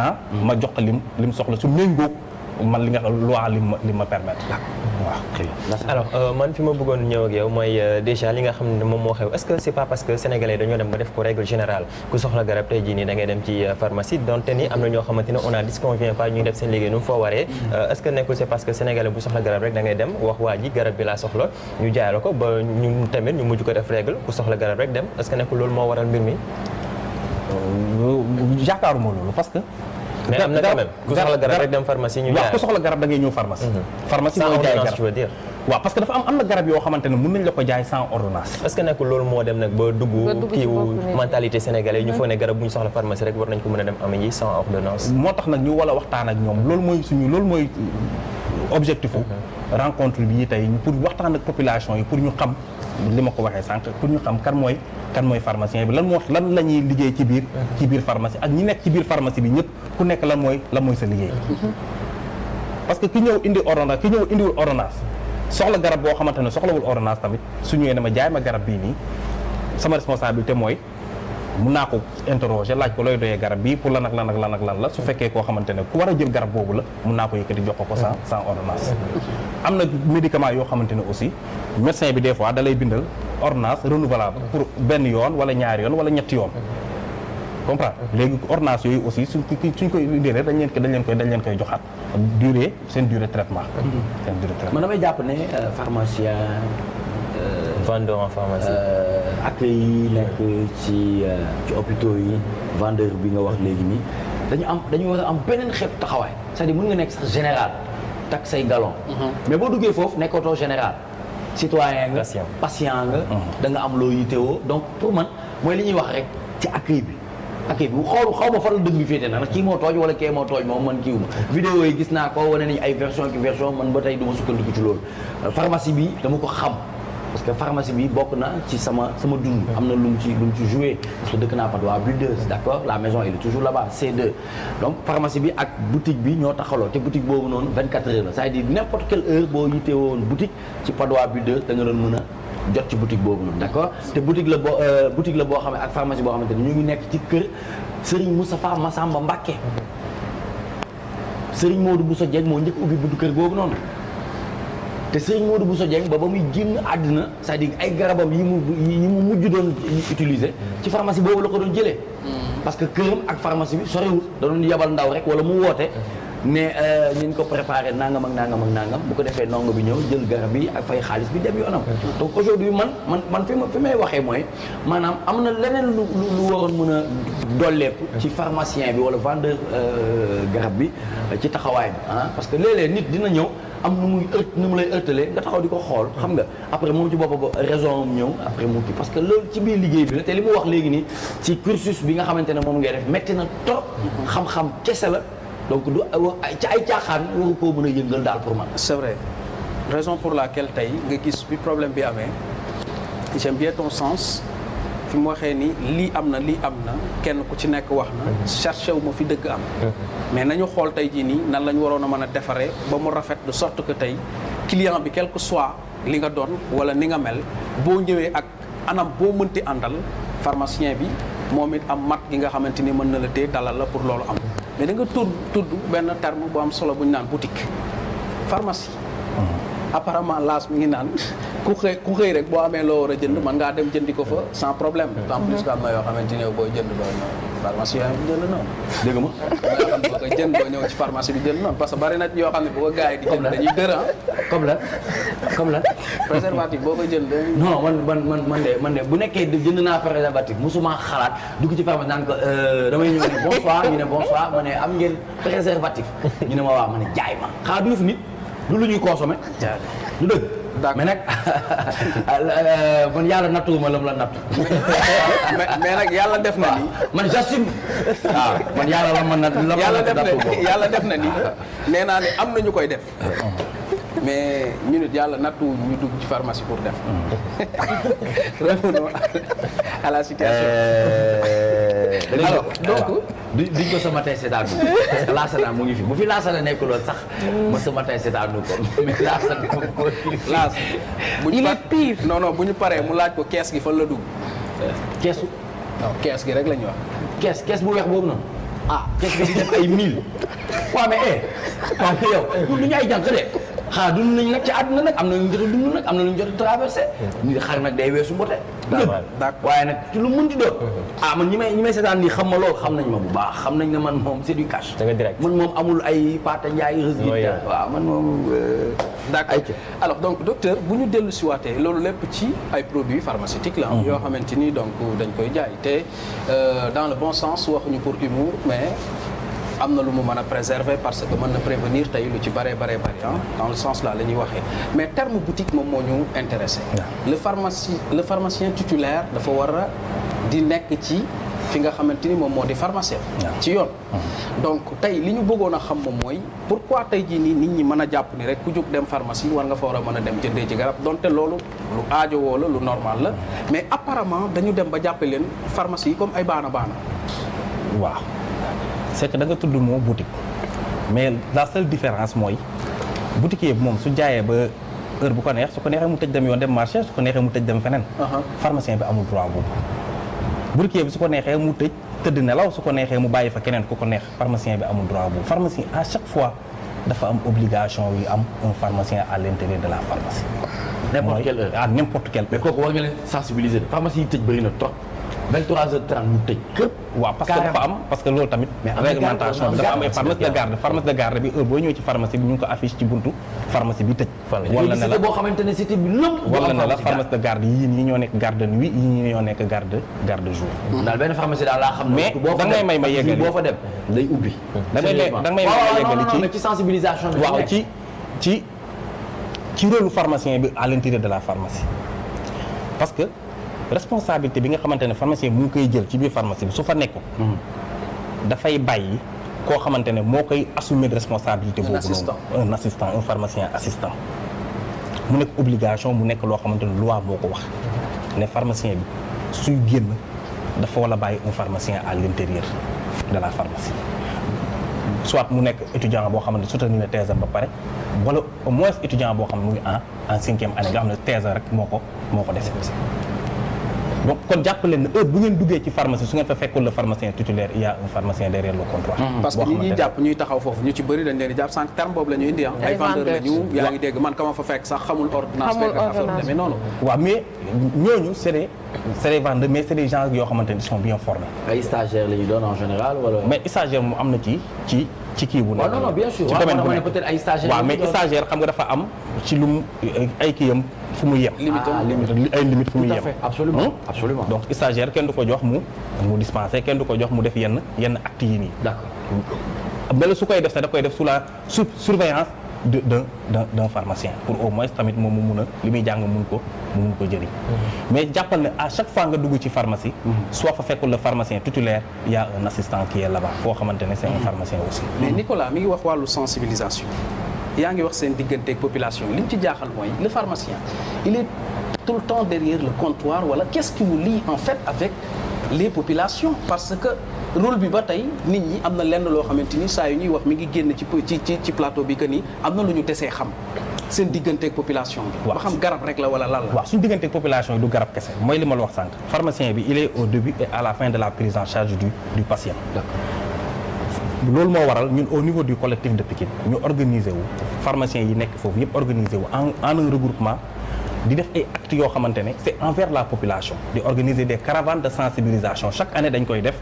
S3: ah ma jox ko lim lim soxla su méngóog. man li nga loi li ma li ma permettre. Ah, waaw
S4: alors euh, man fi ma bëggoon ñëw yow mooy euh, déjà li nga xam ne moom moo xew est-ce que c'est pas parce que sénégalais dañoo dem ba def ko règle générale ku soxla garab tey jii nii da dem ci euh, pharmacie donte ni am na ñoo xamante ne on a disconvient parce que sénégalais bu soxla garab rek da dem wax waa garab bi laa soxla ñu jaay ko ba ñun tamit ñu mujj ko def règle ku soxla garab rek dem est-ce que nekkul loolu moo waral mbir loolu parce que. mais am na quand même ku soxla garab rek ñëw pharmacie. Mhm. pharmacie mooy jaay garab dire. waaw parce que dafa am am na garab yoo xamante ne mën nañ la ko jaay sans ordonnance. est que nekkul moo dem nag ba dugg kii wu mentalité sénégalais ñu mhm. foog ne garab bu ñu soxla pharmacie rek war nañ ko mën a dem amee ji sans ordonnance. moo tax nag ñu wala waxtaan ak ñoom loolu mooy suñu loolu mooy objectif. Mhm. rencontre bii tey
S3: pour waxtaan ak population yi pour ñu li ma ko waxee sànq pour ñu xam kan mooy kan mooy pharmacien bi lan moo lan la ñuy liggéey ci biir ci biir pharmacie ak ñi nekk ci biir pharmacie bi ñëpp ku nekk lan mooy lan mooy sa liggéey parce que ki ñëw indi ordonnance ki ñëw indiwul ordonnance soxla garab boo xamante ne soxlawul ordonnance tamit su ñëwee ne ma jaay ma garab bii nii sama responsabilité mooy mun naa ko interroger laaj ko looy doyee garab bi pour lan ak lan ak lan ak la su fekkee koo xamante ne ku war a jël garab boobu la mun naa ko yëkkati jox ko ko sans sans am na médicament yoo xamante ne aussi médecin bi des fois da lay bindal ordonnance renouvelable pour benn yoon wala ñaar yoon wala ñetti yoon comprendre léegi ordonnance yooyu aussi suñ suñ koy indee dañ leen koy dañ leen koy dañ leen koy joxaat durée seen durée traitement mm-hmm. seen durée traitement man
S1: damay jàpp ne euh,
S4: pharmacien euh, vendeur en pharmacie.
S1: Euh, accueil yi nekk ci euh, ci yi vendeur bi nga wax léegi nii dañu am dañu war a am beneen xeetu taxawaay c'est-à-dire mën nga nekk sax général takk say galon. Mhm. mais boo duggee foofu nekkatoo général. citoyen nga patient nga. Mhm. da nga am loo yittewoo donc pour man mooy li ñuy wax rek ci accueil bi. accueil bi xool xaw ma faral dëgg bi féete na nag kii moo tooñ wala kii moo tooñ moom man kii ma. vidéo yi gis naa ko wane nañu ay version ki version parce que pharmacie bi bokk na ci sama sama dund. am na lu mu ci lu mu ci joué parce que dëkk naa Patte d'Oie Buldeuse d' la maison elle est toujours là-bas c donc pharmacie bi ak boutique bi ñoo taxaloo te boutique boobu noonu 24 heures la c'est-à-dire n' importe quelle heure boo yittee woon boutique ci Patte d'Oie Buldeuse da nga doon mën a. jot ci boutique boobu noonu d' te boutique la boo euh, boutique la boo xam ne ak pharmacie boo xamante ni ñu ngi nekk ci kër Serigne Moustapha Massamba Mbacké Serigne Modou Bousso Dieng moo ubbi buntu kër googu noonu. te sëriñ Modou Bousso Dieng ba ba muy génn àddina cest à ay garabam yi mu yi mu mujj doon utiliser ci pharmacie boobu la ko doon jëlee hmm. parce que këram ak pharmacie bi sorewul da doon yabal ndaw rek wala mu woote hmm. Euh, ne ñu ko préparé nangam ak nangam ak nangam bu ko defee nongo bi ñëw jël garab bi ak fay xaalis bi dem yoonam. donc aujourd'hui man man man fi ma may waxee mooy maanaam am na leneen lu lu waroon mën a dolleeku. ci pharmacien bi wala vendeur euh, garab bi ci taxawaay bi ah parce que léeg-léeg nit dina ñëw. am nu muy ëtt nu mu lay ëttalee nga taxaw di ko xool xam nga après moom ci boppam raison am ñëw après mu kii parce que loolu ci biir liggéey bi la te li mu wax léegi nii ci cursus bi nga xamante ne moom ngay def métti na trop xam kese la donc du euh, ay ci ay caaxaan waru koo mën a daal pour man. c'est vrai raison pour laquelle
S3: tey nga gis bi problème bi amee j'aime bien ton sens fi mu waxee ni lii am na lii am na kenn ku ci nekk wax na cherché wu ma fi dëgg am. mais nañu xool tey jii nii nan la ñu waroon a mën a defaree ba mu rafet de sorte que tey client bi quel que soit li nga doon wala ni nga mel boo ñëwee ak anam boo mënti àndal pharmacien bi moom it am mat gi nga xamante ni mën na la dee dalal la pour loolu am. mais da nga tudd tudd benn terme bu am solo bu ñu naan boutique pharmacie. Mhm. apparemment laas mi ngi naan ku xëy ku xëy rek boo amee loo war a jënd man ngaa dem jëndi ko fa sans problème. Mm-hmm. en plus que am na yoo xamante ne booy jënd boo jënd boo
S1: ñëw ci pharmacie bi jënd noonu parce que bari yoo xam ne bu ko gars yi di jënd dañuy dër ah. comme
S11: lan comme lan.
S1: préservatif boo koy jënd. non man man man man de man de bu nekkee jënd naa préservatif musuma xalaat dugg ci pharmacie naan ko euh, damay ñëw ne bonsoir ñu ne bonsoir ma ne am ngeen préservatif du lu ñuy consommer. du dëgg. mais nag man yàlla nattuwuma la mu la nattu. mais nag yàlla def na ni. man j'assume. waaw ah. ah, man yàlla la ma natt yàlla def na ni ah. nee naa ne am na ñu koy def. mais ñu yàlla nattu ñu dugg ci pharmacie pour def
S3: revenons à la situation
S1: euh, alors donc duñ ko sama tey seetaan laasana mu ngi fi bu fi laasana nekkul sax ma sama tey seetaan nu ko mais laasana ko laas bu ñu bu ñu paree mu laaj ko kees gi fan la dugg keesu non gi rek la wax kees kes bu weex boobu noonu ah kees gi di def ay mille waaw mais eh waaw mais yow ñun du ñu ay de xanaa dund nañ nag ci àdduna nag am na lu ñu jot a dund nag am na lu ñu jot a traversé. Mm-hmm. nit xar nag day weesu mbote. d'accord waaye nag ci lu munti doon. Mm-hmm. ah man ñi may ñi may seetaan xam ma lool xam nañ ma bu baax xam nañ ne man moom c'est du cash. da nga direct man moom amul ay Pata Ndiaye. mooy oh, waaw man moom. Euh, d'accord alors donc
S3: docteur bu ñu dellu si waatee loolu lépp ci ay produits pharmaceutiques la. Mm-hmm. yoo xamante ni donc dañ koy jaay te euh, dans le bon sens waxuñu pour humour mais. am na lu mu mën a préserver parce que mën na prévenir tey lu ci bare bare bari ah dans le sens là la ñuy waxee mais terme boutique moom moo ñu intéressé le pharmacie le pharmacien titulaire dafa war a di nekk ci fi nga xamante ni moom moo di pharmacien ci yoon mm-hmm. donc tey li ñu bëggoon a xam moom mooy pour quoi tey jii nii nit ñi mën a jàpp ni rek ku jóg dem pharmacie war nga fa war a mën a dem jëndee ci garab donte loolu lu aajowoo la lu normal la mm-hmm. mais apparemment dañu dem ba jàppe leen pharmacie yi ay baana baana c'est que da nga tudd moo boutique mais la seule différence mooy boutiquier bi moom su jaayee ba heure bu ko neex su ko neexee mu tëj dem yoon dem marché su ko neexee mu tëj dem feneen. Uh-huh. pharmacien bi amul droit boobu. boutiquier bi su ko neexee mu tëj tëdd nelaw su ko neexee mu bàyyi fa keneen ku ko neex pharmacien bi amul droit boobu pharmacien à chaque fois dafa am obligation yu am un pharmacien à l'intérieur de la pharmacie.
S1: n'importe quelle heure à n'importe quelle heure. mais kooku war nga leen sensibiliser pharmacie tëj bëri na trop. 23h30 waaw parce que dafa am parce que loolu tamit. réglementation bi dafa am ay pharmacie de garde pharmacie
S3: de garde bi heure
S1: ne cité bi lëpp. wala na la pharmacie
S3: nekk garde nuit yii ñi ñoo nekk garde garde jour.
S1: Hmm. daal benn pharmacie daal laa xam. mais da ngay may ma yeggali ci waaw ci ci ci rôle
S3: bi à l'intérieur de la pharmacie parce que responsabilité bi nga xamante ne pharmacien bu mu koy jël ci biir pharmacie bi su fa nekku hmm. dafay bàyyi koo xamante ne moo koy assumer responsabilité boobu noonu un assistant un pharmacien assistant mu nekk obligation mu nekk loo xamante ne loi moo ko wax ne pharmacien bi suy génn dafa war bàyyi un pharmacien à l'intérieur de la pharmacie soit mu nekk étudiant boo xam ne soutenir na thèse ba pare wala au moins étudiant boo xam ne mu ngi en en cinquième année nga xam rek moo ko moo ko dese donc kon jàpp leen ne bu ngeen duggee ci pharmacie su ngeen fa fekkul le pharmacien titulaire il y a un pharmacien derrière le comptoir. Mm-hmm. parce que ñi ñuy jàpp ñuy taxaw foofu ñu ci bëri dañ leen jàpp sànq terme boobu la ñuy ah. ay vendeur la ñu yaa man kama fa fekk sax xamul ordonnance demee noonu waaw mais yoo xamante ne sont bien formés ay stagiaires la ñu doon en général mais stagiaire moom am na ci ci ci kii bu nekk non non bien sûr ci domaine bu nekk waaw mais am ci lu ay fu mu yem. limite ah, ay limite fu muy yem. donc stagiaire kenn du ko jox mu mu kenn du ko jox mu def yenn yenn actes yi nii. su koy def sax da koy def su la sous surveillance de d'un d'un pharmacien pour au moins tamit moom mu mun a li muy jàng mun ko mu mun ko jëriñ. Mhm. mais jàppal ne à chaque fois nga dugg ci pharmacie. Mhm. soit fa fekkul le pharmacien titulaire y a un assistant qui est là-bas. xamante ne c'est un mhm. pharmacien aussi. mais Nicolas mi ngi wax wàllu sensibilisation. yaa ngi wax seen digganteeg population li ñu ci jaaxal mooy le pharmacien il est tout le temps derrière le comptoir wala voilà. qu'est-ce qui lii en fait avec les populations parce que rôle bi ba tey nit ñi am na lenn loo xamante ni saa yu ñuy wax mi ngi génn ci ci ci plateau bi que ni am na lu ñu desee xam seen digganteeg population bi. ba xam garab rek la wala lan la. waaw diggante digganteeg population yi du garab kese mooy li ma la wax sànq. pharmacien bi il est au début à la fin de la prise en loolu moo waral ñun au niveau du collectif de Pikine ñu organiser wu yi nekk foofu yëpp organiser wu en en regroupement di def ay actes yoo xamante ne c'est envers la population di organiser des caravanes de sensibilisation chaque année dañ koy def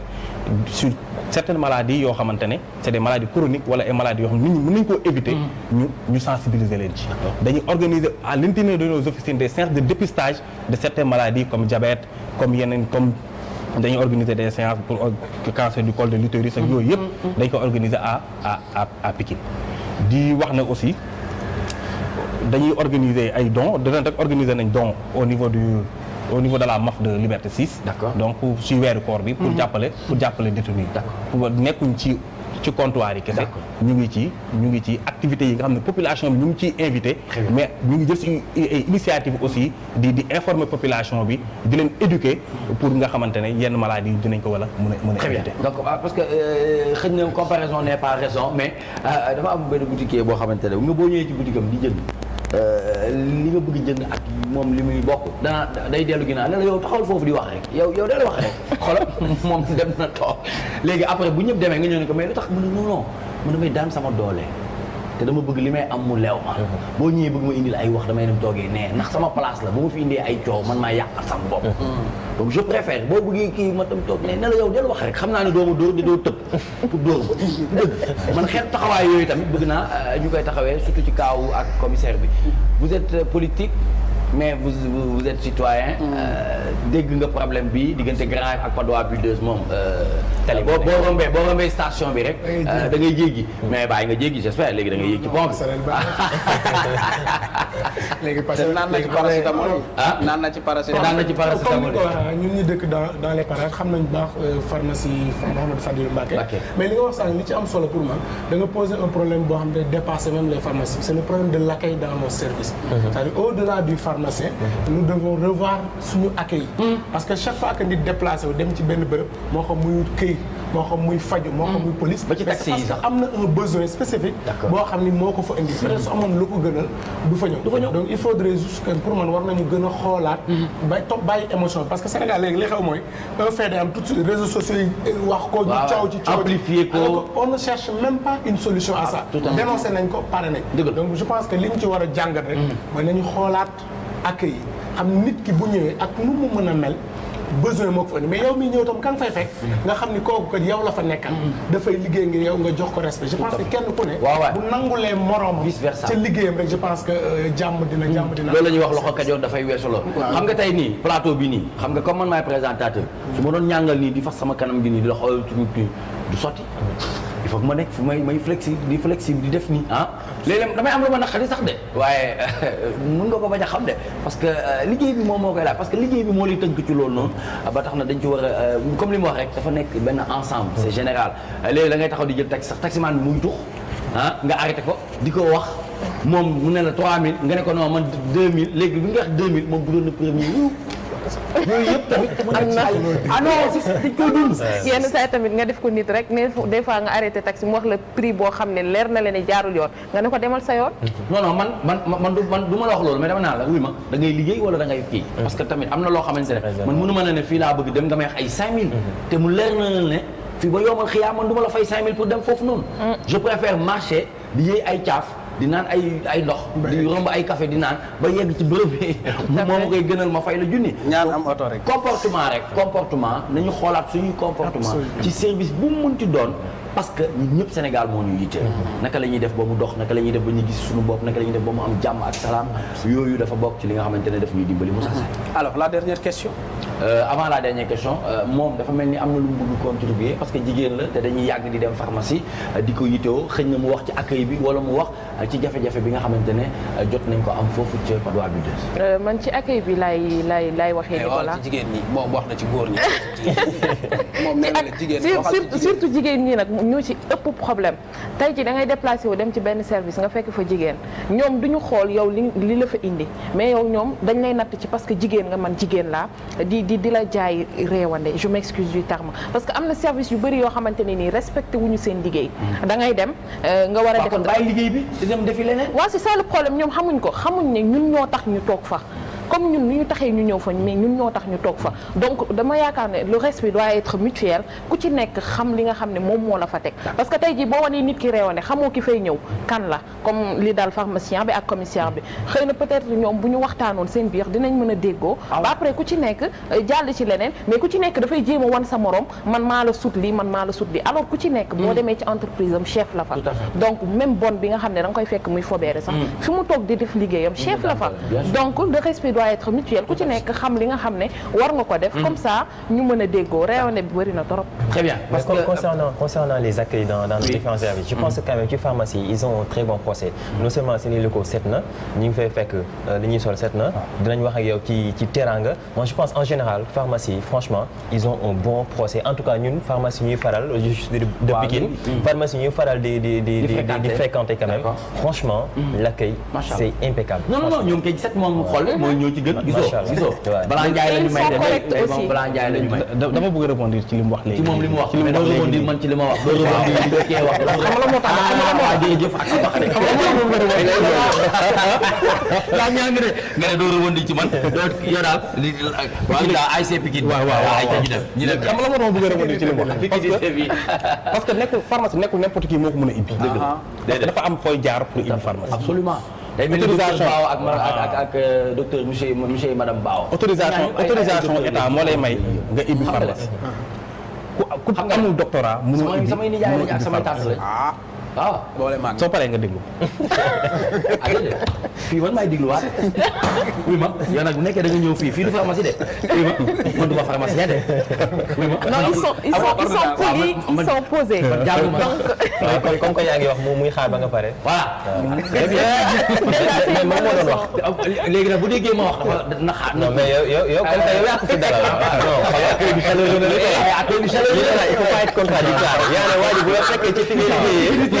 S3: sur certaines maladies yoo xamante ne c'est des maladies chroniques wala ay maladies yoo xam ne nit ñi mën nañ koo éviter mm-hmm. ñu ñu sensibiliser leen ci dañuy organiser à l'intérieur de nos officines de dépistage comme diabète comme yeneen comme dañuy organiser des séances pour cancer du col de l'utérus ak yooyu yëpp mm-hmm. dañ ko organiser à à à Pikine di wax na aussi dañuy organiser ay dons dana rek organiser nañ don au niveau du au niveau de la MAF de Liberté 6 d'accord donc ci weeru koor bi pour mm-hmm. jàppale pour jàppale détenu yi nekkuñ ci ci comptoir yi kese ñu ngi ci ñu ngi ci activités yi nga xam ne population bi ñu ngi ci invité mais ñu ngi jël si initiative aussi di di informer population bi di leen éduquer pour nga xamante ne yenn
S1: maladies yi dinañ ko wala
S3: mën a mën a éviter
S1: donc ah, parce que euh, xëy na comparaison n'est pas raison mais euh, dafa am benn boutiquier boo xamante ne nga boo ñëwee ci boutique am di jënd Euh, li nga bugg jënd ak moom li muy bokk dana day dellu ginnaaw ne la yow taxawal foofu di wax rek yow yow deel wax rek xoolal moom dem na toog léegi après bu ñëpp demee nga ñëw ni ko mais lu tax mu ne non non mu ne may daan sama doole te dama bëgg li may am mu leew ma mhm. boo ñëwee bëgg ma indil ay wax damay dem toogee nee ndax sama place la bu ma fi indee ay coow man maa yàqal sama bopp mhm. donc je préfère boo bëggee kii ma tam toog ne ne la yow del wax rek xam naa ne doo ma dóor di doo tëb pour dóor ba dëgg man xeet taxawaay yooyu tamit bëgg naa euh, ñu koy taxawee surtout ci kaaw ak commissaire bi vous êtes politique mais vous vous, vous êtes citoyen. Mm. Euh, dégg nga problème bi diggante Grand Yoff ak Patte d'Oie Buldeuse moom. Euh, tali boo boo rombee boo rombee station bi rek. da ngay euh, jéggi mais bàyyi nga jéggi j'espère léegi da ngay yéeg ci pont bi. léegi parce que naan na ci paracétamol ah naan na ci paracétamol
S2: naan na ci paracétamol ñun ñu dëkk dans dans les parages xam nañu baax pharmacie Mouhamed mais li nga wax sànq li ci am solo pour man da nga poser problème boo xam ne dépassé même les pharmacies c'est le problème de pharmacien nous devons revoir suñu accueil hmm. parce que chaque fois que nit déplacé wu dem ci benn bërëb moo xam muy këy moo xam muy faju moo xam hmm. police ba ci taxi yi sax am na un besoin spécifique boo xam ni moo ko fa indi peut-être su amoon lu ko gënal du fa ñëw donc il faudrait juste que pour man war nañu gën xoolaat hmm. bay topp bàyyi émotion parce que Sénégal léegi li xew mooy un fait day am tout de suite réseaux sociaux yi euh, wax ko ñu caaw ci caaw amplifié ko on ne cherche même pas une solution à ah, ça dénoncé nañ ko pare nañ li ñu ci war a jàngat rek mooy nañu accueil xam nit ki bu ñëwee ak nu mu mën a mel besoin moo ko fa indi mais yow mi ñëw tam kan fay fekk mm. nga xam ni kooku kat yow la fa nekkal mm. dafay liggéey ngir yow nga jox ko respect je pense que kenn ku ne je pense que euh, jàmm dina jàmm dina loolu la ñuy wax loxo
S1: kajoor dafay weesu lool xam nga tey nii plateau bi nii xam nga comme man maay présentateur su ma doon ñàngal nii di fas sama kanam gi nii di la xool euh, du sotti il faut ma nekk fu may may flexi di flexi di def nii ah léeg-léeg damay am lu ma naqari sax de waaye mun nga ko bañ a xam de parce que euh, liggéey bi moom moo koy laaj parce que liggéey bi moo lay tënk ci loolu noonu ba tax na dañ ci a euh, comme li mu wax rek dafa nekk benn ensemble c'est général léegi da ngay taxaw di jël taxi sax taximaan bi muy tux ah nga arrêté ko di ko wax moom mu ne la mil nga ne ko non man 2000
S7: léegi bi nga wax 2000 moom bu doon na yooyu yëpp tamit na
S9: ah nga def ko nit rek ne des fois nga arrêté taxi mu wax la prix boo xam ne leer na leen jaarul yoon nga ne ko demal sa yoon
S1: mm-hmm. non non man man man du man du ma la wax loolu mais dama naa la wuy ma da liggéey wala da kii mm-hmm. parce que tamit am na loo xamante ne man mënu ma ne ne fii laa bëgg dem damay wax ay 5000 mm-hmm. te mu leer na leen ne fii ba yomal xiyaa man du la fay 5000 pour dem foofu noonu mm. je préfère marcher di ay caaf di naan ay ay ndox di romb ay café di naan ba yegg ci bërëb yi moom koy gënal ma fay la junni ñaan am oto rek comportement rek comportement nañu xoolaat suñuy comportement ci service bu mun munti doon parce que ñun ñëpp Sénégal moo ñu yitteel. naka la ñuy def ba mu dox naka la ñuy def ba ñu gis suñu bopp naka la ñuy def ba mu am jàmm ak salaam yooyu dafa bokk ci li nga xamante ne daf ñuy dimbali Moussa Seye. alors la dernière question. Euh, avant la dernière question euh, moom dafa mel ni am na lu mu bëgg contribuer parce que jigéen la te dañuy yàgg di dem pharmacie euh, di ko yittewoo xëy na mu wax ci accueil bi wala mu wax euh, ci jafe-jafe bi nga xamante ne jot nañ ko am foofu ci Padois bi
S9: de. man ci accueil bi laay laay laay waxee. Nicolas ci
S1: jigéen ñi moom wax na ci góor ñi.
S3: moom nee na la jigéen
S9: surtout jigéen ñi nag ñu ci ëpp problème tey ji da ngay déplacé wu dem ci benn service nga fekk fa jigéen ñoom du ñu xool yow li li la fa indi mais yow ñoom dañ lay natt ci parce que jigéen nga man jigéen laa di di di la jaay réewande je m'excuse du ma parce que am na service yu bëri yoo xamante ne nii respecté wuñu seen liggéey hmm. da ngay dem euh, nga war a def bàyyi liggéey bi dem defi leneen waa si ça le problème ñoom xamuñ ko xamuñ ne ñun ñoo tax ñu toog fa comme ñun ni ñu taxee ñu ñëw fa mais ñun ñoo tax ñu toog fa donc dama yaakaar ne le reste bi doit être mutuel ku ci nekk xam li nga xam ne moom moo la fa teg parce que tey jii boo wanee nit ki réewane xamoo ki fay ñëw kan la comme li daal pharmacien bi ak commissaire bi xëy na peut-être ñoom bu ñu waxtaanoon seen biir dinañ mën a déggoo ah ba après ku ci nekk euh, jàll ci leneen mais ku ci nekk dafay jéema wan sa morom man maa la sut lii man maa la sut lii alors ku ci nekk boo hmm. demee ci entreprise am chef la fa donc même bonne bi nga xam ne da koy fekk muy fobeere sax hmm. fi mu toog di def liggéeyam hmm. chef la doit être mutuel ku ci nekk xam li nga xam ne war nga ko def. Hmm. comme ça ñu mën a déggoo réewane bi bëri na
S4: euh, concernant les accueils dans dans les différents services. je hmm. pense que pharmacie ils ont un très bon procès. Hmm. non seulement seen i locaux set na ñu ngi euh, sol set na. Ah. dinañ wax ak yow ci je pense en général pharmacie franchement ils ont un bon procès en tout cas ñun pharmacie ñuy di di di franchement l'accueil c'est impeccable non non non ñoom kay
S1: ñoo ci gën gisoo gisoo balaa njaay lañu may de balaa njaay lañu may dama bëgg répondre ci li mu wax léegi ci moom li mu wax ci li mu répondre man ci li ma wax do répondre kee wax xam
S8: la moo tax xam
S1: la ah, jërëjëf ak ba xane xam la mo bëgg répondre la ñaan nga de nga ne doo répondre ci man do yow daal li waaw la ay see Pikine waaw waaw ay ñu def ñu def xam la moo
S3: tax bëgg répondre ci li mu
S1: wax
S3: parce que nekk pharmacie nekkul n'importe qui moo ko mën a ibbi
S1: ah, dafa am fooy jaar pour ibbi pharmacie absolument autorisation ak ak ah. ak euh, docteur monsieur monsieur madame Bao.
S3: autorisation autorisation état moo lay
S1: may nga ibbi pharmacie.
S3: ku amul doctorat mënoo ibbi mënoo ibbi pharmacie.
S11: waaw
S1: boole maag soo paree nga déglu. ah déedéet fii man maay dégluwaat. oui ma yow nag bu nekkee da nga ñëw fii fii du pharmacie de. oui ma man du ma pharmacien de. oui ma
S4: non ils sont
S9: ils sont ils sont polis ils sont posés. man jàll ma donc.
S4: kon comme que yaa ngi wax moom muy xaar ba nga pare. voilà. très bien mais moom moo doon wax. léegi nag bu déggee ma wax dafa na xaar. non mais yow yow yow comme que yow yaa ko fi dara. non xam nga accueil du chaleureux la. accueil du chaleureux la il faut pas être contradictoire. yaa ne waa ji bu la fekkee ci fi ngay liggéeyee.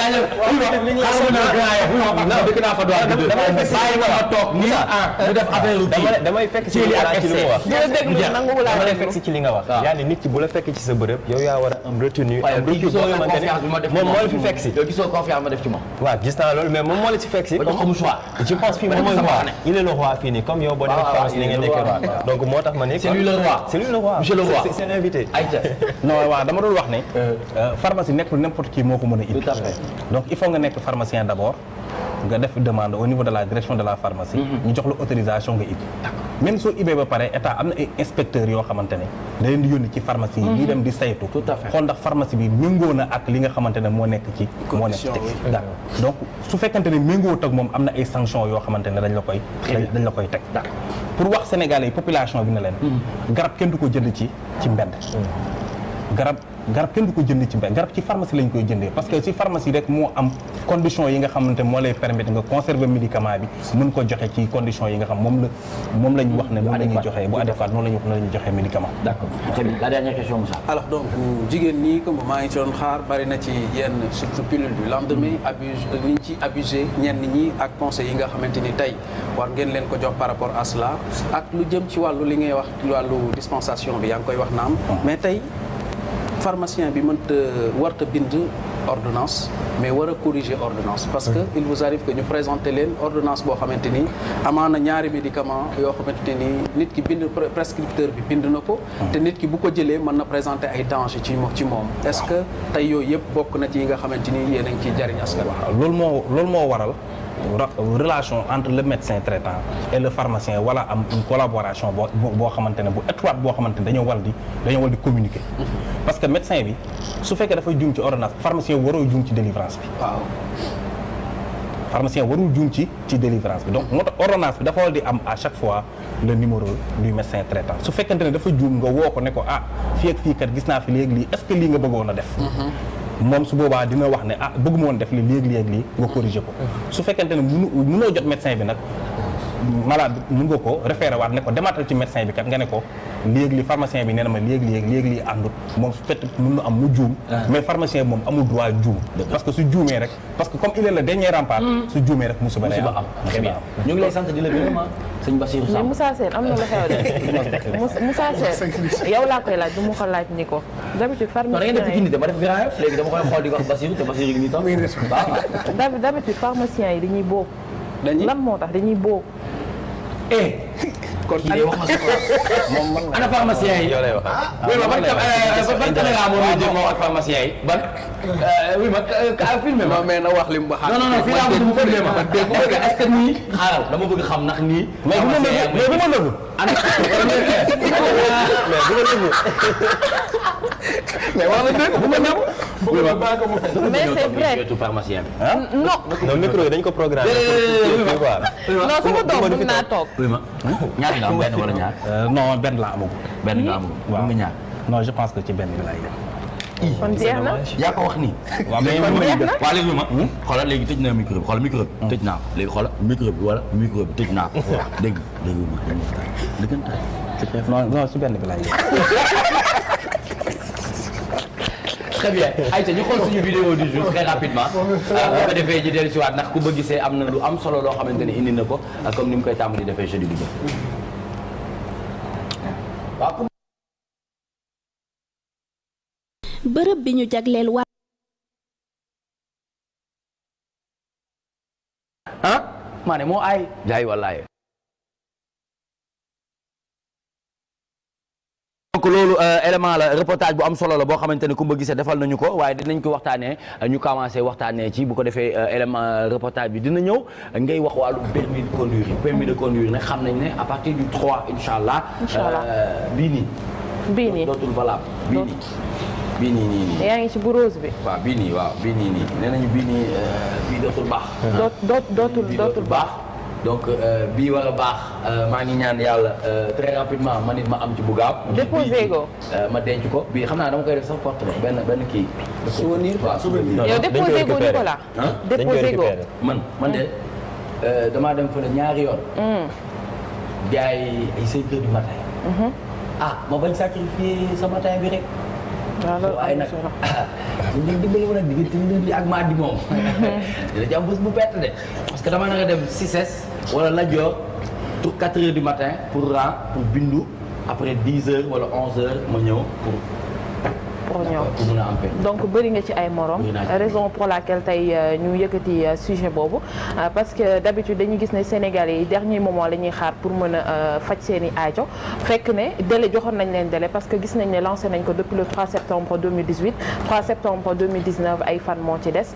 S1: damay fekk ci li ak fekk
S4: ci li nga wax yaa ni nit ki bu la fekk ci sa bërëb yow a am retenu am moo la si gisoo confiance ma def ci moom waaw gis naa loolu mais moom moo la si fekk si je pense fii moom nii moo tax ma ne c'est lui le roi c'est lui le ne euh, euh, pharmacie nekkul
S3: n'importe moo ko mën a donc il faut nga nekk pharmacien d'abord nga def demande au niveau de la direction de la pharmacie. Mm-hmm. ñu jox la autorisation nga ib. même soo ibee ba pare état am na ay inspecteurs yoo xamante ne da leen di yónni ci pharmacie yi. Mm-hmm. ñuy dem di saytu. tout à fait xool ndax pharmacie bi méngoo na ak li nga xamante ne moo nekk ci. moo nekk ci teg donc su fekkante ne méngoo ak moom am na ay sanctions yoo xamante ne dañ la koy. dañ la koy teg. pour wax sénégalais population bi ne leen. Mm-hmm. garab kenn du ko jënd ci ci mbedd. garab kenn du ko jënd ci mbay garab ci pharmacie lañ koy jëndee parce que ci pharmacie rek moo am condition yi nga xamante moo lay permettre médicament bi mën ko xam moom noonu la joxe
S1: médicament d'accord
S3: donc jigéen ñi comme maa ngi ci xaar bari ci yenn surtout pilule du lendemain abuse euh, niñ ci abusé ñenn ñi ak conseils yi nga xamante ni tey war ngeen leen ko jox par rapport à cela ak lu jëm ci wàllu li ngay wax wàllu dispensation bi yaa ngi koy wax na mais tey pharmacien bi mënta warta bind ordonnance mais wara a corriger ordonnance parce que mm-hmm. il vous arrive que ñu présenter leen ordonnance boo xamante ni amaana ñaari médicament yoo xamante ni nit ki bind prescripteur bi bind na ko mm-hmm. te nit ki bu ko jëlee mën na présenter ay danger ci ci moom est-ce que tey yooyu yëpp bokk na ci yi nga xamante ni yéen a ngi ciy jariñ loolu moo loolu moo waral relation entre le médecin traitant et le pharmacien wala am une collaboration boo boo xamante ne bu étroite boo xamante ne dañoo war di dañoo war di communiquer. parce que médecin bi su fekkee dafay juum ci ordonnance pharmacien waroo juum ci délivrance bi. waaw pharmacien warul juum ci ci délivrance bi donc moo tax ordonnance bi dafa war di am à chaque fois le numéro du médecin traitant su fekkente ne dafa juum nga woo ko ne ko ah fii ak fii kat gis naa fi léegi lii est-ce que lii nga bëggoon a def.
S8: Mhm.
S3: moom su boobaa dina wax ne ah bëgg ma woon def li léegi léegi lii nga corriger ko mm-hmm. su fekkente ne mënu mënoo jot médecin bi nag malade mun nga ko référé waat ne ko demaatal ci médecin bi kat nga ne ko léegi li pharmacien bi nee na ma léegi léegi léegi li àndut moom su mun na am mu juum ah. mais pharmacien bi moom amul droit juum mm. ah, am na
S9: lu
S1: xew
S3: de
S9: Moussa Sène laa koy laaj du ma ko laaj ni ko d'habitude pharmacien yi da pharmacien yi dañuy bokk dañuy lan moo tax dañuy boobu.
S1: eh. kon kii wax ma si moom man ana pharmacien yi. yow lay wax ah,
S8: eh, ban caméra moom la
S1: jël moom ak pharmacien yi ban. Eh, oui ma euh, ka filmé ma. mais na wax li mu ba xam. non non non fii laa bëgg mu filmé ma. est-ce que nii. xaaral dama bëgg xam ndax nii. mais mais wax na dëgg bu ma nangu. bu ma nangu mais c'est vrai pharmacien bi. non non micro yi dañ ko programmé.
S4: non sama doom mën naa
S1: toog.
S3: ñaar nga am benn wala ñaar. Euh, non benn laa amagum. benn
S1: nga hmm? amagum waaw ñaar. non je pense que ci benn bi laay dem.
S4: i. kon jeex na
S1: yaa ko wax nii. waaw mais kon jeex na waaw léegi ma. Hmm? xoolal léegi tëj naa micro bi xoolal micro bi. tëj naa ko hmm. léegi xoolal micro bi wala micro bi tëj naa ko. Hmm. dégg nga léegi ma dañuy taal dëggantaay. non non su benn bi laay très bien Aïcha ñu xool suñu vidéo du jour très rapidement ah, bu ko defee ji dellu si waat ndax ku bëgg see am na lu am solo loo xamante ne indi na ko ah, comme ni mu koy tàmm di defee jeudi bi
S12: bërëb bi ñu jagleel waa
S1: ah maa ne moo aay jaay wallaay donc loolu euh, élément la reportage bu am solo la boo xamante ne Kumba Gise defal nañu ko waaye dinañ ko waxtaanee ñu commencé waxtaanee ci bu ko defee euh, élément euh, reportage bi dina ñëw ngay wax wàllu permis de conduire permis de conduire nag xam nañ ne à partir du 3 incha allah. incha bii nii nii nii. bi. waaw bii nii waaw bii nii nii nee nañu bii nii euh, bii dootul baax. Uh-huh.
S9: dootul dootul baax.
S1: donc euh, bii wala baax euh, maa ngi ñaan yàlla très rapidement man it ma am ci bu gaaw.
S9: déposé ko
S1: ma denc ko bii xam naa dama koy def sa porte benn benn kii. souvenir quoi souvenir. yow déposé ko Nicolas. déposé ko man man de damaa dem fële ñaari yoon. Mm. jaay ay 5 heures du matin. Mm-hmm. ah ma bañ sacrifier sama matin bi rek. waaye nag suñ di ma nag ak maa di moom mm-hmm. dina ci am bu bett de parce que dama na nga dem Cissesse wala Lat-Dior tout heures du matin pour ren pour bindu après 10 heures wala 11 heures ma ñëw pour
S9: pour ñoom donc bëri nga ci ay morom raison pour laquelle tey euh, ñu yëkkati euh, sujet boobu euh, parce que d'habitude dañuy gis ne Sénégalais yi dernier moment la ñuy xaar pour mën a faj seen i aajo fekk ne délai joxoon nañ leen délai parce que gis nañ ne lancé nañ ko depuis le 3 septembre 2018 3 septembre 2019 ay fan moo ci des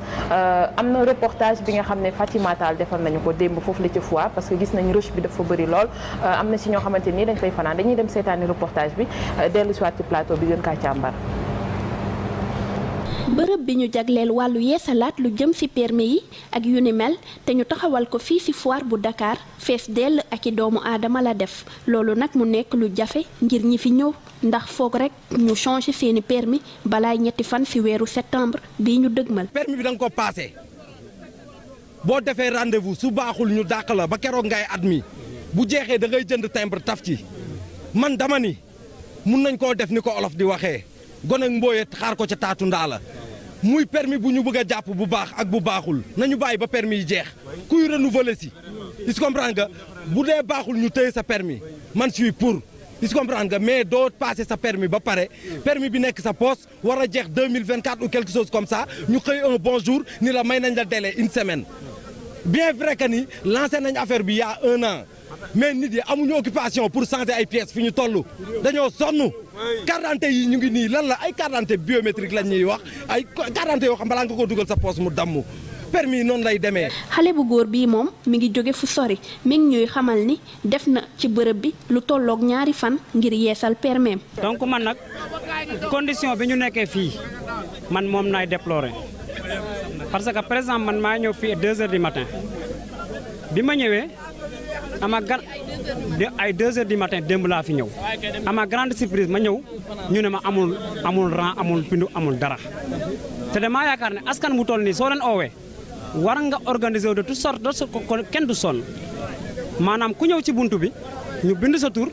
S9: am na reportage bi nga xam ne Fatima defal nañu ko démb foofu la ci foire parce que gis nañ rush bi dafa bëri lool am na si ñoo xamante nii dañ fay fanaan dañuy dem seetaani reportage bi dellu si waat
S12: bërëb bi ñu jagleel wàllu laat lu jëm ci permis yi ak yu ni mel te ñu taxawal ko fii ci foire bu dakaar fees dell ak i doomu aadama la def loolu nag mu nekk lu jafe ngir ñi fi ñëw ndax foog rek ñu changé seeni permis balaay ñetti fan ci weeru septembre bii ñu dëgmal.
S3: permis bi danga ko passé boo defee rendez-vous su baaxul ñu dàq la ba keroog ngay mi bu jeexee da ngay jënd timbre taf ci man dama ni mun nañ koo def ni ko olof di waxee. Goneg Mboye xaar ko ca taatu ndaa la muy permis bu ñu bëgg a jàpp bu baax ak bu baaxul nañu bàyyi ba permis yi jeex kuy renouveler si is comprendre bu dee baaxul ñu tëye sa permis man suis pour is comprendre nga mais doo passé sa permis ba pare permis bi nekk sa poste war a jeex 2024 ou quelque chose comme ça ñu xëy un bon jour ni la may nañ la délai une semaine bien vrai que ni lancé nañ affaire
S1: bi yaa un an mais nit yi amuñu occupation pour changer ay pièces fi ñu toll dañoo sonn carte yi ñu ngi nii lan la ay carte d'identité biométrique lañ ñuy wax ay carte yoo xam balaa
S3: nga ko dugal sa poche mu damm permis noonu lay demee.
S12: xale bu góor bii moom mi ngi jóge fu sori mi ngi ñuy xamal ni def na ci bërëb bi lu tollook ñaari fan ngir yeesal permis
S11: donc man nag condition bi ñu nekkee fii man moom naay déplorer parce que par exemple man maa ñëw fi à 2 matin bi ma ñëwee. ama gan ay 2 heures du matin démb laa fi ñëw ama grande surprise ma ñëw ñu ne ma amul amul rang amul pindu amul dara te damaa yaakaar ne askan bu toll nii soo leen oowee war nga organiser de toute ko de kenn du sonn maanaam ku ñëw ci buntu bi ñu bind sa tur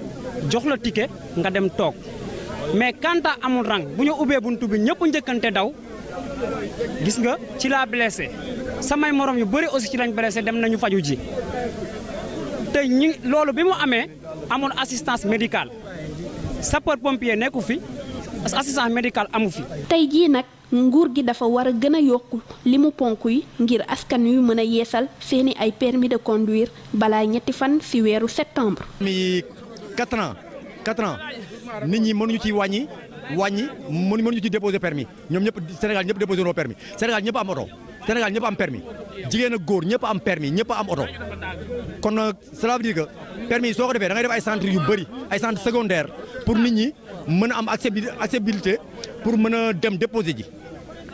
S11: jox la ticket nga dem toog mais quant amul rang bu ñu ubbee buntu bi ñëpp njëkkante daw gis nga ci laa blessé samay morom yu bëri aussi ci lañ blessé dem nañu faju ji te ñi loolu bi mu amee amoon assistance médical sapeur pompier nekku fi assistance médical amu fi.
S12: tey jii nag nguur gi dafa war a gën a yokk li mu ponk yi ngir askan wi mën a yeesal seeni ay permis de conduire balaa ñetti fan ci weeru septembre.
S7: mi quatre ans quatre ans nit ñi
S1: mënuñu ci wàññi wàññi mënuñu ci déposer permis ñoom ñëpp Sénégal ñëpp déposer noo permis Sénégal ñëpp am oto Sénégal ñëpp am permis jigéena góor ñëpp am permis ñëpp am oto kon nag euh, cela veut dire que permis soo ko defee da def ay centre yu bëri ay centre secondaire pour nit ñi mën a am accessibilité pour mën a dem déposer ji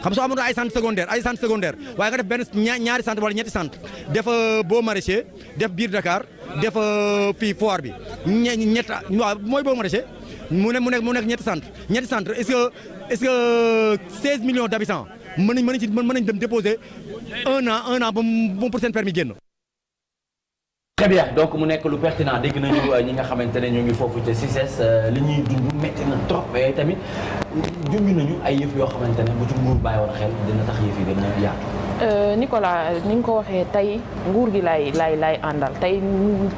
S1: xam soo amoon ay centre secondaire ay centre secondaire waaye nga def benn ñaari centre wala ñetti centre def euh, boo maraîcher def biir dakaar def euh, fii foire bi ñett waaw mooy boo maraîcher mu ne mu nekk mu nekk ñetti centre ñetti centre est-ce que est-ce que 16 mën nañ mën nañ ci mën dem déposer un an un ba mu pour seen permis génn. très donc mu nekk lu pertinent dégg nañu euh, ñi nga xamante ne ñoo ngi foofu ca CICES euh, li ñuy dund métti trop tamit junj nañu ay yëf yoo xamante ne bu ci nguur bàyyi woon xel dina tax yëf
S9: yi gën a yaatu. Euh, ni nga ko waxee tey nguur gi laay laay laay àndal tey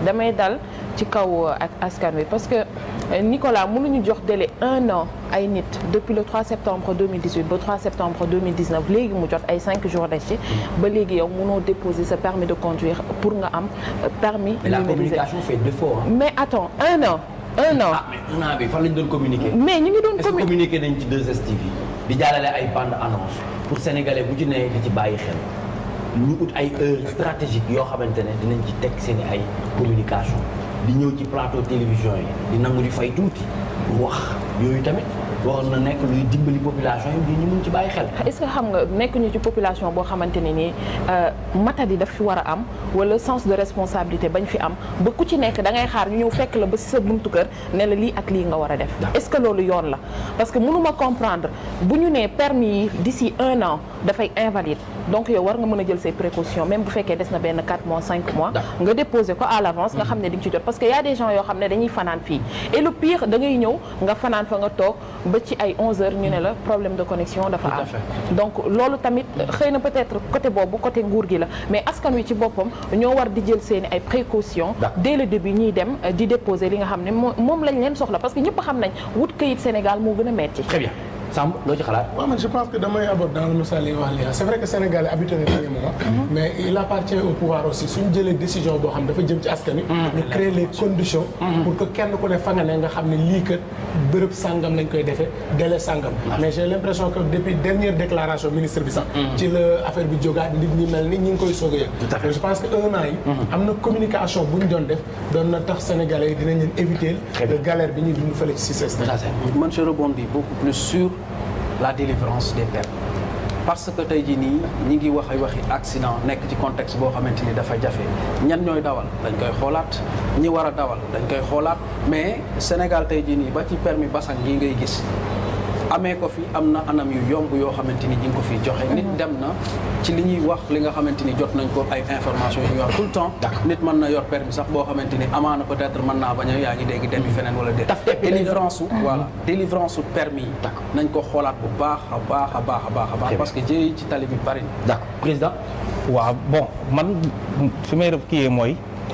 S9: damay dal ci kaw ak askan wi parce que. Euh, Nicolas mënuñu jox délai un an ay nit depuis le 3 septembre 2018 ba 3 septembre 2019 léegi mu jot ay 5 jours de ci ba léegi yow mënoo déposer sa permis de conduire pour nga am euh, permis numérisé mais la communication fait défaut hein? mais attends un an un an
S1: ah mais bi fan lañ doon communiquer. mais ñu ngi doon communiqué nañ ci 2STV di jàllale ay bande annonce pour sénégalais bu ci ne di ci bàyyi xel ñu ut ay heures stratégiques yoo xamante ne dinañ ci teg seen ay communication. di ñëw ci plateau télévision yi di nangu di fay tuuti wax yooyu tamit waroon na nekk luy dimbali population yi ñu mun ci bàyyi xel.
S9: est xam nga nekk ñu ci population boo xamante ne nii euh, matadi daf fi war a am wala sens de responsabilité bañ fi am ba ku ci nekk dangay xaar ñu ñëw fekk la ba si sa buntu kër ne la lii ak lii nga war a def. est-ce que loolu yoon la parce que mënuma comprendre bu ñu nee permis yi d'ici un an dafay invalide. donc yow war nga mën a jël say précautions même bu fekkee des na benn 4 mois 5 mois nga déposer ko à l'avance nga xam ne di nga ci jot parce que y a des gens yoo xam ne dañuy fanaan fii et le pire da ñëw nga fanaan fa nga toog ba ci ay 11 heures ñu ne la problème de connexion dafa am donc loolu tamit xëy na peut-être côté boobu côté nguur gi la mais askan wi ci boppam ñoo war di jël seeni ay précautions dès le début ñuy dem euh, di déposer li nga xam ne moom lañ leen soxla parce que ñëpp xam nañ wut kayit Sénégal moo gën a metti
S7: Samb loo ci xalaat.
S2: waaw man je pense que damay abord dans le message li nga c'est vrai que Sénégal yi habitué nañu mhm. mais il appartient au pouvoir aussi jëlee décision boo xam ne dafa jëm ci askan wi. Mhm. ñu créer les mhm. pour que kenn ku ne fa nga xam ne lii kat bërëb sangam lañ koy defee délai sangam. mais j'ai l'impression que depuis dernière déclaration ministre bi sax. ci la affaire bi jógaat nit ñi mel ni ñu ngi koy soogee a je pense que yi. am na communication bu ñu doon def doon na tax Sénégalais yi dinañ leen éviter. galère bi ñuy dund fële ci CICES. la délivrance des peuples parce que tey jii
S3: nii ñi ngi wax ay waxi accident nekk ci contexte boo xamante ni dafa jafe ñan ñooy dawal dañ koy xoolaat ñi war a dawal dañ koy xoolaat mais Sénégal tey jii nii ba ci permis bassan gi ngay gis amee ko fi am na anam yu yomb yoo xamante ni ji nga ko fi joxe mhm. nit dem na ci li ñuy wax li nga xamante ni jot nañ ko ay information yu ñu tout le temps nit mën na yor permis sax boo xamante ni amaana peut être mën naa bañ a yaa ngi dégg dem feneen wala déet délivrance su mhm. voilà délivrance u permis yi nañ ko xoolaat bu baax a baax a baax a baax a baax parce que jéey ci tali bi bari na d'accord président waaw bon man su may rëb mooy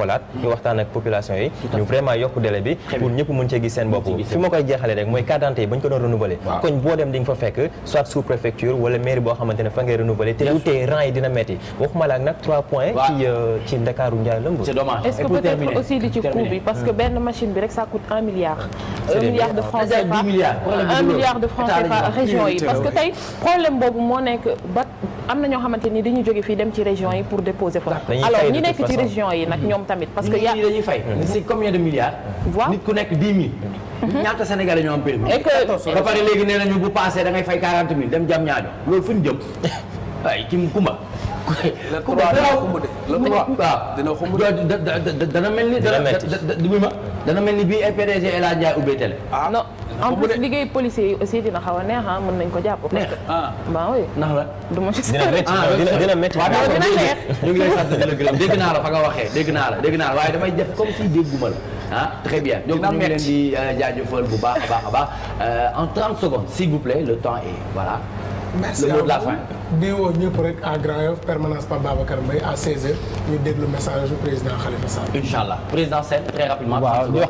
S4: xoolaat ñu waxtaan ak population yi ñu vraiment yokk délai bi pour ñëpp mën cee gis seen bopp fi ma koy jeexale rek mooy carte d'identité yi bañ ko doon renouveler koñ boo dem di nga fa fekk soit sous préfecture wala mairie boo xamante ne fa ngay renouveler te lu yi dina metti waxuma nag 3 points euh, ci Ndakaaru Njaay lëmb c'est dommage est-ce que peut-être aussi li
S9: ci coût bi parce que benn machine bi rek ça coûte 1 milliard 1 milliard de francs CFA tamit. parce que
S1: yaa nit ñi dañuy fay. Mm-hmm. c'est combien de milliards. waaw nit ku nekk 10 000. Mm-hmm. ñaata Sénégalais ñoo am permis. et que ba léegi ne nañu bu paasee da fay 40 dem jam ñaajo loolu fu ñu jëm. waaye ci Kumba. le 3 dina xumb de dana mel ni. dana dana mel ni bii PDG El Hadj Ndiaye ubbee télé. ah non
S9: en plus liggéey policier yi aussi dina xaw a neex ah mën nañu ko jàpp. neex ah waaw oui. ndax la du ma si. Ah, dina dina métti waaw dina neex.
S1: ñu ngi lay sant di la gërëm dégg naa la fa nga waxee dégg naa la dégg naa la waaye damay def comme si dégguma la ah très bien. donc ñu ngi leen di euh, jaajëfal bu baax a baax a baax euh, en 30 secondes s'il vous plaît le temps est voilà.
S2: merci le mot de la fin. di woo ñëpp rek à Grand Yoff permanence par Babacar Mbaye à 16h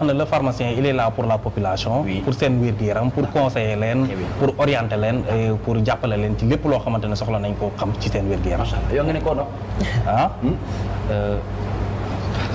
S3: le pharmacien il est là pour la population. pour seen wér gu yaram pour conseiller leen. Eh pour orienter leen pour jàppale leen ci lépp loo xamante ne soxla nañ koo xam ci
S1: seen wér gu yaram. macha nga ne koo doon ah. Hmm? Euh,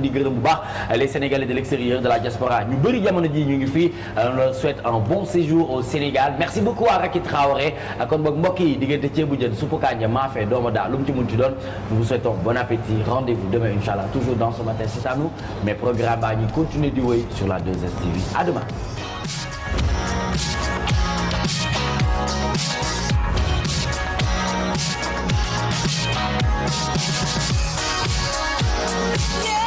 S1: di gërëm bu baax les sénégalais de l'extérieur de la diaspora ñu bëri jamono ji ñu ngi fii euh, on souhaite un bon séjour au Sénégal merci beaucoup à Racky Traoré euh, kon boog mbokk yi diggante ceebu jën suppu kanja maafe dooma daa lu mu ci mun ci doon nous vous bon appétit rendez-vous demain inchallah toujours dans ce matin c'est à nous mais programme baa ñu continuer di wéy sur la 2STV à demain Yeah.